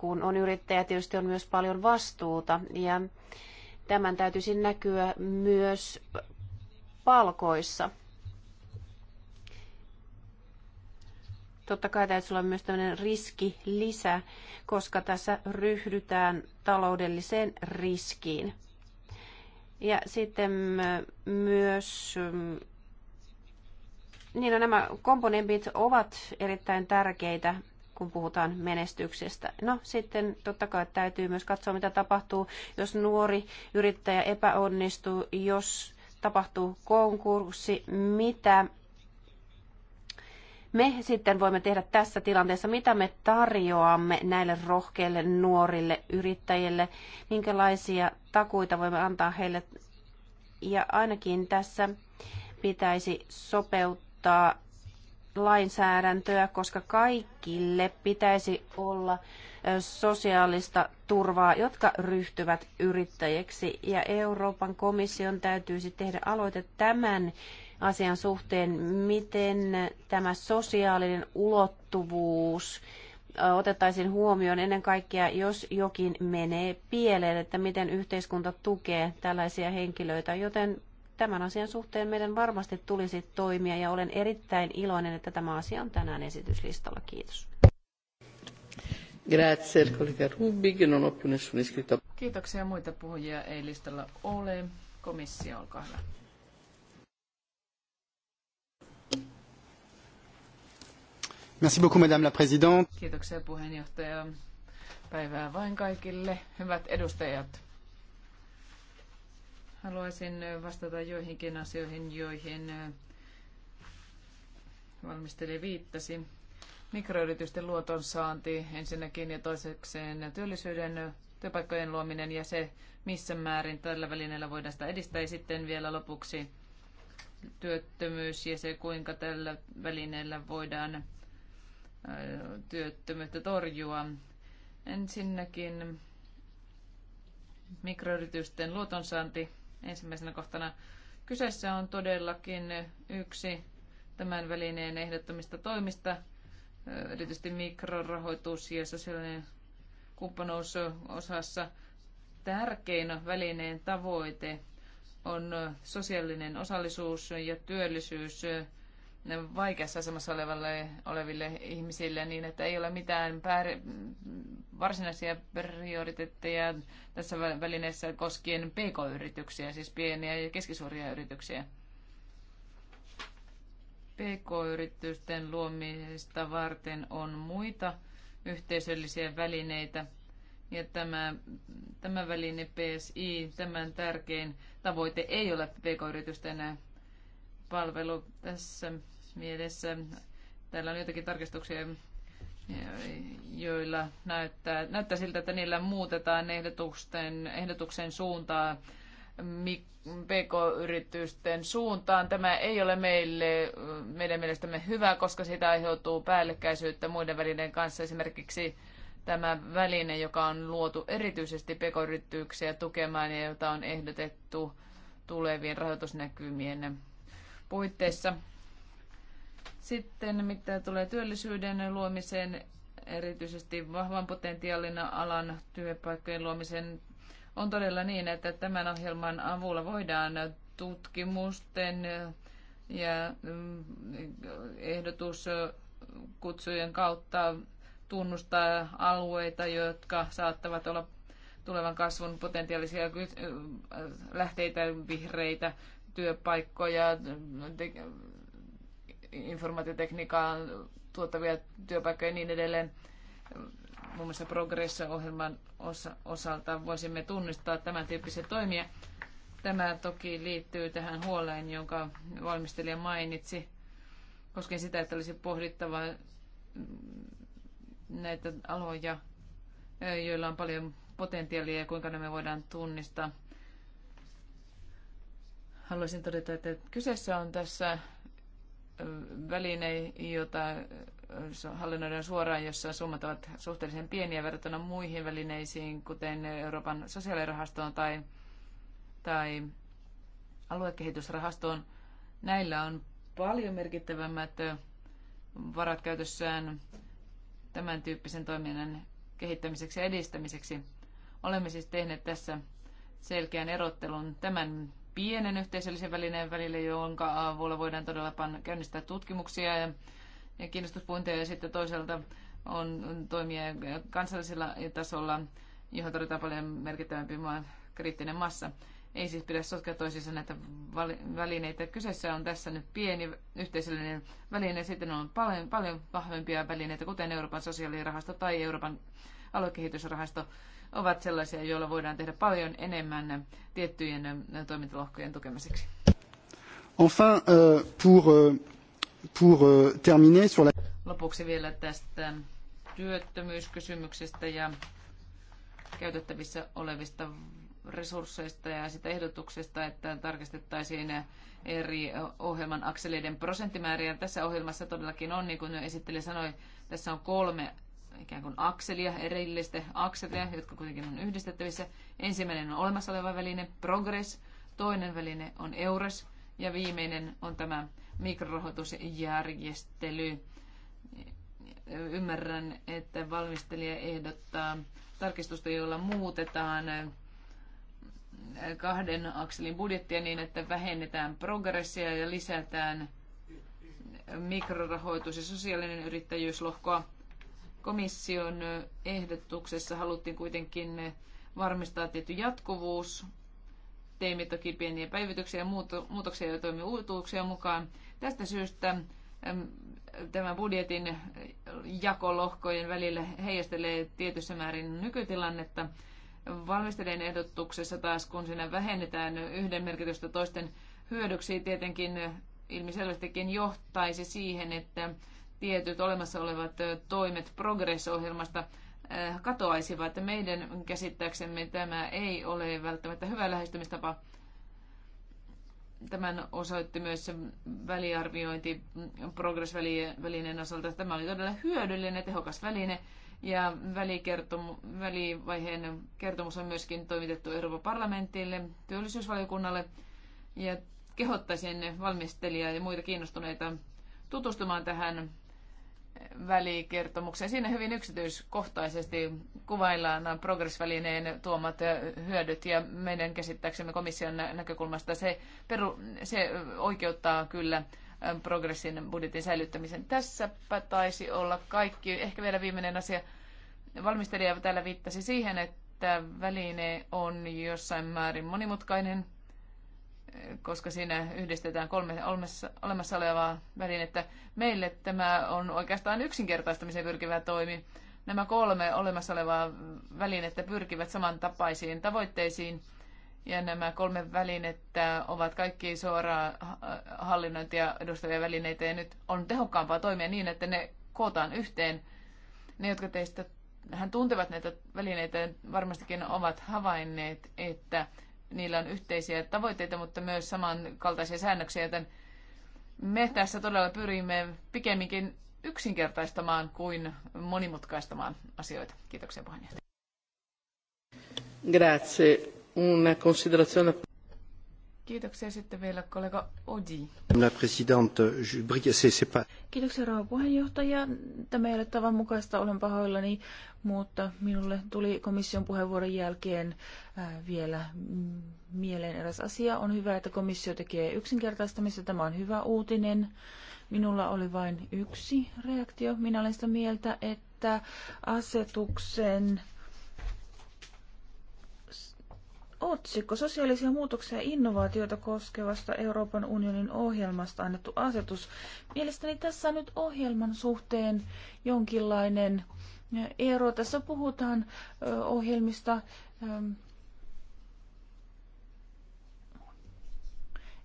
kun on yrittäjä, tietysti on myös paljon vastuuta ja tämän täytyisi näkyä myös palkoissa. Totta kai täytyy olla myös tämmöinen lisä, koska tässä ryhdytään taloudelliseen riskiin. Ja sitten myös niin no, nämä komponentit ovat erittäin tärkeitä, kun puhutaan menestyksestä. No sitten totta kai täytyy myös katsoa, mitä tapahtuu, jos nuori yrittäjä epäonnistuu, jos tapahtuu konkurssi, mitä me sitten voimme tehdä tässä tilanteessa, mitä me tarjoamme näille rohkeille nuorille yrittäjille, minkälaisia takuita voimme antaa heille. Ja ainakin tässä pitäisi sopeuttaa muuttaa lainsäädäntöä, koska kaikille pitäisi olla sosiaalista turvaa, jotka ryhtyvät yrittäjiksi. Ja Euroopan komission täytyisi tehdä aloite tämän asian suhteen, miten tämä sosiaalinen ulottuvuus otettaisiin huomioon ennen kaikkea, jos jokin menee pieleen, että miten yhteiskunta tukee tällaisia henkilöitä. Joten tämän asian suhteen meidän varmasti tulisi toimia ja olen erittäin iloinen, että tämä asia on tänään esityslistalla. Kiitos. Grazie, collega Rubik. Non ho più nessun iscritto. Kiitoksia. Muita puhujia ei listalla ole. Komissio, olkaa hyvä. Merci beaucoup, madame la présidente. Kiitoksia puheenjohtaja. Päivää vain kaikille. Hyvät edustajat. Haluaisin vastata joihinkin asioihin, joihin valmisteli viittasi. Mikroyritysten luoton saanti ensinnäkin ja toisekseen työllisyyden työpaikkojen luominen ja se, missä määrin tällä välineellä voidaan sitä edistää. Ja sitten vielä lopuksi työttömyys ja se, kuinka tällä välineellä voidaan työttömyyttä torjua. Ensinnäkin mikroyritysten luotonsaanti ensimmäisenä kohtana. Kyseessä on todellakin yksi tämän välineen ehdottomista toimista, erityisesti mikrorahoitus ja sosiaalinen kumppanuus osassa. Tärkein välineen tavoite on sosiaalinen osallisuus ja työllisyys vaikeassa asemassa olevalle, oleville ihmisille niin, että ei ole mitään päär, varsinaisia prioriteetteja tässä välineessä koskien pk-yrityksiä, siis pieniä ja keskisuuria yrityksiä. PK-yritysten luomista varten on muita yhteisöllisiä välineitä. Ja tämä, tämä väline PSI, tämän tärkein tavoite ei ole PK-yritysten palvelu. Tässä mielessä. Täällä on joitakin tarkistuksia, joilla näyttää, näyttää siltä, että niillä muutetaan ehdotusten, ehdotuksen suuntaa PK-yritysten suuntaan. Tämä ei ole meille, meidän mielestämme hyvä, koska siitä aiheutuu päällekkäisyyttä muiden välineiden kanssa. Esimerkiksi tämä väline, joka on luotu erityisesti PK-yrityksiä tukemaan ja jota on ehdotettu tulevien rahoitusnäkymien puitteissa. Sitten mitä tulee työllisyyden luomiseen, erityisesti vahvan potentiaalina alan työpaikkojen luomiseen, on todella niin, että tämän ohjelman avulla voidaan tutkimusten ja mm, ehdotuskutsujen kautta tunnustaa alueita, jotka saattavat olla tulevan kasvun potentiaalisia lähteitä, vihreitä työpaikkoja, informaatiotekniikkaa tuottavia työpaikkoja ja niin edelleen. Muun muassa Progresso-ohjelman osa- osalta voisimme tunnistaa tämän tyyppisiä toimia. Tämä toki liittyy tähän huoleen, jonka valmistelija mainitsi, koskien sitä, että olisi pohdittava näitä aloja, joilla on paljon potentiaalia ja kuinka ne me voidaan tunnistaa. Haluaisin todeta, että kyseessä on tässä väline, jota hallinnoidaan suoraan, jossa summat ovat suhteellisen pieniä verrattuna muihin välineisiin, kuten Euroopan sosiaalirahastoon tai, tai aluekehitysrahastoon. Näillä on paljon merkittävämmät varat käytössään tämän tyyppisen toiminnan kehittämiseksi ja edistämiseksi. Olemme siis tehneet tässä selkeän erottelun tämän pienen yhteisöllisen välineen välille, jonka avulla voidaan todella panna, käynnistää tutkimuksia ja, ja kiinnostuspuntia ja sitten toisaalta on, toimia kansallisella tasolla, johon tarvitaan paljon merkittävämpi maan kriittinen massa. Ei siis pidä sotkea toisiinsa näitä välineitä. Kyseessä on tässä nyt pieni yhteisöllinen väline, sitten on paljon, paljon vahvempia välineitä, kuten Euroopan sosiaalirahasto tai Euroopan aluekehitysrahasto ovat sellaisia, joilla voidaan tehdä paljon enemmän tiettyjen toimintalohkojen tukemiseksi. Enfin, euh, pour, euh, pour euh, terminer sur la... Lopuksi vielä tästä työttömyyskysymyksestä ja käytettävissä olevista resursseista ja sitä ehdotuksesta, että tarkistettaisiin eri ohjelman akseleiden prosenttimääriä. Tässä ohjelmassa todellakin on, niin kuin esittelijä sanoi, tässä on kolme ikään kuin akselia, erillistä akselia, jotka kuitenkin on yhdistettävissä. Ensimmäinen on olemassa oleva väline, Progress, toinen väline on EURES ja viimeinen on tämä mikrorahoitusjärjestely. Ymmärrän, että valmistelija ehdottaa tarkistusta, jolla muutetaan kahden akselin budjettia niin, että vähennetään progressia ja lisätään mikrorahoitus- ja sosiaalinen yrittäjyyslohkoa. Komission ehdotuksessa haluttiin kuitenkin varmistaa tietty jatkuvuus. Teimme toki pieniä päivityksiä ja muutoksia ja toimi uutuuksia mukaan. Tästä syystä tämän budjetin jakolohkojen välillä heijastelee tietyssä määrin nykytilannetta. Valmistelijan ehdotuksessa taas, kun siinä vähennetään yhden merkitystä toisten hyödyksi, tietenkin ilmiselvästikin johtaisi siihen, että tietyt olemassa olevat toimet progressohjelmasta katoaisivat. Meidän käsittääksemme tämä ei ole välttämättä hyvä lähestymistapa. Tämän osoitti myös se väliarviointi Progress-välineen osalta. Tämä oli todella hyödyllinen, tehokas väline. Ja välivaiheen kertomus on myöskin toimitettu Euroopan parlamentille, työllisyysvaliokunnalle. Ja kehottaisin valmistelijaa ja muita kiinnostuneita tutustumaan tähän välikertomukseen. Siinä hyvin yksityiskohtaisesti kuvaillaan progressvälineen tuomat hyödyt ja meidän käsittääksemme komission näkökulmasta se, peru, se oikeuttaa kyllä progressin budjetin säilyttämisen. Tässäpä taisi olla kaikki. Ehkä vielä viimeinen asia. Valmistelija täällä viittasi siihen, että väline on jossain määrin monimutkainen – koska siinä yhdistetään kolme olemassa olevaa välinettä. Meille tämä on oikeastaan yksinkertaistamiseen pyrkivä toimi. Nämä kolme olemassa olevaa välinettä pyrkivät samantapaisiin tavoitteisiin, ja nämä kolme välinettä ovat kaikki suoraan hallinnointia edustavia välineitä, ja nyt on tehokkaampaa toimia niin, että ne kootaan yhteen. Ne, jotka teistä hän tuntevat näitä välineitä, varmastikin ovat havainneet, että niillä on yhteisiä tavoitteita, mutta myös samankaltaisia säännöksiä, joten me tässä todella pyrimme pikemminkin yksinkertaistamaan kuin monimutkaistamaan asioita. Kiitoksia puheenjohtaja. Grazie. Una considerazione. Kiitoksia sitten vielä kollega Odi. Kiitoksia rouva puheenjohtaja. Tämä ei ole tavan mukaista, olen pahoillani, mutta minulle tuli komission puheenvuoron jälkeen äh, vielä mieleen eräs asia. On hyvä, että komissio tekee yksinkertaistamista. Tämä on hyvä uutinen. Minulla oli vain yksi reaktio. Minä olen sitä mieltä, että asetuksen Otsikko sosiaalisia muutoksia ja innovaatioita koskevasta Euroopan unionin ohjelmasta annettu asetus. Mielestäni tässä on nyt ohjelman suhteen jonkinlainen ero. Tässä puhutaan ohjelmista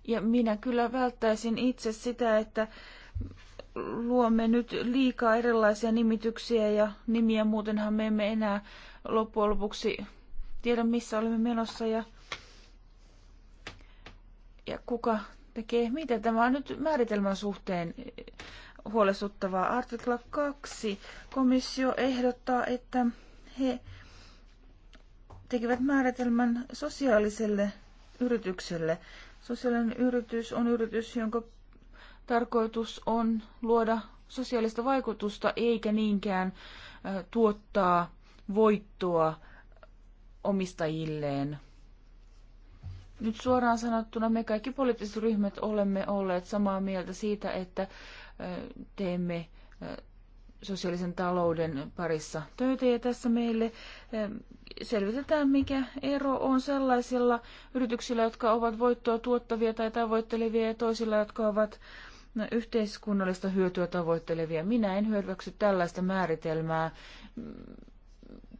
ja minä kyllä välttäisin itse sitä, että luomme nyt liikaa erilaisia nimityksiä ja nimiä, muutenhan me emme enää loppujen lopuksi tiedä, missä olemme menossa ja, ja kuka tekee mitä. Tämä on nyt määritelmän suhteen huolestuttavaa. Artikla 2. Komissio ehdottaa, että he tekevät määritelmän sosiaaliselle yritykselle. Sosiaalinen yritys on yritys, jonka tarkoitus on luoda sosiaalista vaikutusta eikä niinkään tuottaa voittoa omistajilleen. Nyt suoraan sanottuna me kaikki poliittiset ryhmät olemme olleet samaa mieltä siitä, että teemme sosiaalisen talouden parissa töitä ja tässä meille selvitetään, mikä ero on sellaisilla yrityksillä, jotka ovat voittoa tuottavia tai tavoittelevia ja toisilla, jotka ovat yhteiskunnallista hyötyä tavoittelevia. Minä en hyödyksy tällaista määritelmää.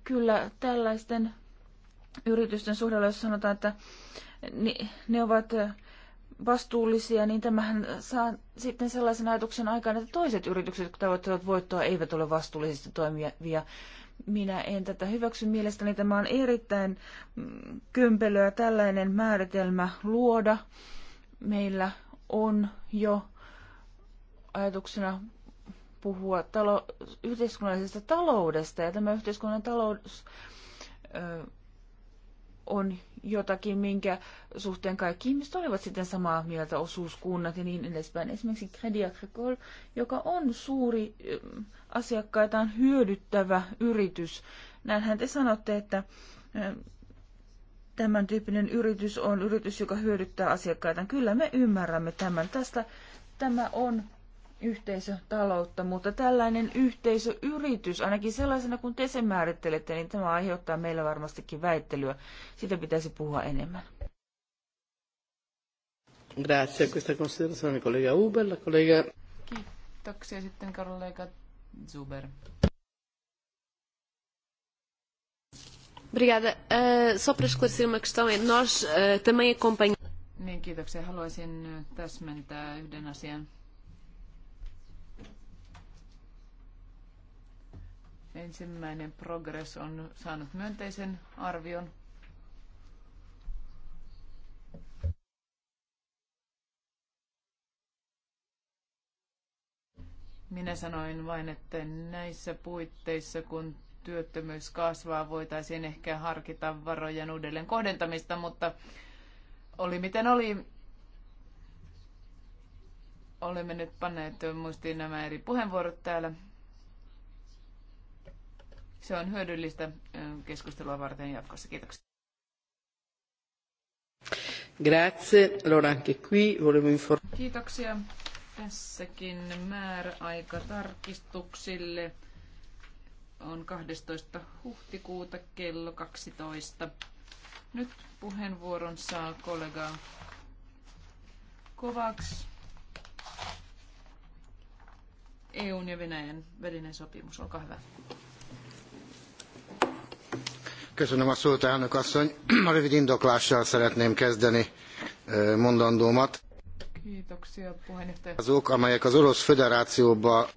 Kyllä tällaisten yritysten suhdella, jos sanotaan, että ne ovat vastuullisia, niin tämähän saa sitten sellaisen ajatuksen aikaan, että toiset yritykset, jotka tavoittavat voittoa, eivät ole vastuullisesti toimivia. Minä en tätä hyväksy. Mielestäni tämä on erittäin mm, kympelöä tällainen määritelmä luoda. Meillä on jo ajatuksena puhua talo- yhteiskunnallisesta taloudesta, ja tämä yhteiskunnan talous ö, on jotakin, minkä suhteen kaikki ihmiset olivat sitten samaa mieltä, osuuskunnat ja niin edespäin. Esimerkiksi Crédit Agricole, joka on suuri ähm, asiakkaitaan hyödyttävä yritys. Näinhän te sanotte, että ähm, tämän tyyppinen yritys on yritys, joka hyödyttää asiakkaitaan. Kyllä me ymmärrämme tämän. Tästä tämä on yhteisötaloutta, mutta tällainen yhteisöyritys, ainakin sellaisena kuin te sen määrittelette, niin tämä aiheuttaa meillä varmastikin väittelyä. Siitä pitäisi puhua enemmän. Grazie questa considerazione, collega Uber. La collega... Kiitoksia sitten kollega Zuber. Obrigada. Uh, só para esclarecer uma questão, é nós uh, também acompanhamos. Niin, kiitoksia. Haluaisin eh, täsmentää yhden asian. Ensimmäinen Progress on saanut myönteisen arvion. Minä sanoin vain, että näissä puitteissa, kun työttömyys kasvaa, voitaisiin ehkä harkita varojen uudelleen kohdentamista, mutta oli miten oli. Olemme nyt panneet muistiin nämä eri puheenvuorot täällä. Se on hyödyllistä keskustelua varten jatkossa. Kiitoksia. Grazie. Allora anche qui volevo informare. Kiitoksia. Tässäkin määräaika tarkistuksille on 12. huhtikuuta kello 12. Nyt puheenvuoron saa kollega Kovaks. EUn ja Venäjän välinen sopimus, olkaa hyvä a elnök asszony. A rövid indoklással szeretném kezdeni mondandómat. Azok, amelyek az Orosz Föderációba...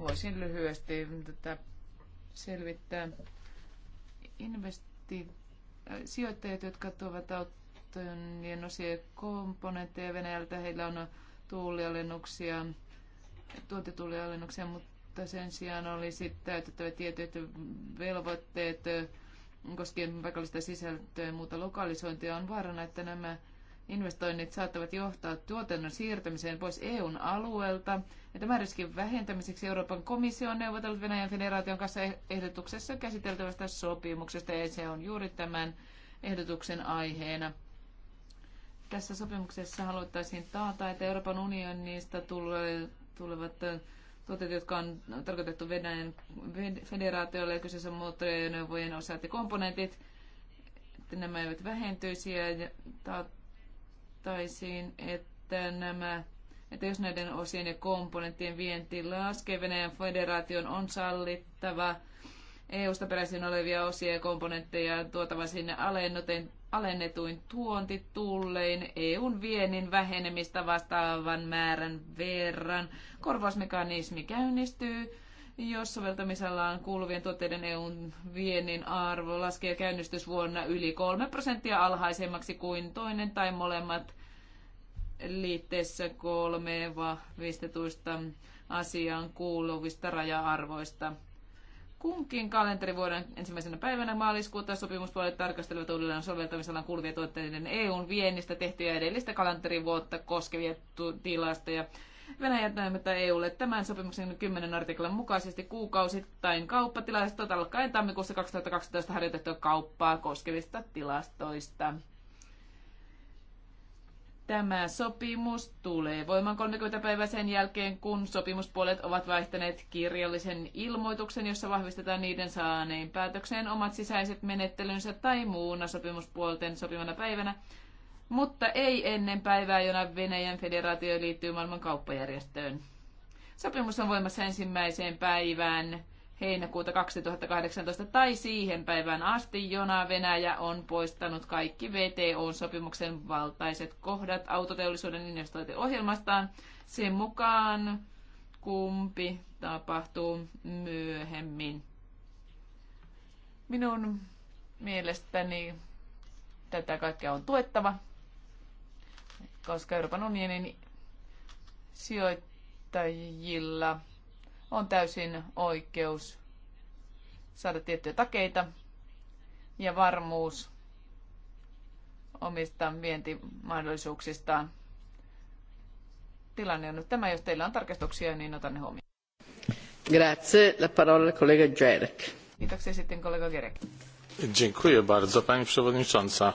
Sijoittajat, jotka tuovat autojen osia komponentteja Venäjältä, heillä on tuulialennuksia, tuotetuulialennuksia, mutta sen sijaan olisi täytettävä tietyt velvoitteet koskien paikallista sisältöä ja muuta lokalisointia, on vaarana, että nämä investoinnit saattavat johtaa tuotannon siirtämiseen pois EUn alueelta. Ja tämän riskin vähentämiseksi Euroopan komissio on neuvotellut Venäjän federaation kanssa eh- ehdotuksessa käsiteltävästä sopimuksesta, ja se on juuri tämän ehdotuksen aiheena. Tässä sopimuksessa haluttaisiin taata, että Euroopan unionista tulevat tuotteita, jotka on tarkoitettu Venäjän federaatiolle. Kyseessä moottoriajoneuvojen osat ja komponentit. Että nämä eivät vähentyisi ja taattaisiin, että nämä että jos näiden osien ja komponenttien vienti laskee, Venäjän federaation on sallittava EU-sta peräisin olevia osia ja komponentteja tuotava sinne alennuten alennetuin tuontitullein EUn viennin vähenemistä vastaavan määrän verran. Korvausmekanismi käynnistyy, jos soveltamisellaan kuuluvien tuotteiden EUn viennin arvo laskee käynnistysvuonna yli 3 prosenttia alhaisemmaksi kuin toinen tai molemmat liitteessä kolme vahvistetuista asiaan kuuluvista raja-arvoista – Kunkin kalenterivuoden ensimmäisenä päivänä maaliskuuta sopimuspuolet tarkastelevat uudelleen soveltamisalan kuuluvia tuotteiden EUn viennistä tehtyjä edellistä kalenterivuotta koskevia tilastoja. Venäjä toimittaa EUlle tämän sopimuksen 10 artiklan mukaisesti kuukausittain kauppatilastot alkaen tammikuussa 2012 harjoitettua kauppaa koskevista tilastoista. Tämä sopimus tulee voimaan 30 päivää sen jälkeen, kun sopimuspuolet ovat vaihtaneet kirjallisen ilmoituksen, jossa vahvistetaan niiden saaneen päätökseen omat sisäiset menettelynsä tai muuna sopimuspuolten sopimana päivänä, mutta ei ennen päivää, jona Venäjän federaatio liittyy maailman kauppajärjestöön. Sopimus on voimassa ensimmäiseen päivään heinäkuuta 2018 tai siihen päivään asti, jona Venäjä on poistanut kaikki VTO-sopimuksen valtaiset kohdat autoteollisuuden investointiohjelmastaan sen mukaan, kumpi tapahtuu myöhemmin. Minun mielestäni tätä kaikkea on tuettava, koska Euroopan unionin sijoittajilla – on täysin oikeus saada tiettyjä takeita ja varmuus omista vientimahdollisuuksistaan. Tilanne on nyt tämä. Jos teillä on tarkastuksia, niin otan ne huomioon. Grazie. La parola collega Gerek. Kiitoksia sitten kollega Gerek. Dziękuję bardzo, pani przewodnicząca.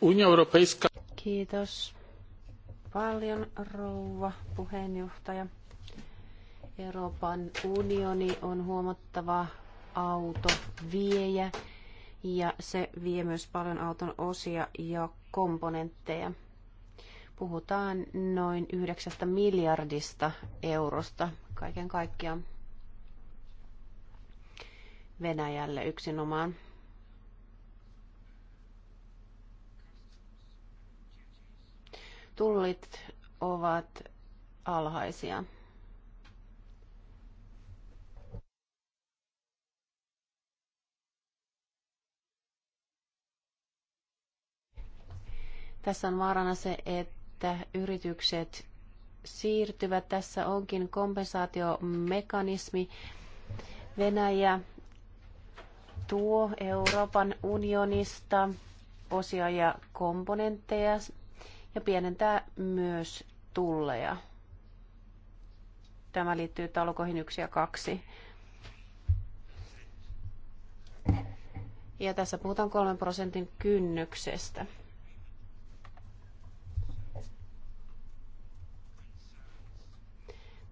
Unia Europejska... Kiitos paljon, rouva puheenjohtaja. Euroopan unioni on huomattava autoviejä ja se vie myös paljon auton osia ja komponentteja. Puhutaan noin 9 miljardista eurosta kaiken kaikkiaan Venäjälle yksinomaan. Tullit ovat alhaisia. Tässä on vaarana se, että yritykset siirtyvät. Tässä onkin kompensaatiomekanismi. Venäjä tuo Euroopan unionista osia ja komponentteja ja pienentää myös tulleja. Tämä liittyy talukohin 1 ja 2. Ja tässä puhutaan 3 prosentin kynnyksestä.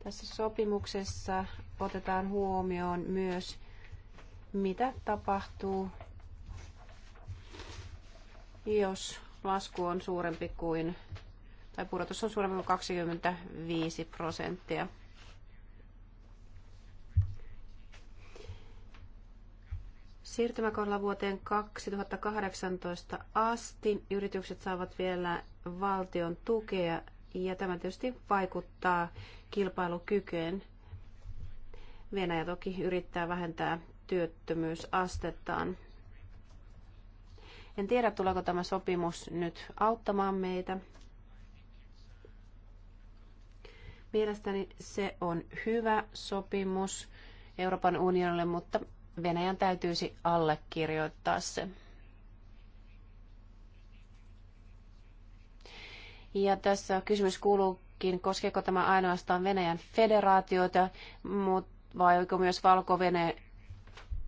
Tässä sopimuksessa otetaan huomioon myös, mitä tapahtuu, jos lasku on suurempi kuin, tai pudotus on suurempi kuin 25 prosenttia. Siirtymäkohdalla vuoteen 2018 asti yritykset saavat vielä valtion tukea ja tämä tietysti vaikuttaa kilpailukykyyn. Venäjä toki yrittää vähentää työttömyysastettaan. En tiedä, tuleeko tämä sopimus nyt auttamaan meitä. Mielestäni se on hyvä sopimus Euroopan unionille, mutta Venäjän täytyisi allekirjoittaa se. Ja tässä kysymys kuuluu, kysyäkin, Koskeeko tämä ainoastaan Venäjän federaatioita mutta vai oliko myös valko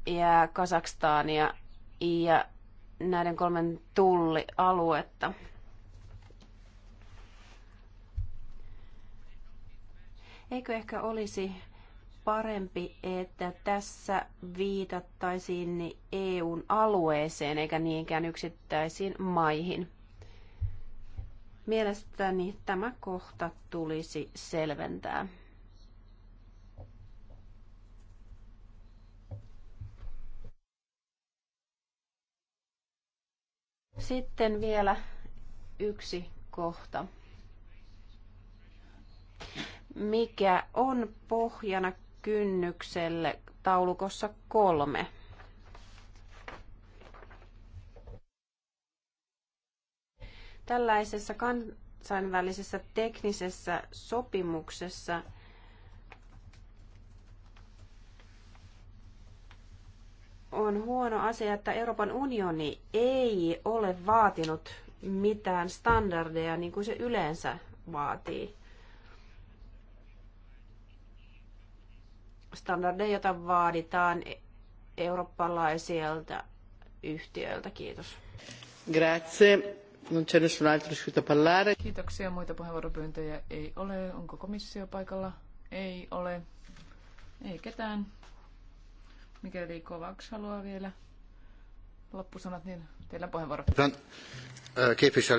ja Kazakstania ja näiden kolmen tullialuetta? Eikö ehkä olisi parempi, että tässä viitattaisiin niin EUn alueeseen eikä niinkään yksittäisiin maihin? Mielestäni tämä kohta tulisi selventää. Sitten vielä yksi kohta. Mikä on pohjana kynnykselle taulukossa kolme? Tällaisessa kansainvälisessä teknisessä sopimuksessa on huono asia, että Euroopan unioni ei ole vaatinut mitään standardeja niin kuin se yleensä vaatii. Standardeja, joita vaaditaan eurooppalaisilta yhtiöiltä. Kiitos. Grazie. Non c'è nessun altro iscritto parlare. Kiitoksia. Muita puheenvuoropyyntöjä ei ole. Onko komissio paikalla? Ei ole. Ei ketään. Mikäli Kovaks haluaa vielä loppusanat, niin teillä puheenvuoro. Kiitoksia.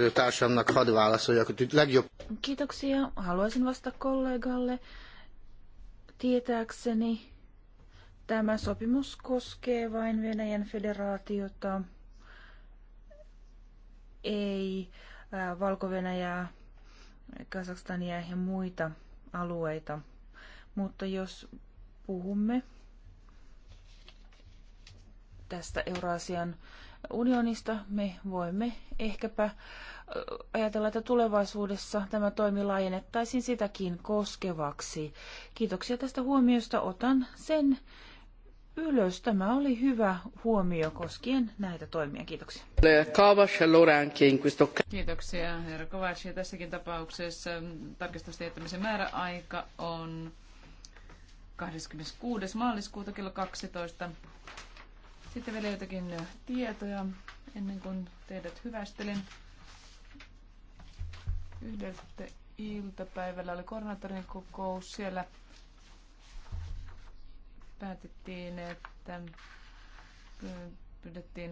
Haluaisin vastata kollegalle. Tietääkseni tämä sopimus koskee vain Venäjän federaatiota ei valko Kazakstania ja muita alueita. Mutta jos puhumme tästä Eurasian unionista, me voimme ehkäpä ajatella, että tulevaisuudessa tämä toimi laajennettaisiin sitäkin koskevaksi. Kiitoksia tästä huomiosta. Otan sen ylös. Tämä oli hyvä huomio koskien näitä toimia. Kiitoksia. Kiitoksia, herra Kovac. Ja tässäkin tapauksessa tarkistusten määräaika on 26. maaliskuuta kello 12. Sitten vielä jotakin tietoja ennen kuin teidät hyvästelin. Yhdeltä iltapäivällä oli koordinaattorin kokous siellä päätettiin, että pyydettiin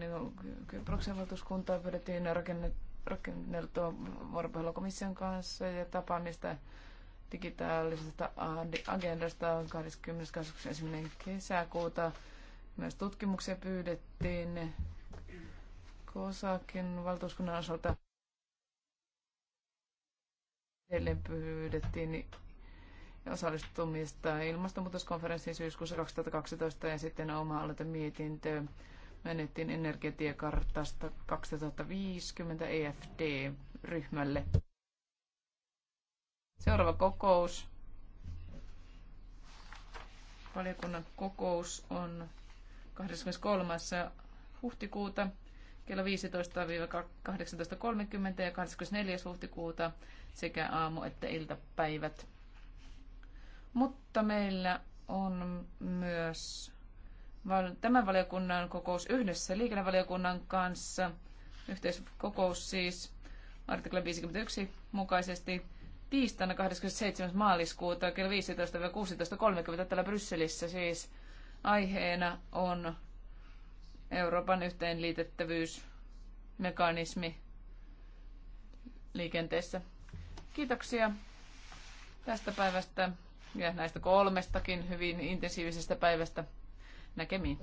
Kyproksen valtuuskuntaa, pyydettiin rakenneltua vuoropuhelukomission kanssa ja tapaamista digitaalisesta agendasta 21. kesäkuuta. Myös tutkimuksia pyydettiin Kosakin valtuuskunnan osalta. Edelleen pyydettiin osallistumista ilmastonmuutoskonferenssiin syyskuussa 2012 ja sitten oma mietintö menettiin energiatiekartasta 2050 EFD-ryhmälle. Seuraava kokous. Valiokunnan kokous on 23. huhtikuuta kello 15-18.30 ja 24. huhtikuuta sekä aamu- että iltapäivät. Mutta meillä on myös tämän valiokunnan kokous yhdessä liikennevaliokunnan kanssa, yhteiskokous siis artikla 51 mukaisesti tiistaina 27. maaliskuuta kello 15-16.30 täällä Brysselissä siis aiheena on Euroopan yhteenliitettävyysmekanismi liikenteessä. Kiitoksia tästä päivästä ja näistä kolmestakin hyvin intensiivisestä päivästä näkemiin.